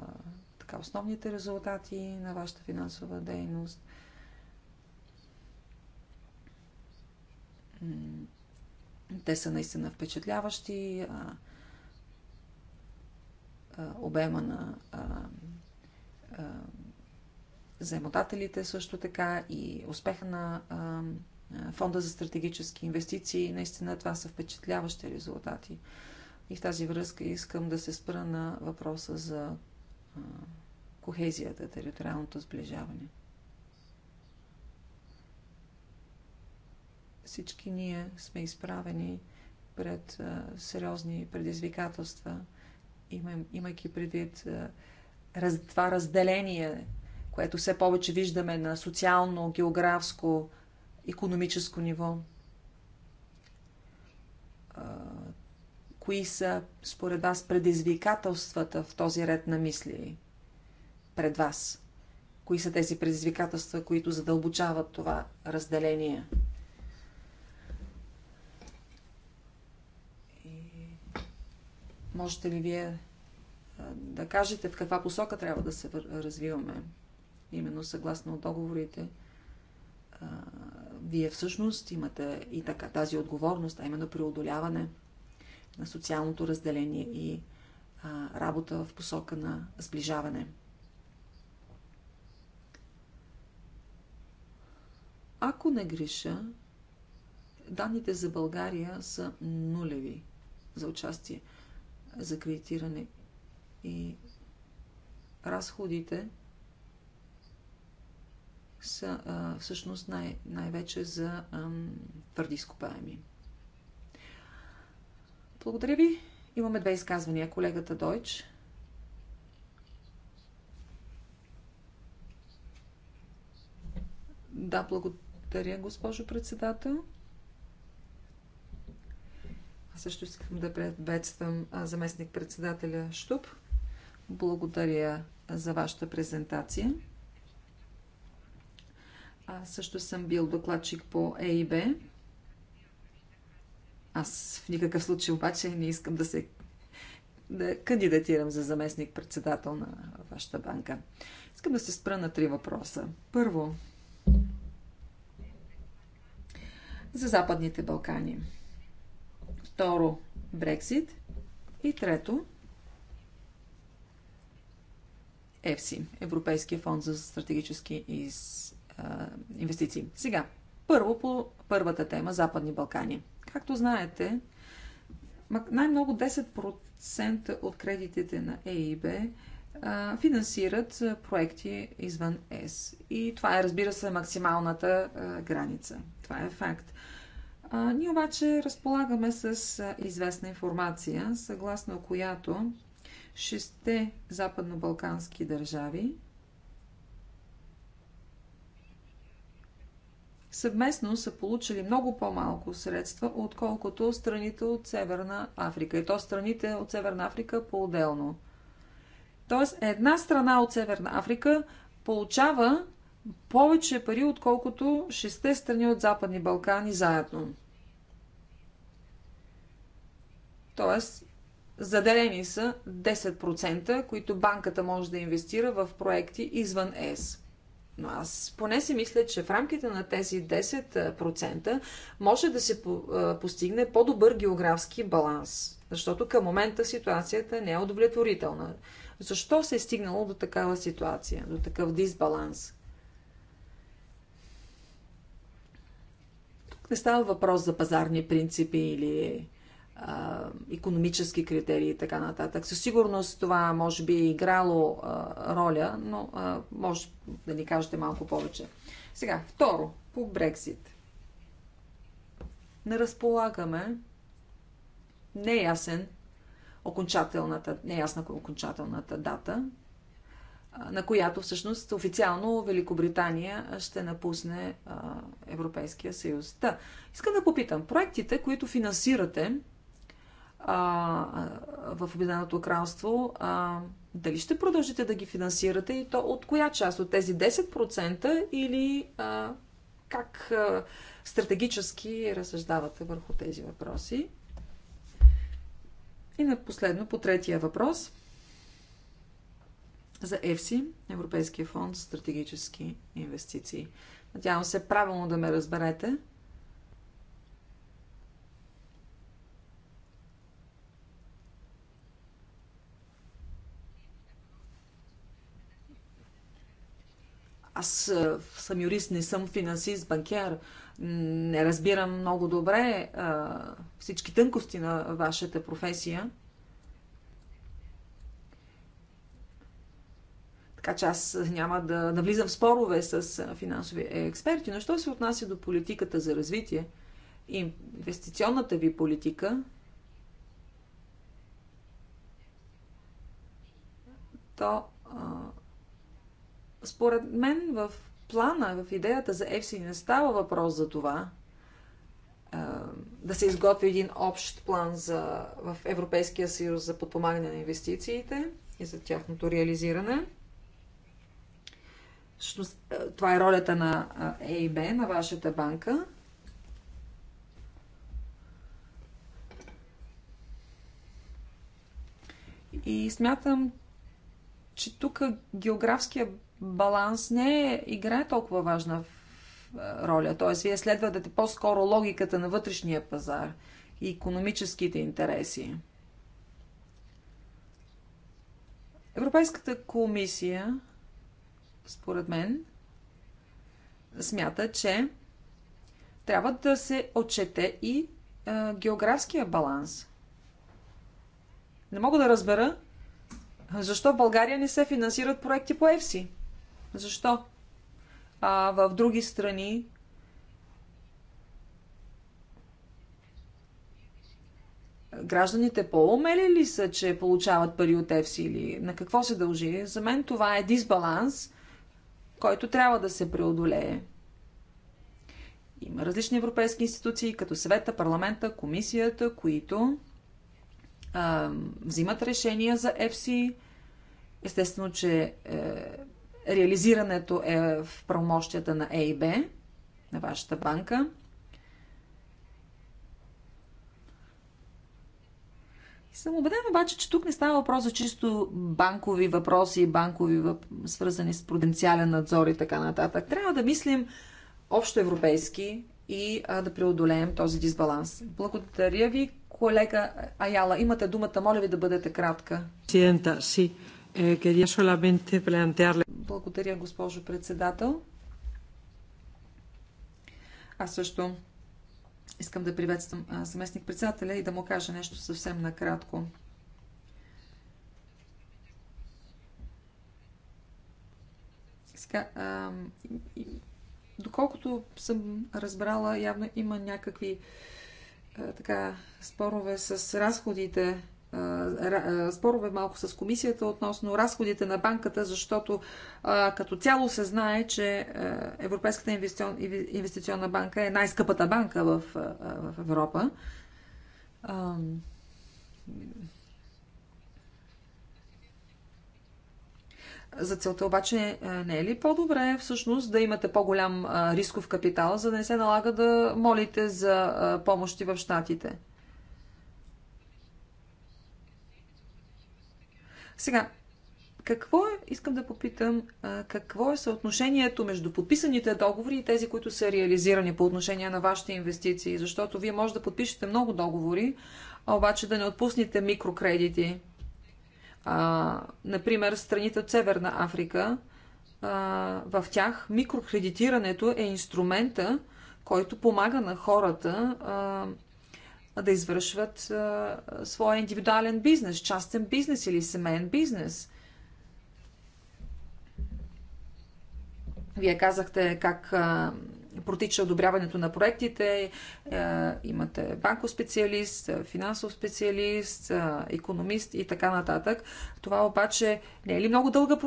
така, основните резултати на вашата финансова дейност те са наистина впечатляващи. А, а, обема на а, а, заемодателите също така и успеха на а, Фонда за стратегически инвестиции. Наистина това са впечатляващи резултати. И в тази връзка искам да се спра на въпроса за а, кохезията, териториалното сближаване. Всички ние сме изправени пред сериозни предизвикателства, имайки предвид това разделение, което все повече виждаме на социално, географско, економическо ниво. Кои са, според вас, предизвикателствата в този ред на мисли пред вас? Кои са тези предизвикателства, които задълбочават това разделение? Можете ли вие да кажете в каква посока трябва да се развиваме, именно съгласно договорите? Вие всъщност имате и така тази отговорност, а именно преодоляване на социалното разделение и работа в посока на сближаване. Ако не греша, данните за България са нулеви за участие за кредитиране и разходите са а, всъщност най- най-вече за твърди изкопаеми. Благодаря ви. Имаме две изказвания. Колегата Дойч. Да, благодаря, госпожо председател. Също искам да приветствам заместник-председателя Штуб. Благодаря за вашата презентация. А също съм бил докладчик по ЕИБ. Аз в никакъв случай обаче не искам да се да кандидатирам за заместник-председател на вашата банка. Искам да се спра на три въпроса. Първо, за Западните Балкани. Второ, Брексит. И трето, ЕФСИ, Европейския фонд за стратегически из, а, инвестиции. Сега, първо по първата тема Западни Балкани. Както знаете, най-много 10% от кредитите на ЕИБ а, финансират проекти извън ЕС. И това е, разбира се, максималната а, граница. Това е факт. А, ние обаче разполагаме с известна информация, съгласно която шесте западно-балкански държави съвместно са получили много по-малко средства, отколкото страните от Северна Африка. И то страните от Северна Африка по-отделно. Тоест, една страна от Северна Африка получава повече пари, отколкото шесте страни от Западни Балкани заедно. Т.е. заделени са 10%, които банката може да инвестира в проекти извън ЕС. Но аз поне си мисля, че в рамките на тези 10% може да се постигне по-добър географски баланс, защото към момента ситуацията не е удовлетворителна. Защо се е стигнало до такава ситуация, до такъв дисбаланс? Тук не става въпрос за пазарни принципи или економически критерии и така нататък. Със сигурност това може би е играло а, роля, но а, може да ни кажете малко повече. Сега, второ, по Брексит. Не разполагаме неясен окончателната, неясна окончателната дата, на която всъщност официално Великобритания ще напусне а, Европейския съюз. Да, искам да попитам, проектите, които финансирате, а, в Обединеното кралство, а, дали ще продължите да ги финансирате и то от коя част? От тези 10% или а, как а, стратегически разсъждавате върху тези въпроси? И на последно, по третия въпрос за ЕФСИ, Европейския фонд стратегически инвестиции. Надявам се правилно да ме разберете. Аз е, съм юрист, не съм финансист, банкер. Не разбирам много добре а, е, всички тънкости на вашата професия. Така че аз няма да навлизам в спорове с е, финансови експерти, но що се отнася до политиката за развитие и инвестиционната ви политика, то според мен в плана, в идеята за Ефси не става въпрос за това да се изготви един общ план за, в Европейския съюз за подпомагане на инвестициите и за тяхното реализиране. Всъщност, това е ролята на ЕИБ, на вашата банка. И смятам, че тук географския баланс не играе толкова важна е, роля. Т.е. вие следвате по-скоро логиката на вътрешния пазар и економическите интереси. Европейската комисия, според мен, смята, че трябва да се отчете и а, е, географския баланс. Не мога да разбера защо в България не се финансират проекти по ЕФСИ. Защо? А в други страни гражданите по-умели ли са, че получават пари от ЕФСИ или на какво се дължи? За мен това е дисбаланс, който трябва да се преодолее. Има различни европейски институции, като съвета, парламента, комисията, които а, взимат решения за ЕФСИ. Естествено, че е, реализирането е в правомощията на ЕИБ, на вашата банка. И съм убеден обаче, че тук не става въпрос за чисто банкови въпроси, банкови въп... свързани с пруденциален надзор и така нататък. Трябва да мислим общо европейски и а, да преодолеем този дисбаланс. Благодаря ви, колега Аяла. Имате думата, моля ви да бъдете кратка. Сиента, си. Sí. Eh, Благодаря, госпожо председател. Аз също искам да приветствам заместник-председателя и да му кажа нещо съвсем накратко. Сега, доколкото съм разбрала, явно има някакви така спорове с разходите спорове малко с комисията относно разходите на банката, защото като цяло се знае, че Европейската инвестиционна банка е най-скъпата банка в, в Европа. За целта обаче не е ли по-добре всъщност да имате по-голям рисков капитал, за да не се налага да молите за помощи в щатите? Сега, какво е, искам да попитам, какво е съотношението между подписаните договори и тези, които са реализирани по отношение на вашите инвестиции? Защото вие може да подпишете много договори, а обаче да не отпуснете микрокредити. А, например, страните от Северна Африка, а, в тях микрокредитирането е инструмента, който помага на хората а, да извършват а, своя индивидуален бизнес, частен бизнес или семейен бизнес. Вие казахте как а, протича одобряването на проектите. А, имате банков специалист, финансов специалист, а, економист и така нататък. Това обаче не е ли много дълга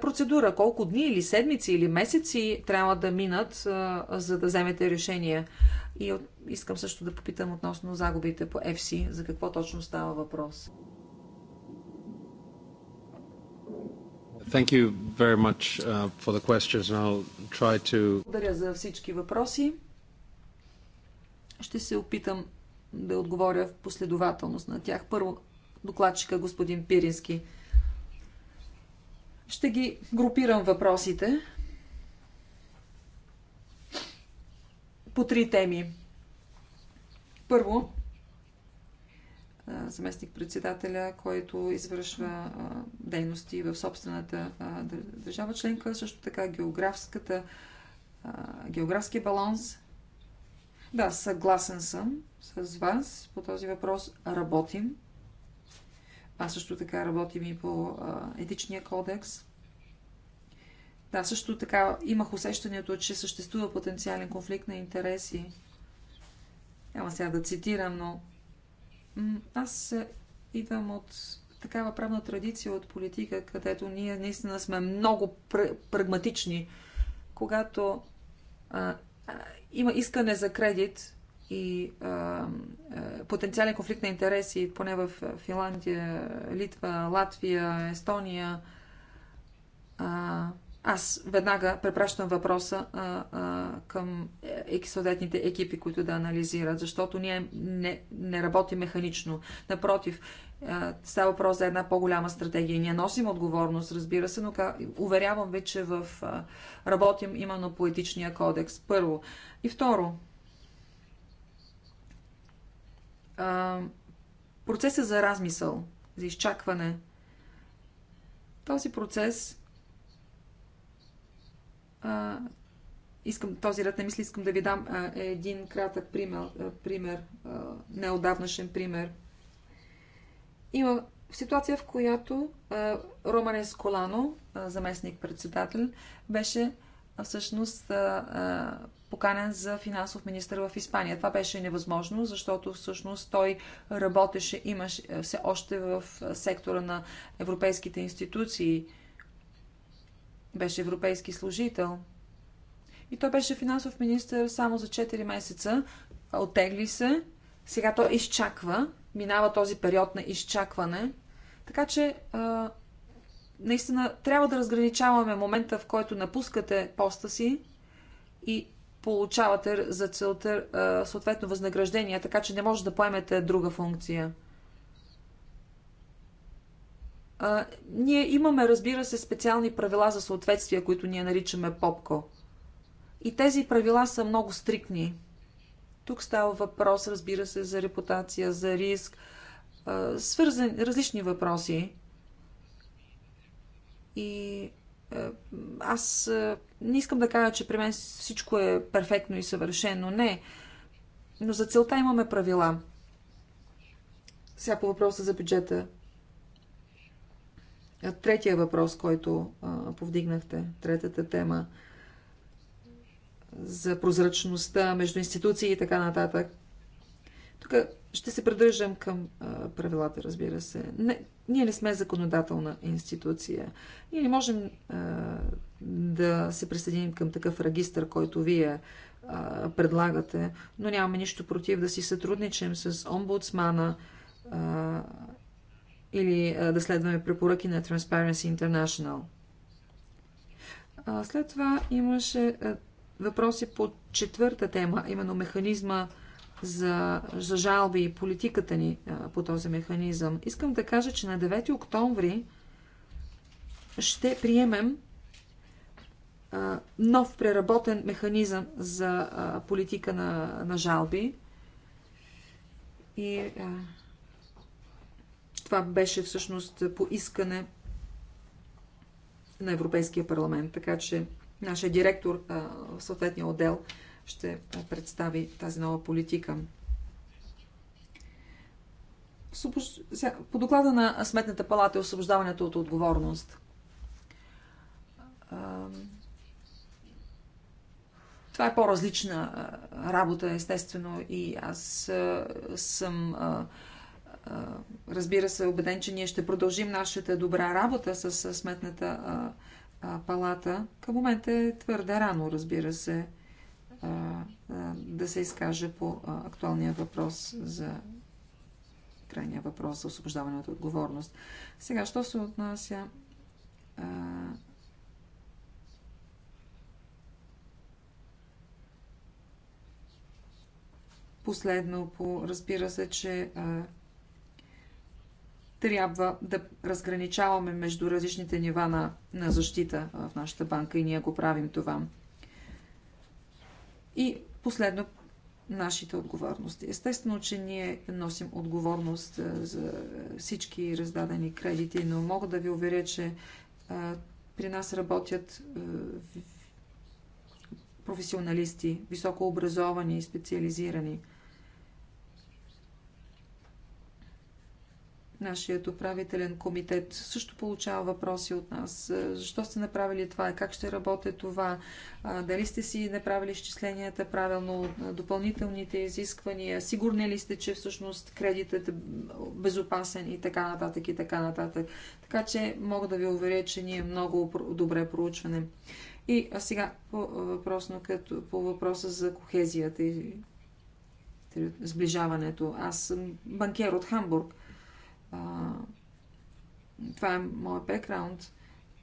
процедура? Колко дни или седмици или месеци трябва да минат, а, за да вземете решение? И от... искам също да попитам относно загубите по FC, за какво точно става въпрос. Thank you very much uh, for the questions. I'll try to... Благодаря за всички въпроси. Ще се опитам да отговоря в последователност на тях. Първо, докладчика господин Пирински. Ще ги групирам въпросите по три теми. Първо, заместник-председателя, който извършва дейности в собствената държава членка, също така географската, географски баланс. Да, съгласен съм с вас по този въпрос. Работим. А също така работим и по етичния кодекс – да, също така имах усещането, че съществува потенциален конфликт на интереси. Няма сега да цитирам, но аз е, идвам от такава правна традиция от политика, където ние наистина сме много пр- прагматични. Когато а, а, има искане за кредит и а, а, потенциален конфликт на интереси, поне в Финландия, Литва, Латвия, Естония, а, аз веднага препращам въпроса а, а, към съответните екипи, които да анализират, защото ние не, не работим механично. Напротив, а, става въпрос за една по-голяма стратегия. Ние носим отговорност, разбира се, но ка, уверявам ви, че в, а, работим именно по етичния кодекс. Първо. И второ. А, процесът за размисъл, за изчакване. Този процес искам този ред на мисли, искам да ви дам а, един кратък пример, а, пример а, неодавнашен пример. Има ситуация, в която а, Роман Есколано, заместник-председател, беше а, всъщност а, а, поканен за финансов министр в Испания. Това беше невъзможно, защото всъщност той работеше, имаше все още в сектора на европейските институции. А, беше европейски служител. И той беше финансов министр само за 4 месеца. Отегли се. Сега той изчаква. Минава този период на изчакване. Така че, а, наистина, трябва да разграничаваме момента, в който напускате поста си и получавате за целта съответно възнаграждение, така че не може да поемете друга функция. А, ние имаме, разбира се, специални правила за съответствие, които ние наричаме попко. И тези правила са много стрикни. Тук става въпрос, разбира се, за репутация, за риск, а, свързани различни въпроси. И аз не искам да кажа, че при мен всичко е перфектно и съвършено. Не. Но за целта имаме правила. Сега по въпроса за бюджета. Третия въпрос, който повдигнахте, третата тема за прозрачността между институции и така нататък. Тук ще се придържам към правилата, разбира се. Не, ние не сме законодателна институция. Ние не можем да се присъединим към такъв регистр, който вие предлагате, но нямаме нищо против да си сътрудничим с омбудсмана или да следваме препоръки на Transparency International. След това имаше въпроси по четвърта тема, именно механизма за, за жалби и политиката ни а, по този механизъм. Искам да кажа, че на 9 октомври ще приемем а, нов преработен механизъм за а, политика на, на жалби. И а, това беше всъщност по искане на Европейския парламент, така че нашия директор в съответния отдел ще представи тази нова политика. По доклада на Сметната палата е освобождаването от отговорност. Това е по-различна работа, естествено, и аз съм Разбира се, убеден, че ние ще продължим нашата добра работа с сметната палата. Към момента е твърде рано, разбира се, да се изкаже по актуалния въпрос за крайния въпрос за освобождаване от отговорност. Сега, що се отнася последно, по, разбира се, че а, трябва да разграничаваме между различните нива на, на защита в нашата банка и ние го правим това. И последно, нашите отговорности. Естествено, че ние носим отговорност за всички раздадени кредити, но мога да ви уверя, че при нас работят професионалисти, високообразовани и специализирани – Нашият управителен комитет също получава въпроси от нас. Е, Защо сте направили това? Как ще работи това? Дали сте си направили изчисленията правилно? Допълнителните изисквания? Сигурни ли сте, че всъщност кредитът е безопасен и така нататък и така нататък? Така че мога да ви уверя, че ние много добре проучване. И сега по, въпросно, като, по въпроса за кохезията и сближаването. Аз съм банкер от Хамбург – а, това е моят бекграунд.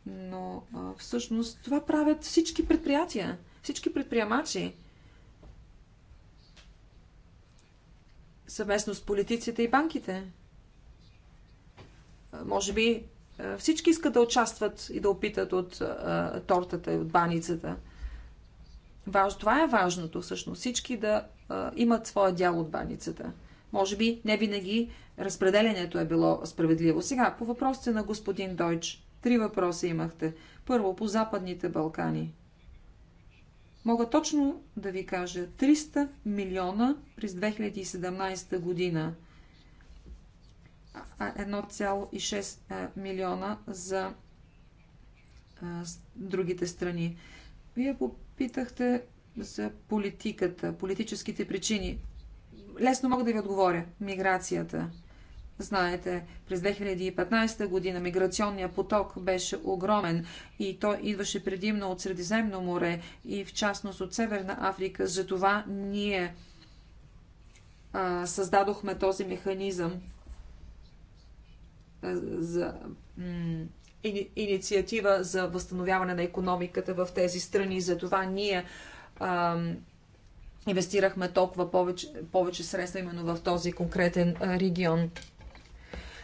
Но а, всъщност това правят всички предприятия, всички предприемачи. Съвместно с политиците и банките. А, може би а, всички искат да участват и да опитат от а, тортата и от баницата. Важ, това е важното всъщност. Всички да а, имат своя дял от баницата. Може би не винаги разпределението е било справедливо. Сега, по въпросите на господин Дойч. Три въпроса имахте. Първо, по Западните Балкани. Мога точно да ви кажа 300 милиона през 2017 година. 1,6 милиона за другите страни. Вие попитахте за политиката, политическите причини лесно мога да ви отговоря. Миграцията. Знаете, през 2015 година миграционният поток беше огромен и той идваше предимно от Средиземно море и в частност от Северна Африка. Затова ние а, създадохме този механизъм а, за инициатива за възстановяване на економиката в тези страни. Затова ние а, инвестирахме толкова повече, повече средства именно в този конкретен регион.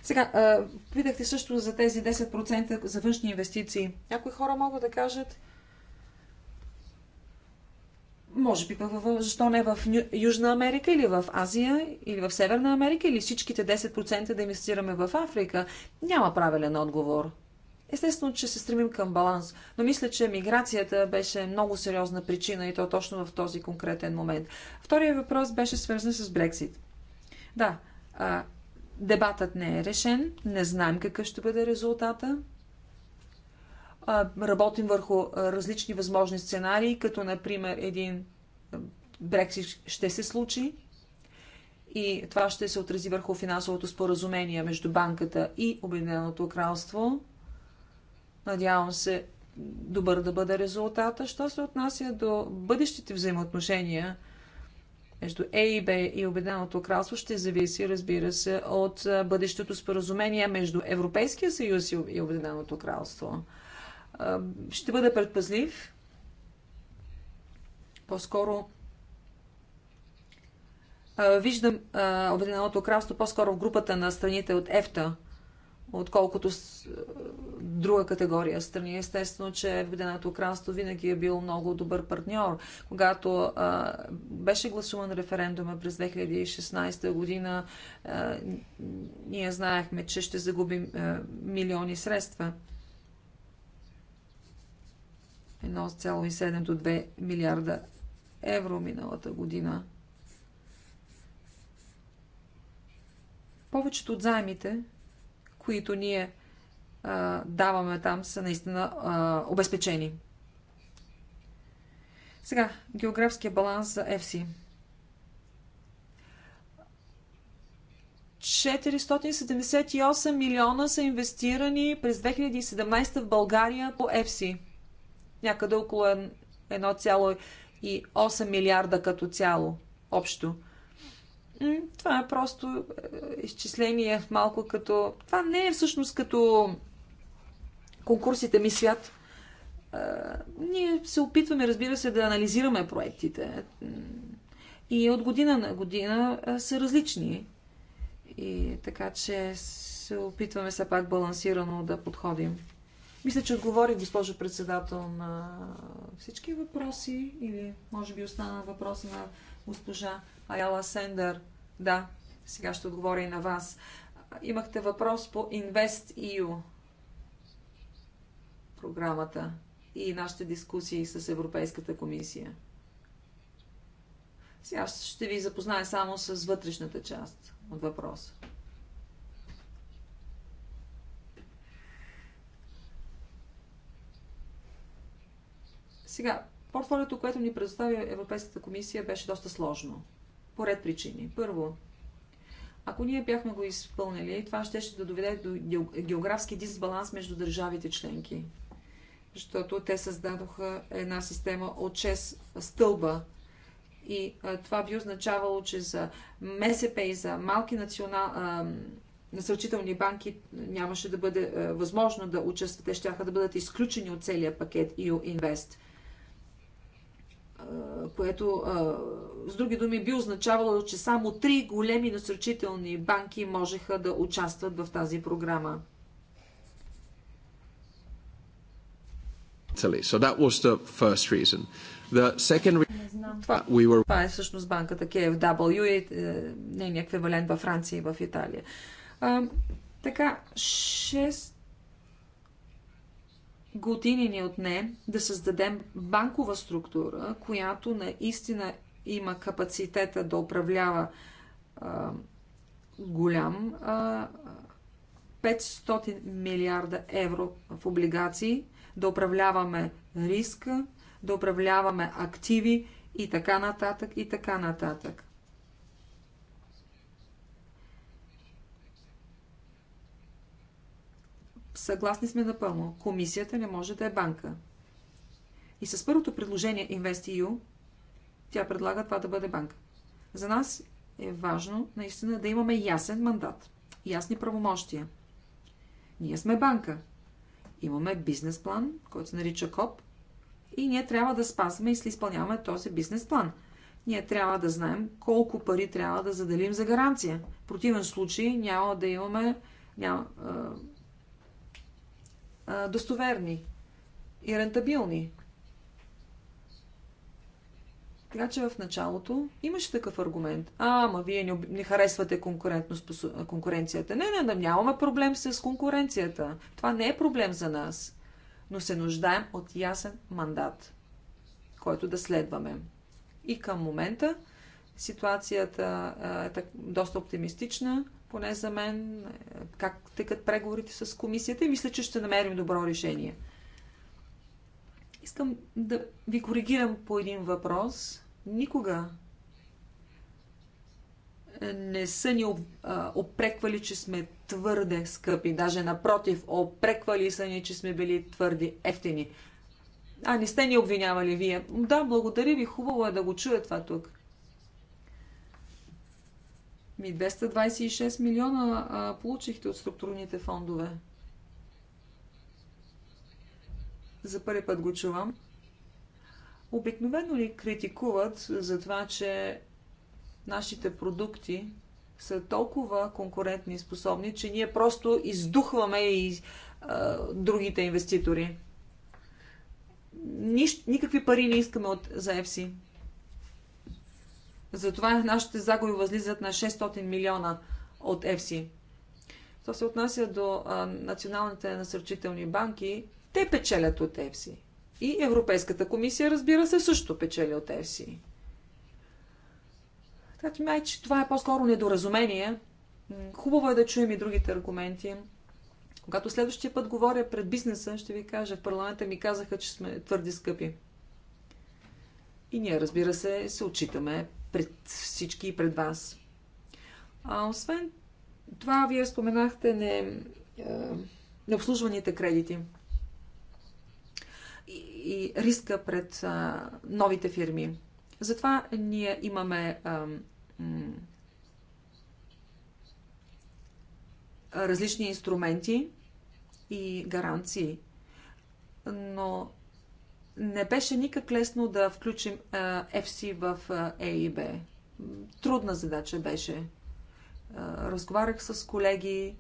Сега, видяхте питахте също за тези 10% за външни инвестиции. Някои хора могат да кажат, може би, защо не в Южна Америка или в Азия или в Северна Америка или всичките 10% да инвестираме в Африка? Няма правилен отговор. Естествено, че се стремим към баланс, но мисля, че миграцията беше много сериозна причина и то точно в този конкретен момент. Втория въпрос беше свързан с Брексит. Да, а, дебатът не е решен, не знаем какъв ще бъде резултата. А, работим върху а, различни възможни сценарии, като например един Брексит ще се случи и това ще се отрази върху финансовото споразумение между банката и Обединеното кралство – Надявам се добър да бъде резултата. Що се отнася до бъдещите взаимоотношения между ЕИБ и Обединеното кралство, ще зависи, разбира се, от бъдещето споразумение между Европейския съюз и Обединеното кралство. Ще бъда предпазлив. По-скоро виждам Обединеното кралство по-скоро в групата на страните от ЕФТА, отколкото друга категория страни. Естествено, че Обединеното кралство винаги е бил много добър партньор. Когато а, беше гласуван референдума през 2016 година, а, ние знаехме, че ще загубим а, милиони средства. 1,7 до 2 милиарда евро миналата година. Повечето от заемите, които ние даваме там, са наистина обезпечени. Сега, географския баланс за FC. 478 милиона са инвестирани през 2017 в България по FC. Някъде около 1,8 милиарда като цяло общо. Това е просто е, изчисление малко като... Това не е всъщност като конкурсите ми свят. Ние се опитваме, разбира се, да анализираме проектите. И от година на година са различни. И така че се опитваме все пак балансирано да подходим. Мисля, че отговорих, госпожо председател, на всички въпроси или може би остана въпрос на госпожа Аяла Сендър. Да, сега ще отговоря и на вас. Имахте въпрос по InvestEU програмата и нашите дискусии с Европейската комисия. Сега ще ви запозная само с вътрешната част от въпроса. Сега, портфолиото, което ни предостави Европейската комисия, беше доста сложно. По ред причини. Първо, ако ние бяхме го изпълнили, това ще, ще доведе до географски дисбаланс между държавите членки защото те създадоха една система от 6 стълба. И а, това би означавало, че за МСП и за малки национал, а, насърчителни банки нямаше да бъде а, възможно да участват. Те ще да бъдат изключени от целия пакет EU Invest което с други думи би означавало, че само три големи насърчителни банки можеха да участват в тази програма. Italy. So that was the first reason. The second това, we were... това е всъщност банката KFW и е, нейният еквивалент във Франция и в Италия. така, 6 години ни отне да създадем банкова структура, която наистина има капацитета да управлява голям 500 милиарда евро в облигации да управляваме риска, да управляваме активи и така нататък, и така нататък. Съгласни сме напълно. Комисията не може да е банка. И с първото предложение InvestEU, тя предлага това да бъде банка. За нас е важно наистина да имаме ясен мандат, ясни правомощия. Ние сме банка. Имаме бизнес план, който се нарича КОП, и ние трябва да спазваме и си изпълняваме този бизнес план. Ние трябва да знаем колко пари трябва да заделим за гаранция. В противен случай няма да имаме няма, а, а, достоверни и рентабилни така че в началото имаше такъв аргумент. А, ама вие не, не харесвате конкуренцията. Не, не, не, нямаме проблем с конкуренцията. Това не е проблем за нас. Но се нуждаем от ясен мандат, който да следваме. И към момента ситуацията е так, доста оптимистична, поне за мен, е, как текат преговорите с комисията и мисля, че ще намерим добро решение – Искам да ви коригирам по един въпрос. Никога не са ни опреквали, че сме твърде скъпи. Даже напротив, опреквали са ни, че сме били твърди ефтини. А, не сте ни обвинявали вие. Да, благодаря ви. Хубаво е да го чуя това тук. Ми 226 милиона а, получихте от структурните фондове. За първи път го чувам. Обикновено ли критикуват за това, че нашите продукти са толкова конкурентни и способни, че ние просто издухваме и а, другите инвеститори? Нищ, никакви пари не искаме от, за EFSI. Затова нашите загуби възлизат на 600 милиона от EFSI. То се отнася до а, националните насърчителни банки, те печелят от ЕФСИ. И Европейската комисия, разбира се, също печели от ЕФСИ. Така че май, че това е по-скоро недоразумение. Хубаво е да чуем и другите аргументи. Когато следващия път говоря пред бизнеса, ще ви кажа, в парламента ми казаха, че сме твърди скъпи. И ние, разбира се, се отчитаме пред всички и пред вас. А освен това, вие споменахте не, е, необслужваните кредити – и риска пред новите фирми. Затова ние имаме различни инструменти и гаранции. Но не беше никак лесно да включим FC в AIB. Е Трудна задача беше. Разговарях с колеги,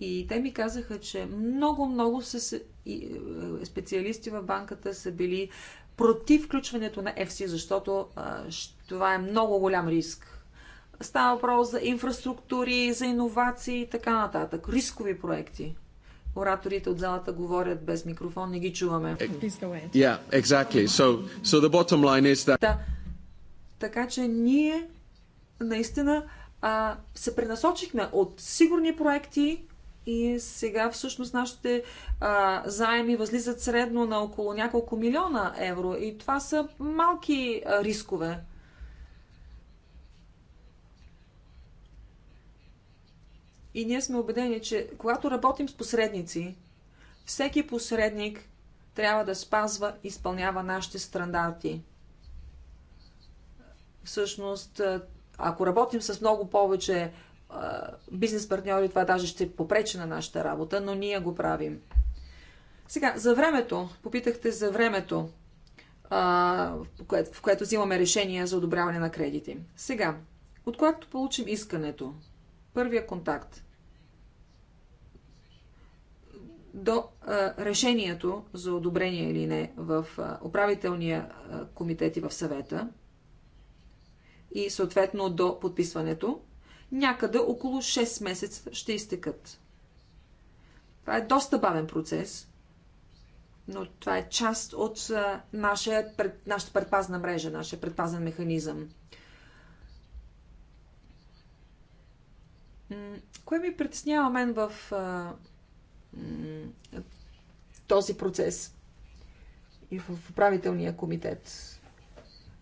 и те ми казаха, че много-много е, специалисти в банката са били против включването на FC, защото а, това е много голям риск. Става въпрос за инфраструктури, за иновации и така нататък. Рискови проекти. Ораторите от залата говорят без микрофон, не ги чуваме. Е, yeah, exactly. So, so the bottom line is that... Да. Така че ние наистина а, се пренасочихме от сигурни проекти и сега всъщност нашите а, заеми възлизат средно на около няколко милиона евро. И това са малки а, рискове. И ние сме убедени, че когато работим с посредници, всеки посредник трябва да спазва и изпълнява нашите стандарти. Всъщност, ако работим с много повече бизнес партньори, това даже ще попречи на нашата работа, но ние го правим. Сега, за времето, попитахте за времето, в което, в което взимаме решение за одобряване на кредити. Сега, от когато получим искането, първия контакт, до а, решението за одобрение или не в а, управителния а, комитет и в съвета и съответно до подписването, някъде около 6 месеца ще изтекат. Това е доста бавен процес, но това е част от пред, нашата предпазна мрежа, нашия предпазен механизъм. Кое ми притеснява мен в а, този процес и в управителния комитет?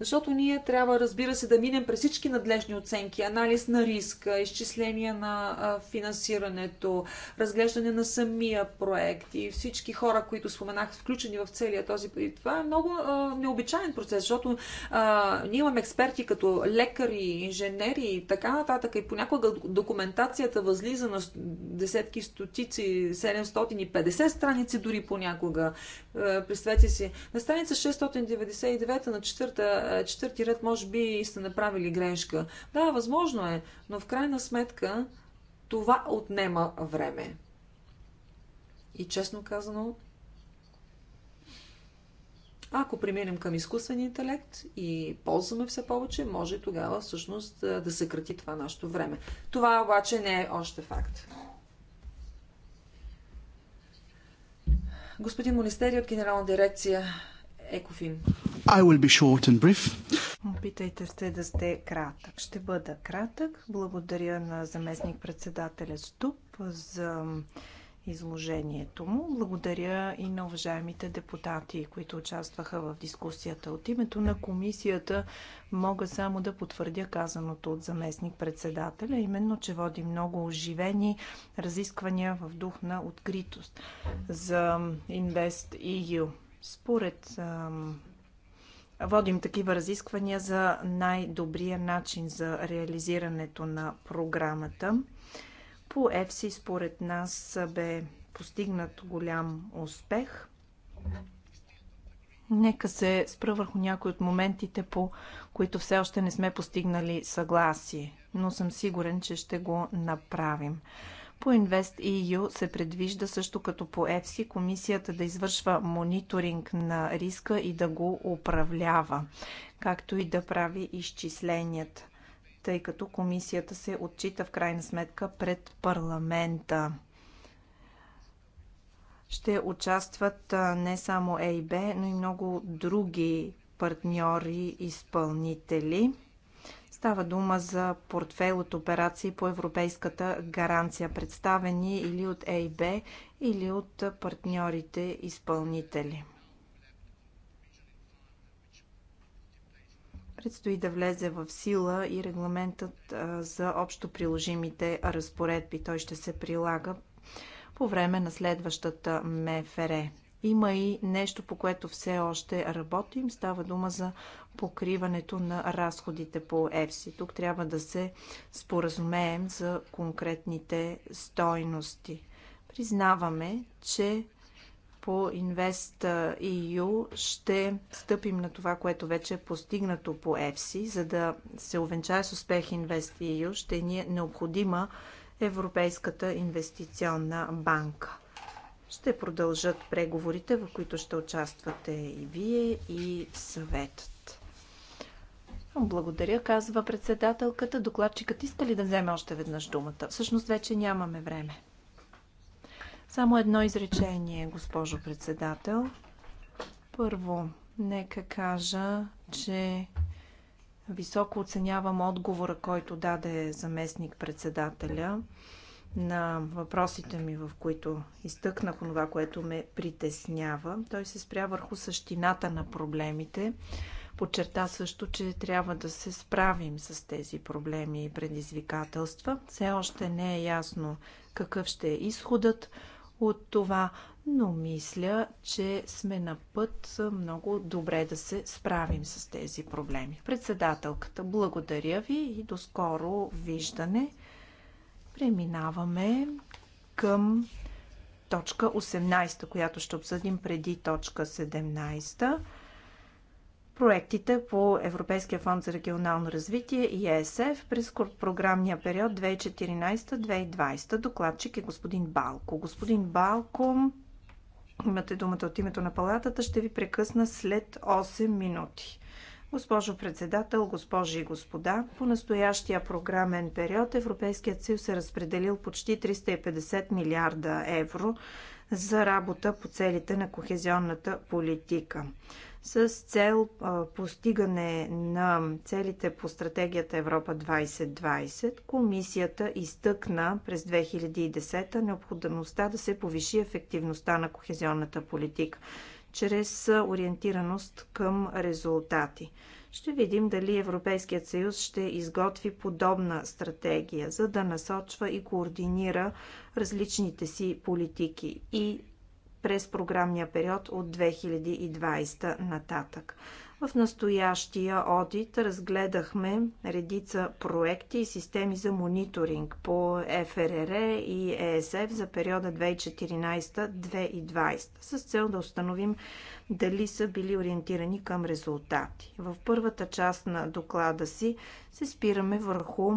Защото ние трябва, разбира се, да минем през всички надлежни оценки, анализ на риска, изчисление на финансирането, разглеждане на самия проект и всички хора, които споменах, включени в целия този. И това е много а, необичайен процес, защото а, ние имаме експерти като лекари, инженери и така нататък. И понякога документацията възлиза на десетки, стотици, 750 страници дори понякога. Е, представете си, на страница 699 на четвърта четвърти ред може би сте направили грешка. Да, възможно е, но в крайна сметка това отнема време. И честно казано, ако преминем към изкуствен интелект и ползваме все повече, може тогава всъщност да съкрати това нашето време. Това обаче не е още факт. Господин Монистери от Генерална дирекция Екофин. I will be short and brief. Опитайте се да сте кратък. Ще бъда кратък. Благодаря на заместник-председателя Ступ за изложението му. Благодаря и на уважаемите депутати, които участваха в дискусията. От името на комисията мога само да потвърдя казаното от заместник-председателя, именно, че води много оживени разисквания в дух на откритост за Invest EU. Според водим такива разисквания за най-добрия начин за реализирането на програмата. По ЕФСИ според нас бе постигнат голям успех. Нека се спра върху някои от моментите, по които все още не сме постигнали съгласие, но съм сигурен, че ще го направим. По InvestEU се предвижда също като по EFSI комисията да извършва мониторинг на риска и да го управлява, както и да прави изчисленията, тъй като комисията се отчита в крайна сметка пред парламента ще участват не само ЕИБ, но и много други партньори изпълнители. Става дума за портфейл от операции по европейската гаранция, представени или от ЕИБ, или от партньорите изпълнители. Предстои да влезе в сила и регламентът за общо приложимите разпоредби. Той ще се прилага по време на следващата МФР. Има и нещо, по което все още работим. Става дума за покриването на разходите по ЕФСИ. Тук трябва да се споразумеем за конкретните стойности. Признаваме, че по Invest EU ще стъпим на това, което вече е постигнато по Ефси, за да се увенчае с успех Invest EU, ще ни е необходима Европейската инвестиционна банка ще продължат преговорите, в които ще участвате и вие, и съветът. Благодаря, казва председателката. Докладчикът иска ли да вземе още веднъж думата? Всъщност вече нямаме време. Само едно изречение, госпожо председател. Първо, нека кажа, че високо оценявам отговора, който даде заместник председателя на въпросите ми, в които изтъкнах това, което ме притеснява. Той се спря върху същината на проблемите. Подчерта също, че трябва да се справим с тези проблеми и предизвикателства. Все още не е ясно какъв ще е изходът от това, но мисля, че сме на път много добре да се справим с тези проблеми. Председателката, благодаря ви и до скоро виждане. Преминаваме към точка 18, която ще обсъдим преди точка 17. Проектите по Европейския фонд за регионално развитие и ЕСФ през програмния период 2014-2020. Докладчик е господин Балко. Господин Балко, имате думата от името на палатата, ще ви прекъсна след 8 минути. Госпожо председател, госпожи и господа, по настоящия програмен период Европейският съюз е разпределил почти 350 милиарда евро за работа по целите на кохезионната политика. С цел постигане на целите по стратегията Европа 2020, комисията изтъкна през 2010 необходимостта да се повиши ефективността на кохезионната политика чрез ориентираност към резултати. Ще видим дали Европейският съюз ще изготви подобна стратегия, за да насочва и координира различните си политики и през програмния период от 2020 нататък. В настоящия одит разгледахме редица проекти и системи за мониторинг по ФРР и ЕСФ за периода 2014-2020 с цел да установим дали са били ориентирани към резултати. В първата част на доклада си се спираме върху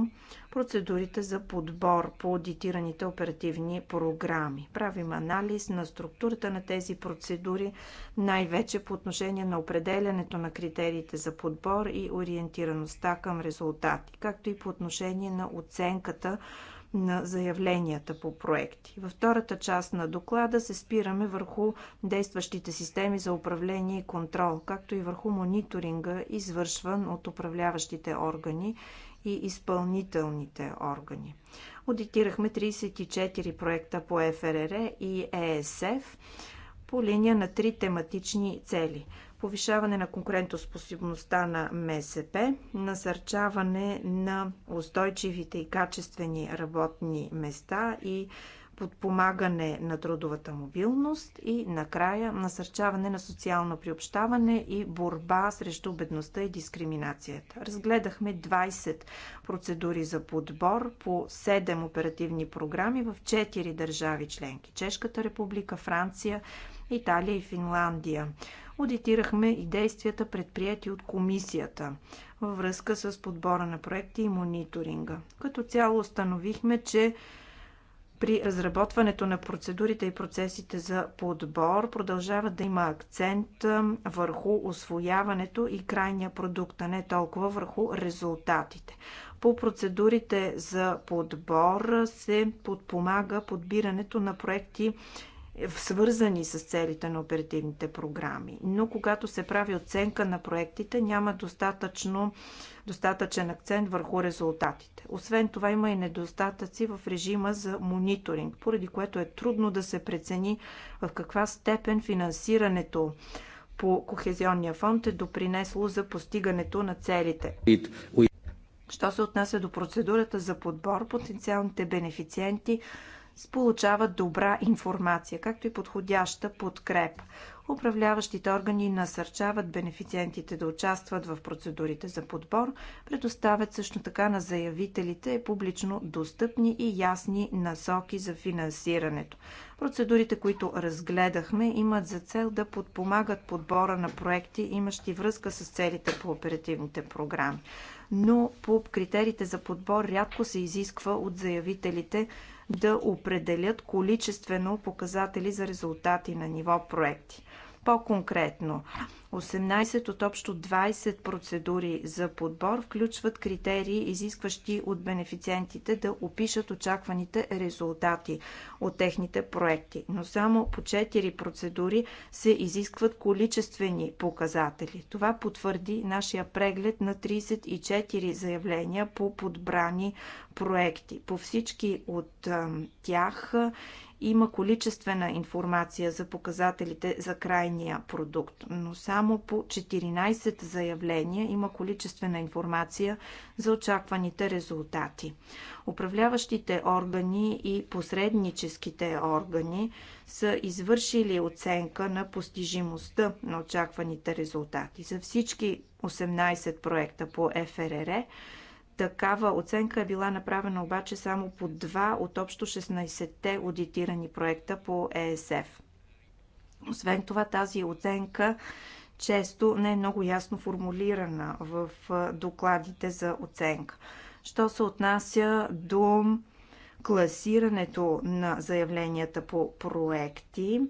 процедурите за подбор по аудитираните оперативни програми. Правим анализ на структурата на тези процедури, най-вече по отношение на определянето на критериите за подбор и ориентираността към резултати, както и по отношение на оценката на заявленията по проекти. Във втората част на доклада се спираме върху действащите системи за управление и контрол, както и върху мониторинга, извършван от управляващите органи и изпълнителните органи. Аудитирахме 34 проекта по ФРР и ЕСФ по линия на три тематични цели повишаване на конкурентоспособността на МСП, насърчаване на устойчивите и качествени работни места и подпомагане на трудовата мобилност и накрая насърчаване на социално приобщаване и борба срещу бедността и дискриминацията. Разгледахме 20 процедури за подбор по 7 оперативни програми в 4 държави членки Чешката република, Франция, Италия и Финландия. Аудитирахме и действията предприяти от комисията във връзка с подбора на проекти и мониторинга. Като цяло установихме, че при разработването на процедурите и процесите за подбор продължава да има акцент върху освояването и крайния продукт, а не толкова върху резултатите. По процедурите за подбор се подпомага подбирането на проекти е, свързани с целите на оперативните програми. Но когато се прави оценка на проектите, няма достатъчно достатъчен акцент върху резултатите. Освен това има и недостатъци в режима за мониторинг, поради което е трудно да се прецени в каква степен финансирането по Кохезионния фонд е допринесло за постигането на целите. Що се отнася до процедурата за подбор, потенциалните бенефициенти получават добра информация, както и подходяща подкрепа. Управляващите органи насърчават бенефициентите да участват в процедурите за подбор, предоставят също така на заявителите публично достъпни и ясни насоки за финансирането. Процедурите, които разгледахме, имат за цел да подпомагат подбора на проекти, имащи връзка с целите по оперативните програми. Но по критериите за подбор рядко се изисква от заявителите да определят количествено показатели за резултати на ниво проекти. По-конкретно, 18 от общо 20 процедури за подбор включват критерии, изискващи от бенефициентите да опишат очакваните резултати от техните проекти. Но само по 4 процедури се изискват количествени показатели. Това потвърди нашия преглед на 34 заявления по подбрани проекти. По всички от тях има количествена информация за показателите за крайния продукт, но само по 14 заявления има количествена информация за очакваните резултати. Управляващите органи и посредническите органи са извършили оценка на постижимостта на очакваните резултати. За всички 18 проекта по ФРР Такава оценка е била направена обаче само по два от общо 16-те аудитирани проекта по ЕСФ. Освен това, тази оценка често не е много ясно формулирана в докладите за оценка. Що се отнася до класирането на заявленията по проекти,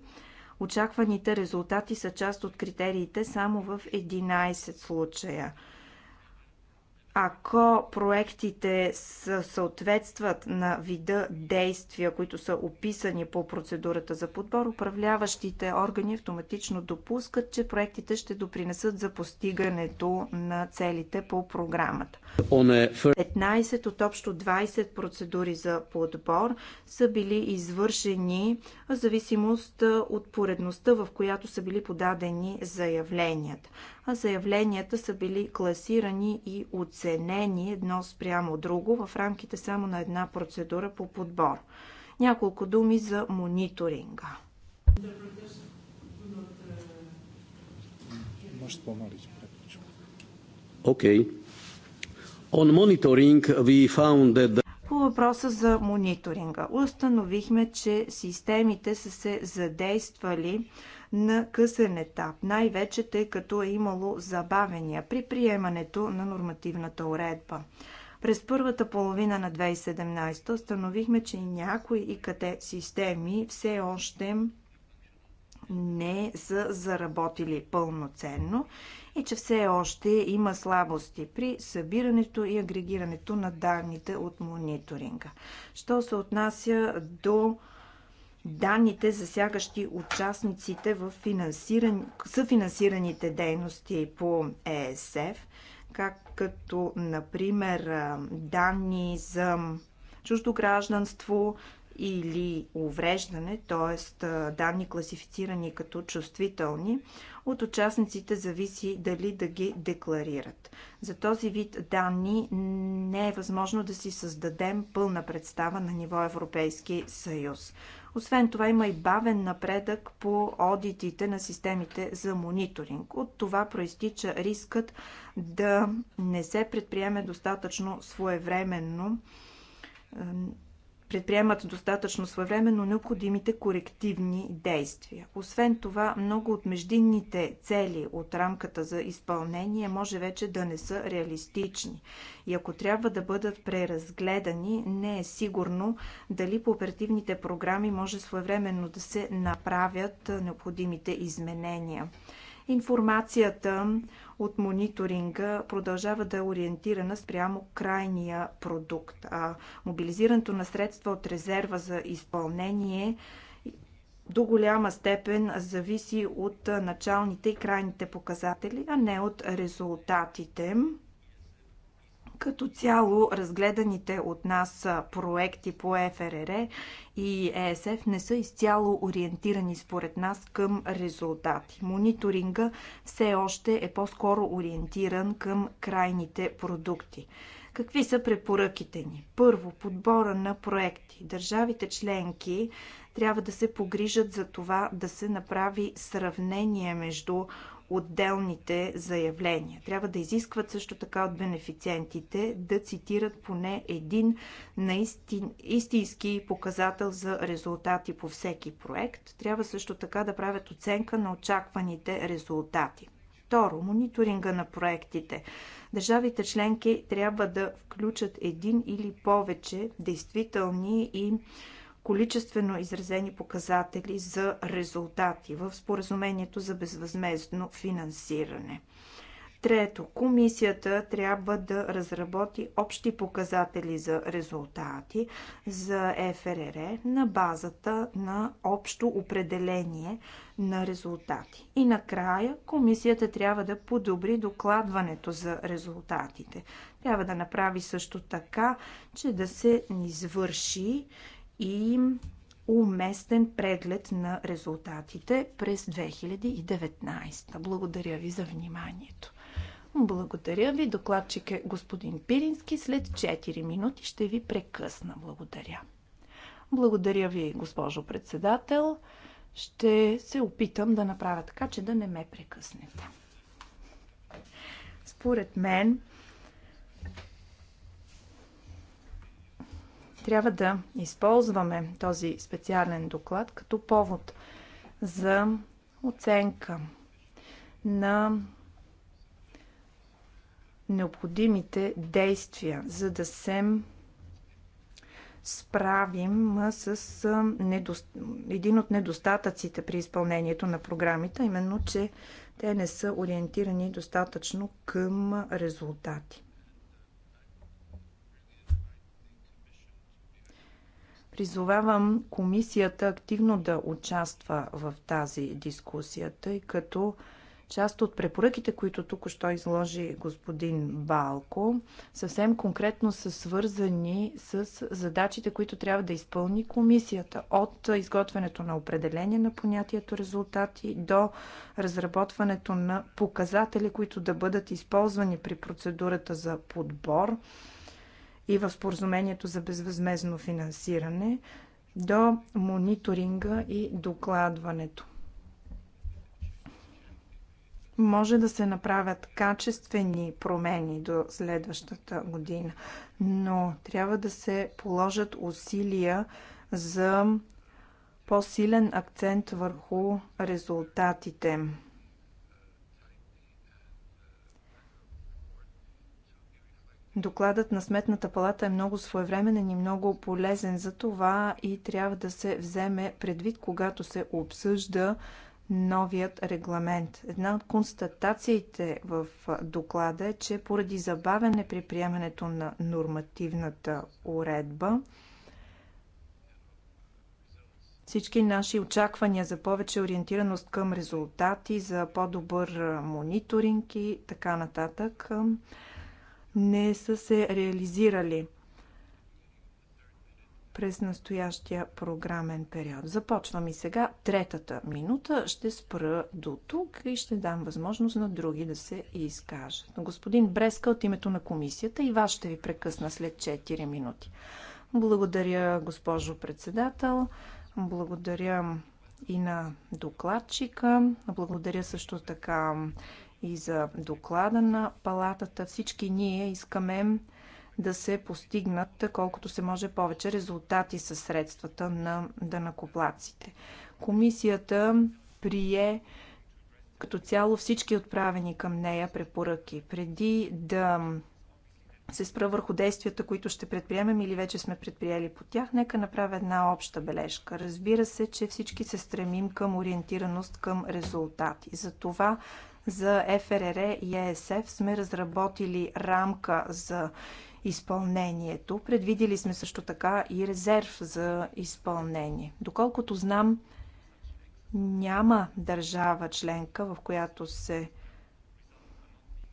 очакваните резултати са част от критериите само в 11 случая – ако проектите съответстват на вида действия, които са описани по процедурата за подбор, управляващите органи автоматично допускат, че проектите ще допринесат за постигането на целите по програмата. 15 от общо 20 процедури за подбор са били извършени в зависимост от поредността, в която са били подадени заявленията а заявленията са били класирани и оценени едно спрямо друго в рамките само на една процедура по подбор. Няколко думи за мониторинга. Окей. Okay. On monitoring we found that the... По въпроса за мониторинга. Установихме, че системите са се задействали на късен етап, най-вече тъй като е имало забавения при приемането на нормативната уредба. През първата половина на 2017 установихме, че някои ИКТ системи все още не са заработили пълноценно и че все още има слабости при събирането и агрегирането на данните от мониторинга. Що се отнася до данните, засягащи участниците в финансиран... съфинансираните дейности по ЕСФ, как като, например, данни за чуждо гражданство или увреждане, т.е. данни класифицирани като чувствителни, от участниците зависи дали да ги декларират. За този вид данни не е възможно да си създадем пълна представа на ниво Европейски съюз. Освен това има и бавен напредък по одитите на системите за мониторинг. От това проистича рискът да не се предприеме достатъчно своевременно предприемат достатъчно своевременно необходимите корективни действия. Освен това, много от междинните цели от рамката за изпълнение може вече да не са реалистични. И ако трябва да бъдат преразгледани, не е сигурно дали по оперативните програми може своевременно да се направят необходимите изменения. Информацията от мониторинга продължава да е ориентирана спрямо крайния продукт. А мобилизирането на средства от резерва за изпълнение до голяма степен зависи от началните и крайните показатели, а не от резултатите. Като цяло, разгледаните от нас проекти по ЕФРР и ЕСФ не са изцяло ориентирани според нас към резултати. Мониторинга все още е по-скоро ориентиран към крайните продукти. Какви са препоръките ни? Първо, подбора на проекти. Държавите членки трябва да се погрижат за това да се направи сравнение между отделните заявления. Трябва да изискват също така от бенефициентите да цитират поне един наистин, истински показател за резултати по всеки проект. Трябва също така да правят оценка на очакваните резултати. Второ, мониторинга на проектите. Държавите членки трябва да включат един или повече действителни и количествено изразени показатели за резултати в споразумението за безвъзмездно финансиране. Трето, комисията трябва да разработи общи показатели за резултати за ФРР на базата на общо определение на резултати. И накрая, комисията трябва да подобри докладването за резултатите. Трябва да направи също така, че да се извърши и уместен преглед на резултатите през 2019. Благодаря ви за вниманието. Благодаря ви. Докладчик е господин Пирински. След 4 минути ще ви прекъсна. Благодаря. Благодаря ви, госпожо председател. Ще се опитам да направя така, че да не ме прекъснете. Според мен, Трябва да използваме този специален доклад като повод за оценка на необходимите действия, за да се справим с един от недостатъците при изпълнението на програмите, именно, че те не са ориентирани достатъчно към резултати. Призовавам комисията активно да участва в тази дискусия, тъй като част от препоръките, които тук що изложи господин Балко, съвсем конкретно са свързани с задачите, които трябва да изпълни комисията. От изготвянето на определение на понятието резултати до разработването на показатели, които да бъдат използвани при процедурата за подбор и в споразумението за безвъзмезно финансиране до мониторинга и докладването. Може да се направят качествени промени до следващата година, но трябва да се положат усилия за по-силен акцент върху резултатите. Докладът на Сметната палата е много своевременен и много полезен за това и трябва да се вземе предвид, когато се обсъжда новият регламент. Една от констатациите в доклада е, че поради забавене при приемането на нормативната уредба, всички наши очаквания за повече ориентираност към резултати, за по-добър мониторинг и така нататък не са се реализирали през настоящия програмен период. Започвам и сега третата минута. Ще спра до тук и ще дам възможност на други да се изкажат. Господин Бреска от името на комисията и вас ще ви прекъсна след 4 минути. Благодаря, госпожо председател. Благодаря и на докладчика. Благодаря също така и за доклада на палатата. Всички ние искаме да се постигнат колкото се може повече резултати със средствата на данакоплаците. Комисията прие като цяло всички отправени към нея препоръки. Преди да се спра върху действията, които ще предприемем или вече сме предприели по тях, нека направя една обща бележка. Разбира се, че всички се стремим към ориентираност към резултати. Затова за ФРР и ЕСФ сме разработили рамка за изпълнението. Предвидили сме също така и резерв за изпълнение. Доколкото знам, няма държава членка, в която се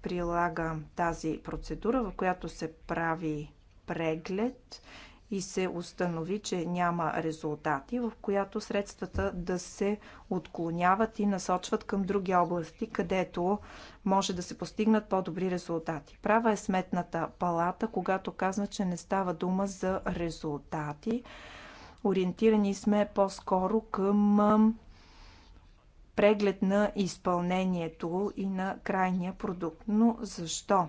прилага тази процедура, в която се прави преглед и се установи, че няма резултати, в която средствата да се отклоняват и насочват към други области, където може да се постигнат по-добри резултати. Права е сметната палата, когато казва, че не става дума за резултати. Ориентирани сме по-скоро към преглед на изпълнението и на крайния продукт. Но защо?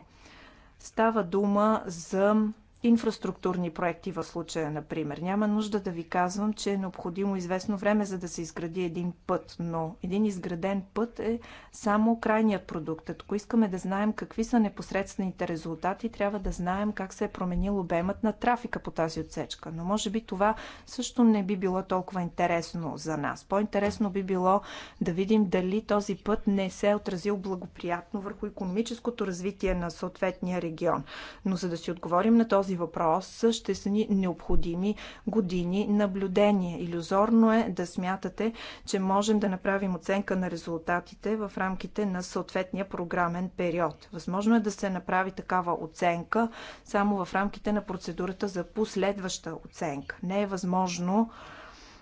Става дума за инфраструктурни проекти в случая, например. Няма нужда да ви казвам, че е необходимо известно време, за да се изгради един път, но един изграден път е само крайният продукт. Ако искаме да знаем какви са непосредствените резултати, трябва да знаем как се е променил обемът на трафика по тази отсечка. Но може би това също не би било толкова интересно за нас. По-интересно би било да видим дали този път не се е отразил благоприятно върху економическото развитие на съответния регион. Но за да си отговорим на този този въпрос ще са ни необходими години наблюдение. Иллюзорно е да смятате, че можем да направим оценка на резултатите в рамките на съответния програмен период. Възможно е да се направи такава оценка само в рамките на процедурата за последваща оценка. Не е възможно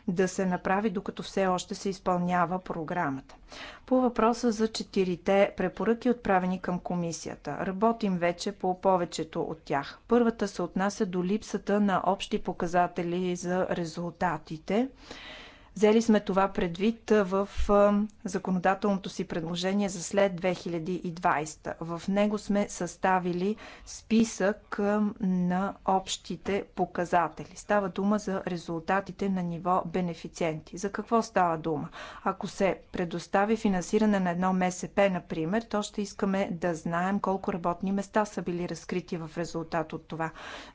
да се направи, докато все още се изпълнява програмата. По въпроса за четирите препоръки, отправени към комисията. Работим вече по повечето от тях. Първата се отнася до липсата на общи показатели за резултатите. Взели сме това предвид в законодателното си предложение за след 2020. В него сме съставили списък на общите показатели. Става дума за резултатите на ниво бенефициенти. За какво става дума? Ако се предостави финансиране на едно МСП, например, то ще искаме да знаем колко работни места са били разкрити в резултат от това.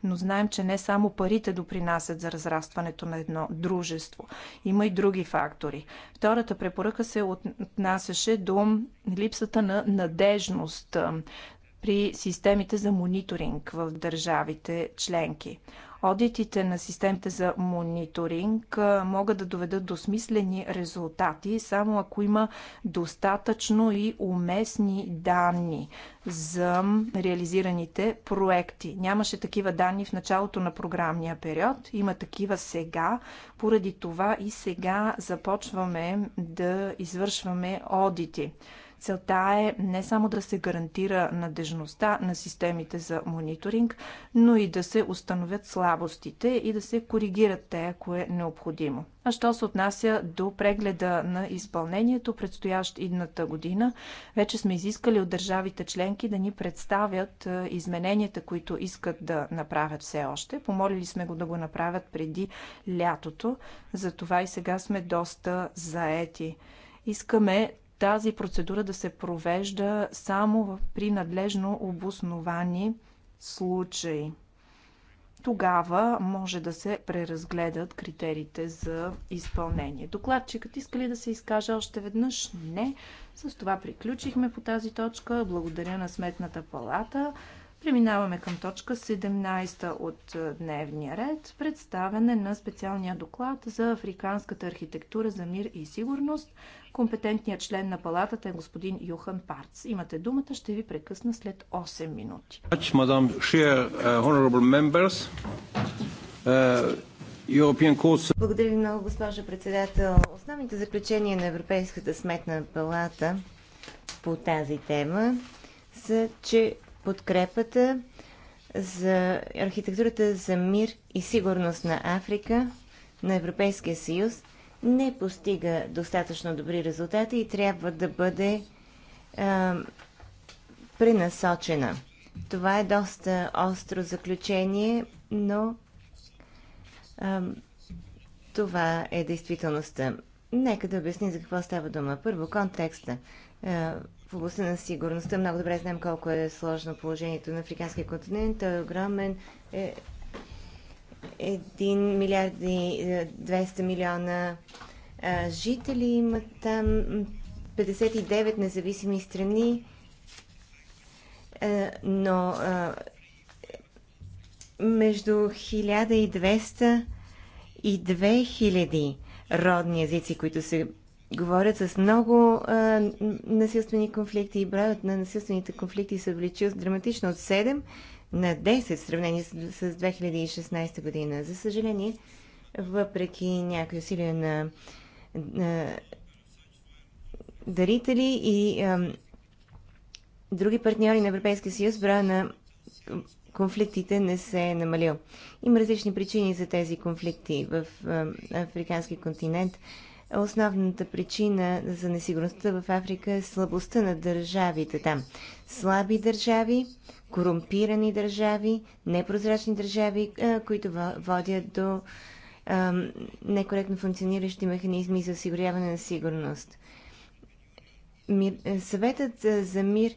Но знаем, че не само парите допринасят за разрастването на едно дружество. Има и други фактори. Втората препоръка се отнасяше до липсата на надежност при системите за мониторинг в държавите членки. Одитите на системите за мониторинг могат да доведат до смислени резултати, само ако има достатъчно и уместни данни за реализираните проекти. Нямаше такива данни в началото на програмния период, има такива сега. Поради това и сега започваме да извършваме одити. Целта е не само да се гарантира надежността на системите за мониторинг, но и да се установят слабостите и да се коригират те, ако е необходимо. А що се отнася до прегледа на изпълнението, предстоящ идната година, вече сме изискали от държавите членки да ни представят е, измененията, които искат да направят все още. Помолили сме го да го направят преди лятото, затова и сега сме доста заети. Искаме тази процедура да се провежда само при надлежно обосновани случаи. Тогава може да се преразгледат критериите за изпълнение. Докладчикът иска ли да се изкаже още веднъж? Не. С това приключихме по тази точка. Благодаря на Сметната палата. Преминаваме към точка 17 от е, дневния ред. Представяне на специалния доклад за африканската архитектура за мир и сигурност. Компетентният член на палатата е господин Юхан Парц. Имате думата, ще ви прекъсна след 8 минути. Uh, uh, Благодаря ви много, госпожа председател. Основните заключения на Европейската сметна палата по тази тема са, че подкрепата за архитектурата за мир и сигурност на Африка, на Европейския съюз, не постига достатъчно добри резултати и трябва да бъде а, пренасочена. Това е доста остро заключение, но а, това е действителността. Нека да обясни за какво става дума. Първо, контекста. А, в областта на сигурността. Много добре знаем колко е сложно положението на африканския континент. Той е огромен. Е, 1 милиард и 200 е, милиона а, е, жители имат там. 59 независими страни. А, е, но а, между 1200 и 2000 родни езици, които се говорят с много а, насилствени конфликти и броят на насилствените конфликти се увеличил драматично от 7 на 10 в сравнение с, с 2016 година. За съжаление, въпреки някои усилия на, на дарители и а, други партньори на Европейския съюз, броя на конфликтите не се е намалил. Има различни причини за тези конфликти в а, африкански континент Основната причина за несигурността в Африка е слабостта на държавите там. Слаби държави, корумпирани държави, непрозрачни държави, които водят до некоректно функциониращи механизми за осигуряване на сигурност. Е, съветът е, за мир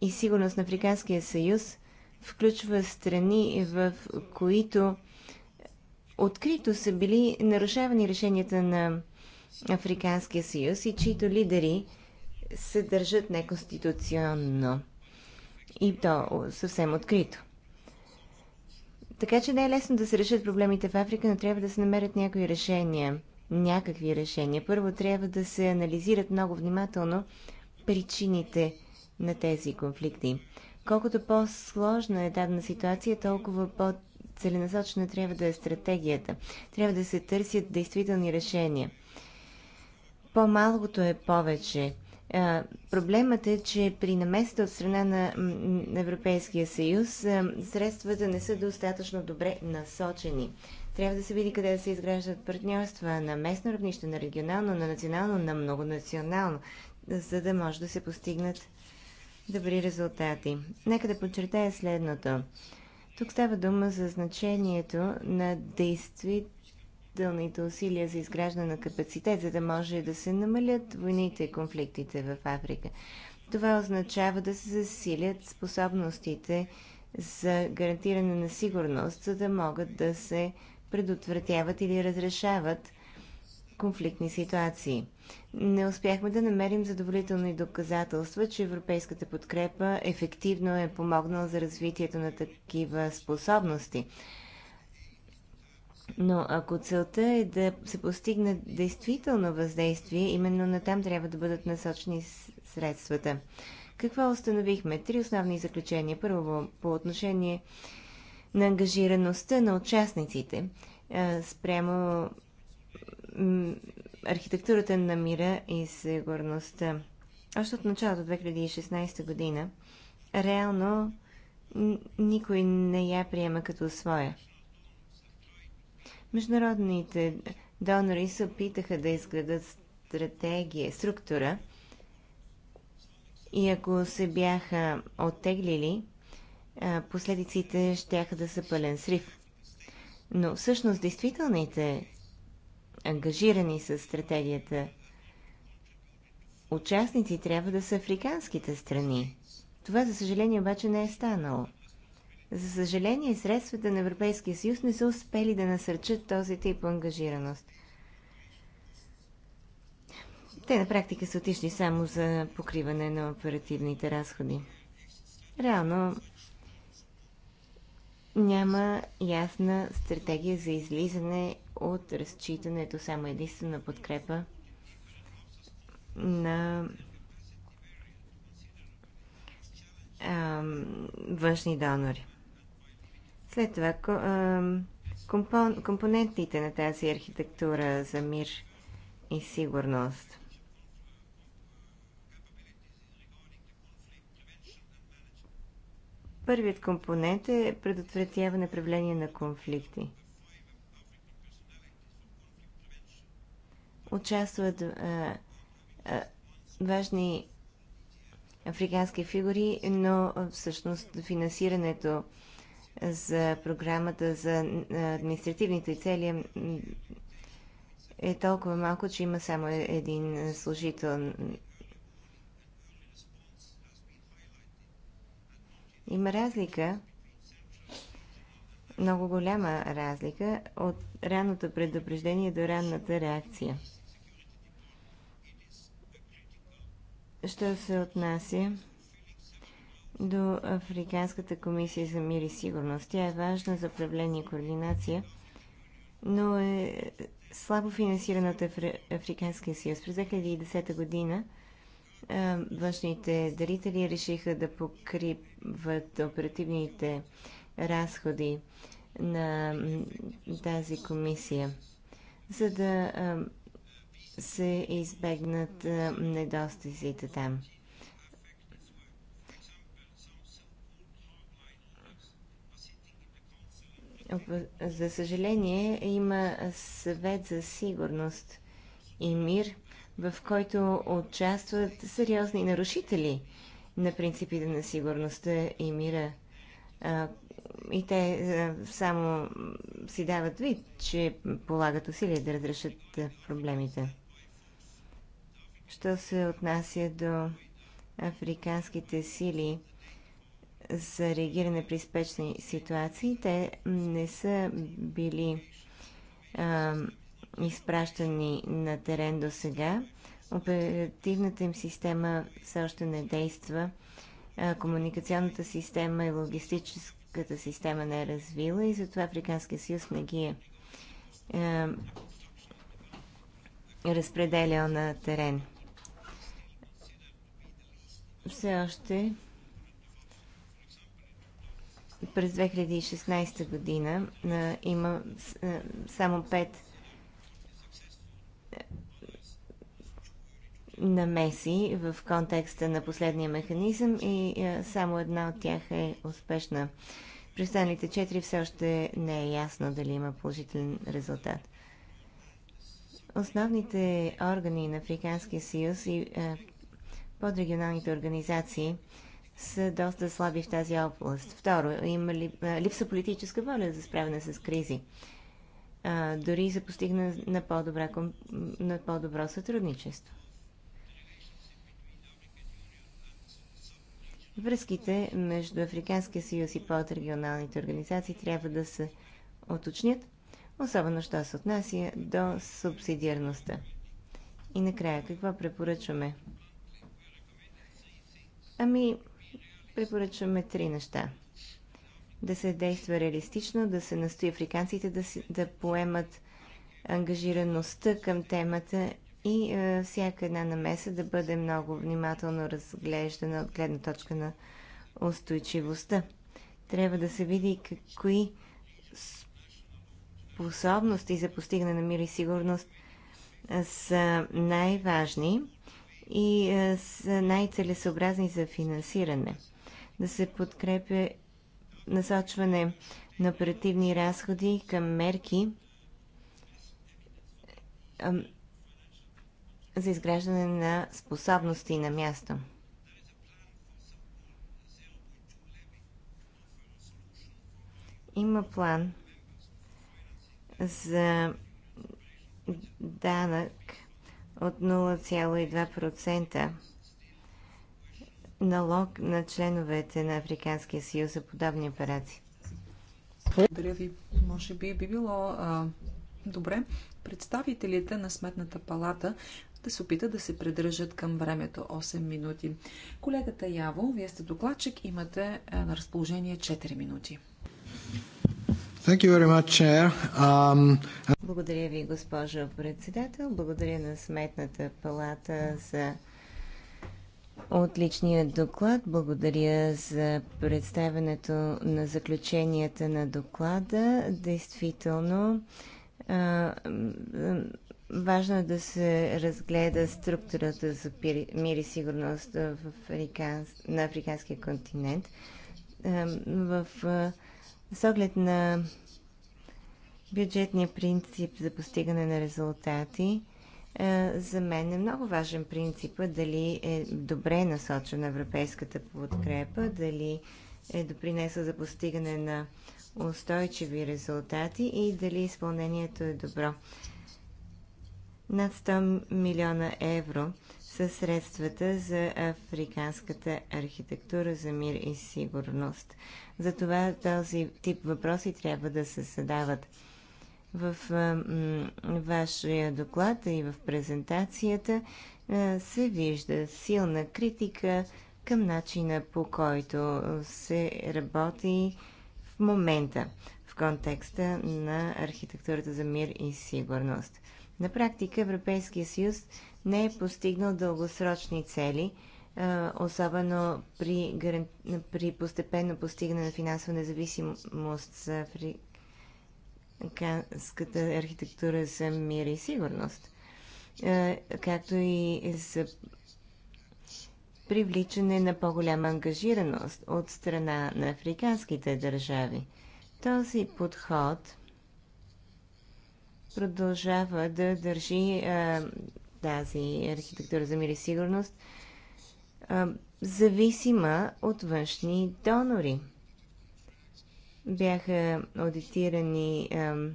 и сигурност на Африканския съюз включва страни, в които открито са били нарушавани решенията на Африканския съюз и чието лидери се държат неконституционно. И то съвсем открито. Така че не е лесно да се решат проблемите в Африка, но трябва да се намерят някои решения. Някакви решения. Първо трябва да се анализират много внимателно причините на тези конфликти. Колкото по-сложна е дадена ситуация, толкова по-целенасочена трябва да е стратегията. Трябва да се търсят действителни решения по-малкото е повече. проблемът е, че при наместа от страна на, Европейския съюз средствата не са достатъчно добре насочени. Трябва да се види къде да се изграждат партньорства на местно равнище, на регионално, на национално, на многонационално, за да може да се постигнат добри резултати. Нека да подчертая следното. Тук става дума за значението на действително значителните усилия за изграждане на капацитет, за да може да се намалят войните и конфликтите в Африка. Това означава да се засилят способностите за гарантиране на сигурност, за да могат да се предотвратяват или разрешават конфликтни ситуации. Не успяхме да намерим задоволителни доказателства, че европейската подкрепа ефективно е помогнала за развитието на такива способности. Но ако целта е да се постигне действително въздействие, именно на там трябва да бъдат насочени средствата. Какво установихме? Три основни заключения. Първо, по отношение на ангажираността на участниците спрямо архитектурата на мира и сигурността. Още от началото 2016 година реално никой не я приема като своя. Международните донори се опитаха да изградат стратегия, структура и ако се бяха оттеглили, последиците ще да са пълен срив. Но всъщност действителните ангажирани с стратегията участници трябва да са африканските страни. Това, за съжаление, обаче не е станало – за съжаление, средствата на Европейския съюз не са успели да насърчат този тип ангажираност. Те на практика са отишли само за покриване на оперативните разходи. Реално няма ясна стратегия за излизане от разчитането само единствена подкрепа на а, външни донори. След това компон, компонентите на тази архитектура за мир и сигурност. Първият компонент е предотвратяване правление на конфликти. Участват а, а, важни африкански фигури, но всъщност финансирането за програмата за административните цели е толкова малко, че има само е- един служител. Има разлика, много голяма разлика от ранното предупреждение до ранната реакция. Що се отнася до Африканската комисия за мир и сигурност. Тя е важна за управление и координация, но е слабо финансирана от Африканския съюз. През 2010 година външните дарители решиха да покриват оперативните разходи на тази комисия, за да се избегнат недостизите там. За съжаление, има съвет за сигурност и мир, в който участват сериозни нарушители на принципите на сигурността и мира. И те само си дават вид, че полагат усилия да разрешат проблемите. Що се отнася до африканските сили – за реагиране при спечни ситуации. Те не са били а, изпращани на терен до сега. Оперативната им система все още не действа. А, комуникационната система и логистическата система не е развила и затова Африканския съюз не ги е а, разпределял на терен. Все още през 2016 година а, има а, само 5 намеси в контекста на последния механизъм и а, само една от тях е успешна. При останалите 4 все още не е ясно дали има положителен резултат. Основните органи на Африканския съюз и а, подрегионалните организации – са доста слаби в тази област. Второ, има ли, липса политическа воля за справяне с кризи. А, дори за постигна на, по на по-добро сътрудничество. Връзките между Африканския съюз и подрегионалните организации трябва да се оточнят, особено що се отнася до субсидиарността. И накрая, какво препоръчваме? Ами, препоръчваме три неща. Да се действа реалистично, да се настои африканците да, си, да поемат ангажираността към темата и е, всяка една намеса да бъде много внимателно разглеждана от гледна точка на устойчивостта. Трябва да се види какви способности за постигане на мир и сигурност е, са най-важни и е, са най-целесообразни за финансиране да се подкрепя насочване на оперативни разходи към мерки за изграждане на способности на място. Има план за данък от 0,2% налог на членовете на Африканския съюз за подобни операции. Благодаря ви. Може би би било а, добре представителите на Сметната палата да се опитат да се придържат към времето 8 минути. Колегата Яво, вие сте докладчик, имате на разположение 4 минути. Thank you very much, Chair. Um... Благодаря ви, госпожо председател. Благодаря на Сметната палата за отличния доклад. Благодаря за представенето на заключенията на доклада. Действително, важно е да се разгледа структурата за мир и сигурност в Африканс... на африканския континент. В... С оглед на бюджетния принцип за постигане на резултати, е, за мен е много важен принцип дали е добре насочена европейската подкрепа, дали е допринесла за постигане на устойчиви резултати и дали изпълнението е добро. Над 100 милиона евро са средствата за африканската архитектура за мир и сигурност. Затова този тип въпроси трябва да се задават в вашия доклад и в презентацията се вижда силна критика към начина по който се работи в момента в контекста на архитектурата за мир и сигурност. На практика Европейския съюз не е постигнал дългосрочни цели, особено при, гаран... при постепенно постигане на финансова независимост за Африка канската архитектура за мир и сигурност, е, както и за привличане на по-голяма ангажираност от страна на африканските държави. Този подход продължава да държи а, е, тази архитектура за мир и сигурност а, е, зависима от външни донори бяха аудитирани ам,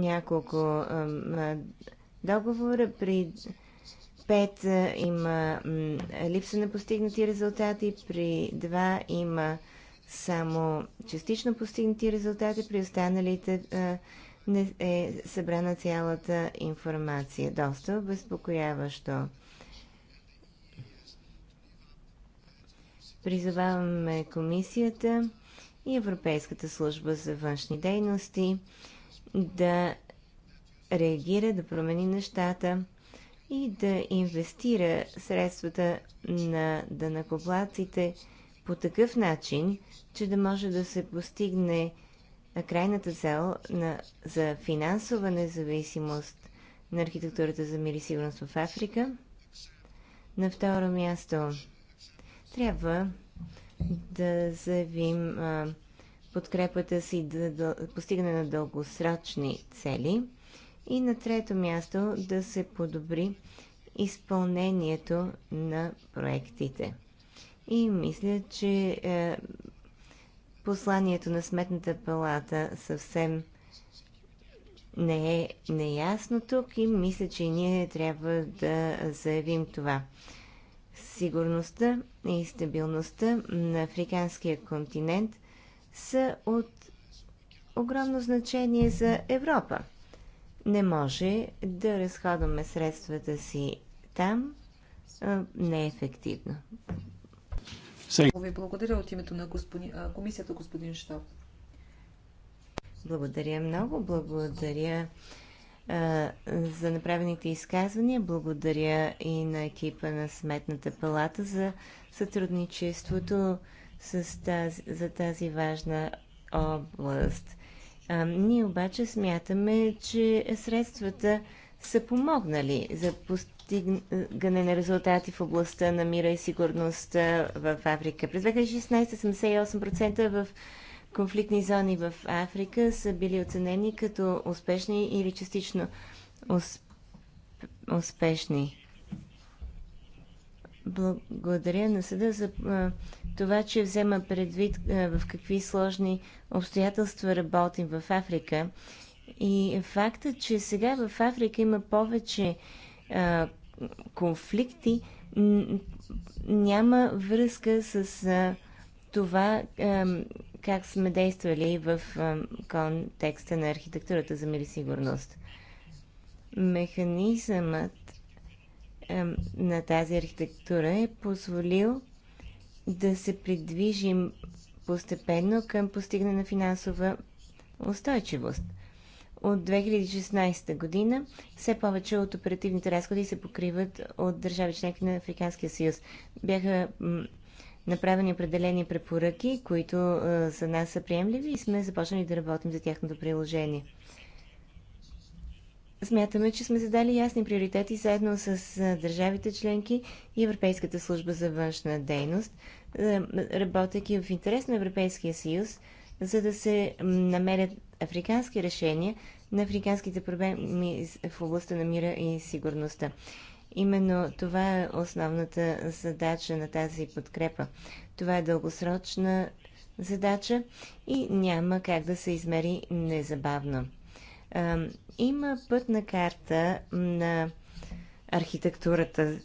няколко ам, договора. При пет а, има м, липса на постигнати резултати, при два има само частично постигнати резултати, при останалите а, не е събрана цялата информация. Доста безпокояващо. Призоваваме комисията и Европейската служба за външни дейности да реагира, да промени нещата и да инвестира средствата на данакоплаците по такъв начин, че да може да се постигне крайната цел на, за финансова независимост на архитектурата за мир и сигурност в Африка. На второ място трябва да заявим а, подкрепата си да, да постигане на дългосрочни цели и на трето място да се подобри изпълнението на проектите. И мисля, че е, посланието на Сметната палата съвсем не е неясно тук и мисля, че ние трябва да заявим това сигурността и стабилността на африканския континент са от огромно значение за Европа. Не може да разходваме средствата си там неефективно. Ви благодаря от името на господи, комисията господин Штаб. Благодаря много. Благодаря за направените изказвания. Благодаря и на екипа на Сметната палата за сътрудничеството с тази, за тази важна област. А, ние обаче смятаме, че средствата са помогнали за постигане на резултати в областта на мира и сигурността в Африка. През 2016 78% в конфликтни зони в Африка са били оценени като успешни или частично усп... успешни. Благодаря на съда за това, че взема предвид в какви сложни обстоятелства работим в Африка. И факта, че сега в Африка има повече конфликти, няма връзка с това а, как сме действали в контекста на архитектурата за мир и сигурност. Механизъмът на тази архитектура е позволил да се придвижим постепенно към постигане на финансова устойчивост. От 2016 година все повече от оперативните разходи се покриват от държави членки на Африканския съюз. Бяха направени определени препоръки, които а, за нас са приемливи и сме започнали да работим за тяхното приложение. Смятаме, че сме задали ясни приоритети заедно с а, държавите членки и Европейската служба за външна дейност, работейки в интерес на Европейския съюз, за да се намерят африкански решения на африканските проблеми в областта на мира и сигурността. Именно това е основната задача на тази подкрепа. Това е дългосрочна задача и няма как да се измери незабавно. Има пътна карта на архитектурата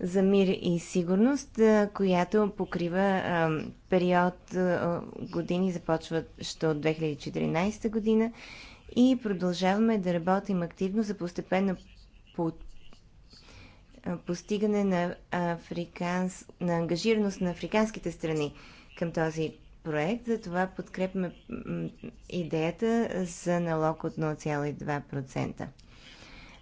за мир и сигурност, която покрива период години, започващо от 2014 година и продължаваме да работим активно за постепенно по, постигане на, африканс, на ангажираност на африканските страни към този проект. Затова подкрепяме идеята за налог от 0,2%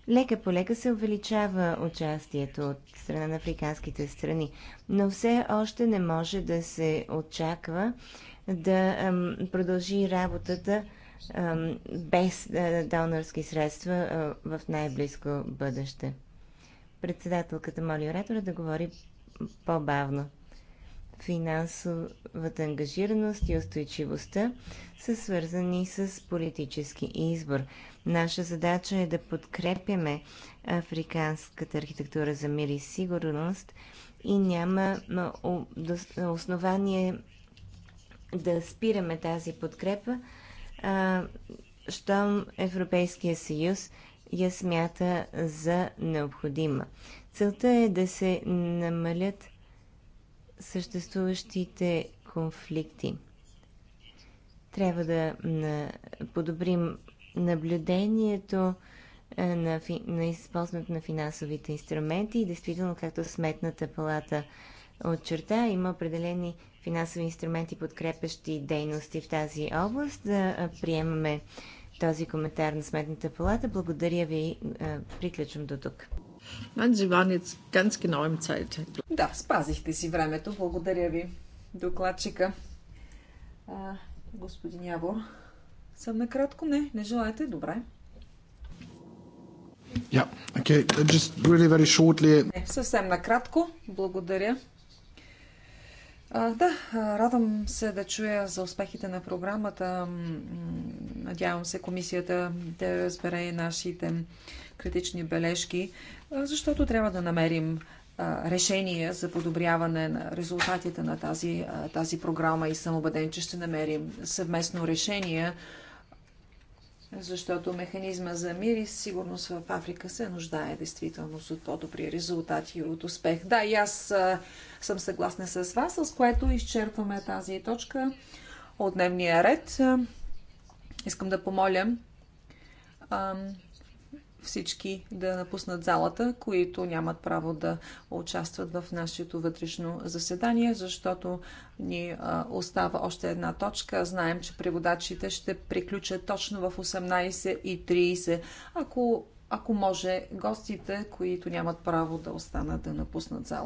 лека по лека се увеличава участието от страна на африканските страни, но все още не може да се очаква да продължи работата без донорски средства в най-близко бъдеще. Председателката моли оратора да говори по-бавно. Финансовата ангажираност и устойчивостта са свързани с политически избор. Наша задача е да подкрепяме африканската архитектура за мир и сигурност и няма основание да спираме тази подкрепа, щом Европейския съюз я смята за необходима. Целта е да се намалят съществуващите конфликти. Трябва да подобрим наблюдението е, на, на използването на финансовите инструменти и действително, както Сметната палата отчерта, има определени финансови инструменти, подкрепящи дейности в тази област. Да е, приемаме този коментар на Сметната палата. Благодаря ви. Е, приключвам до тук. Да, спазихте си времето. Благодаря ви, докладчика. господин Явор. Съм накратко? Не, не желаете? Добре. Yeah, okay. Just really very shortly. Не, съвсем накратко. Благодаря. А, да, радвам се да чуя за успехите на програмата. Надявам се комисията да разбере нашите критични бележки, защото трябва да намерим решения за подобряване на резултатите на тази, тази програма и съм убеден, че ще намерим съвместно решение защото механизма за мир и сигурност в Африка се нуждае действително от по-добри резултати и от успех. Да, и аз а, съм съгласна с вас, с което изчерпваме тази точка от дневния ред. Искам да помоля а, всички да напуснат залата, които нямат право да участват в нашето вътрешно заседание, защото ни остава още една точка. Знаем, че преводачите ще приключат точно в 18.30. Ако, ако може гостите, които нямат право да останат да напуснат зала.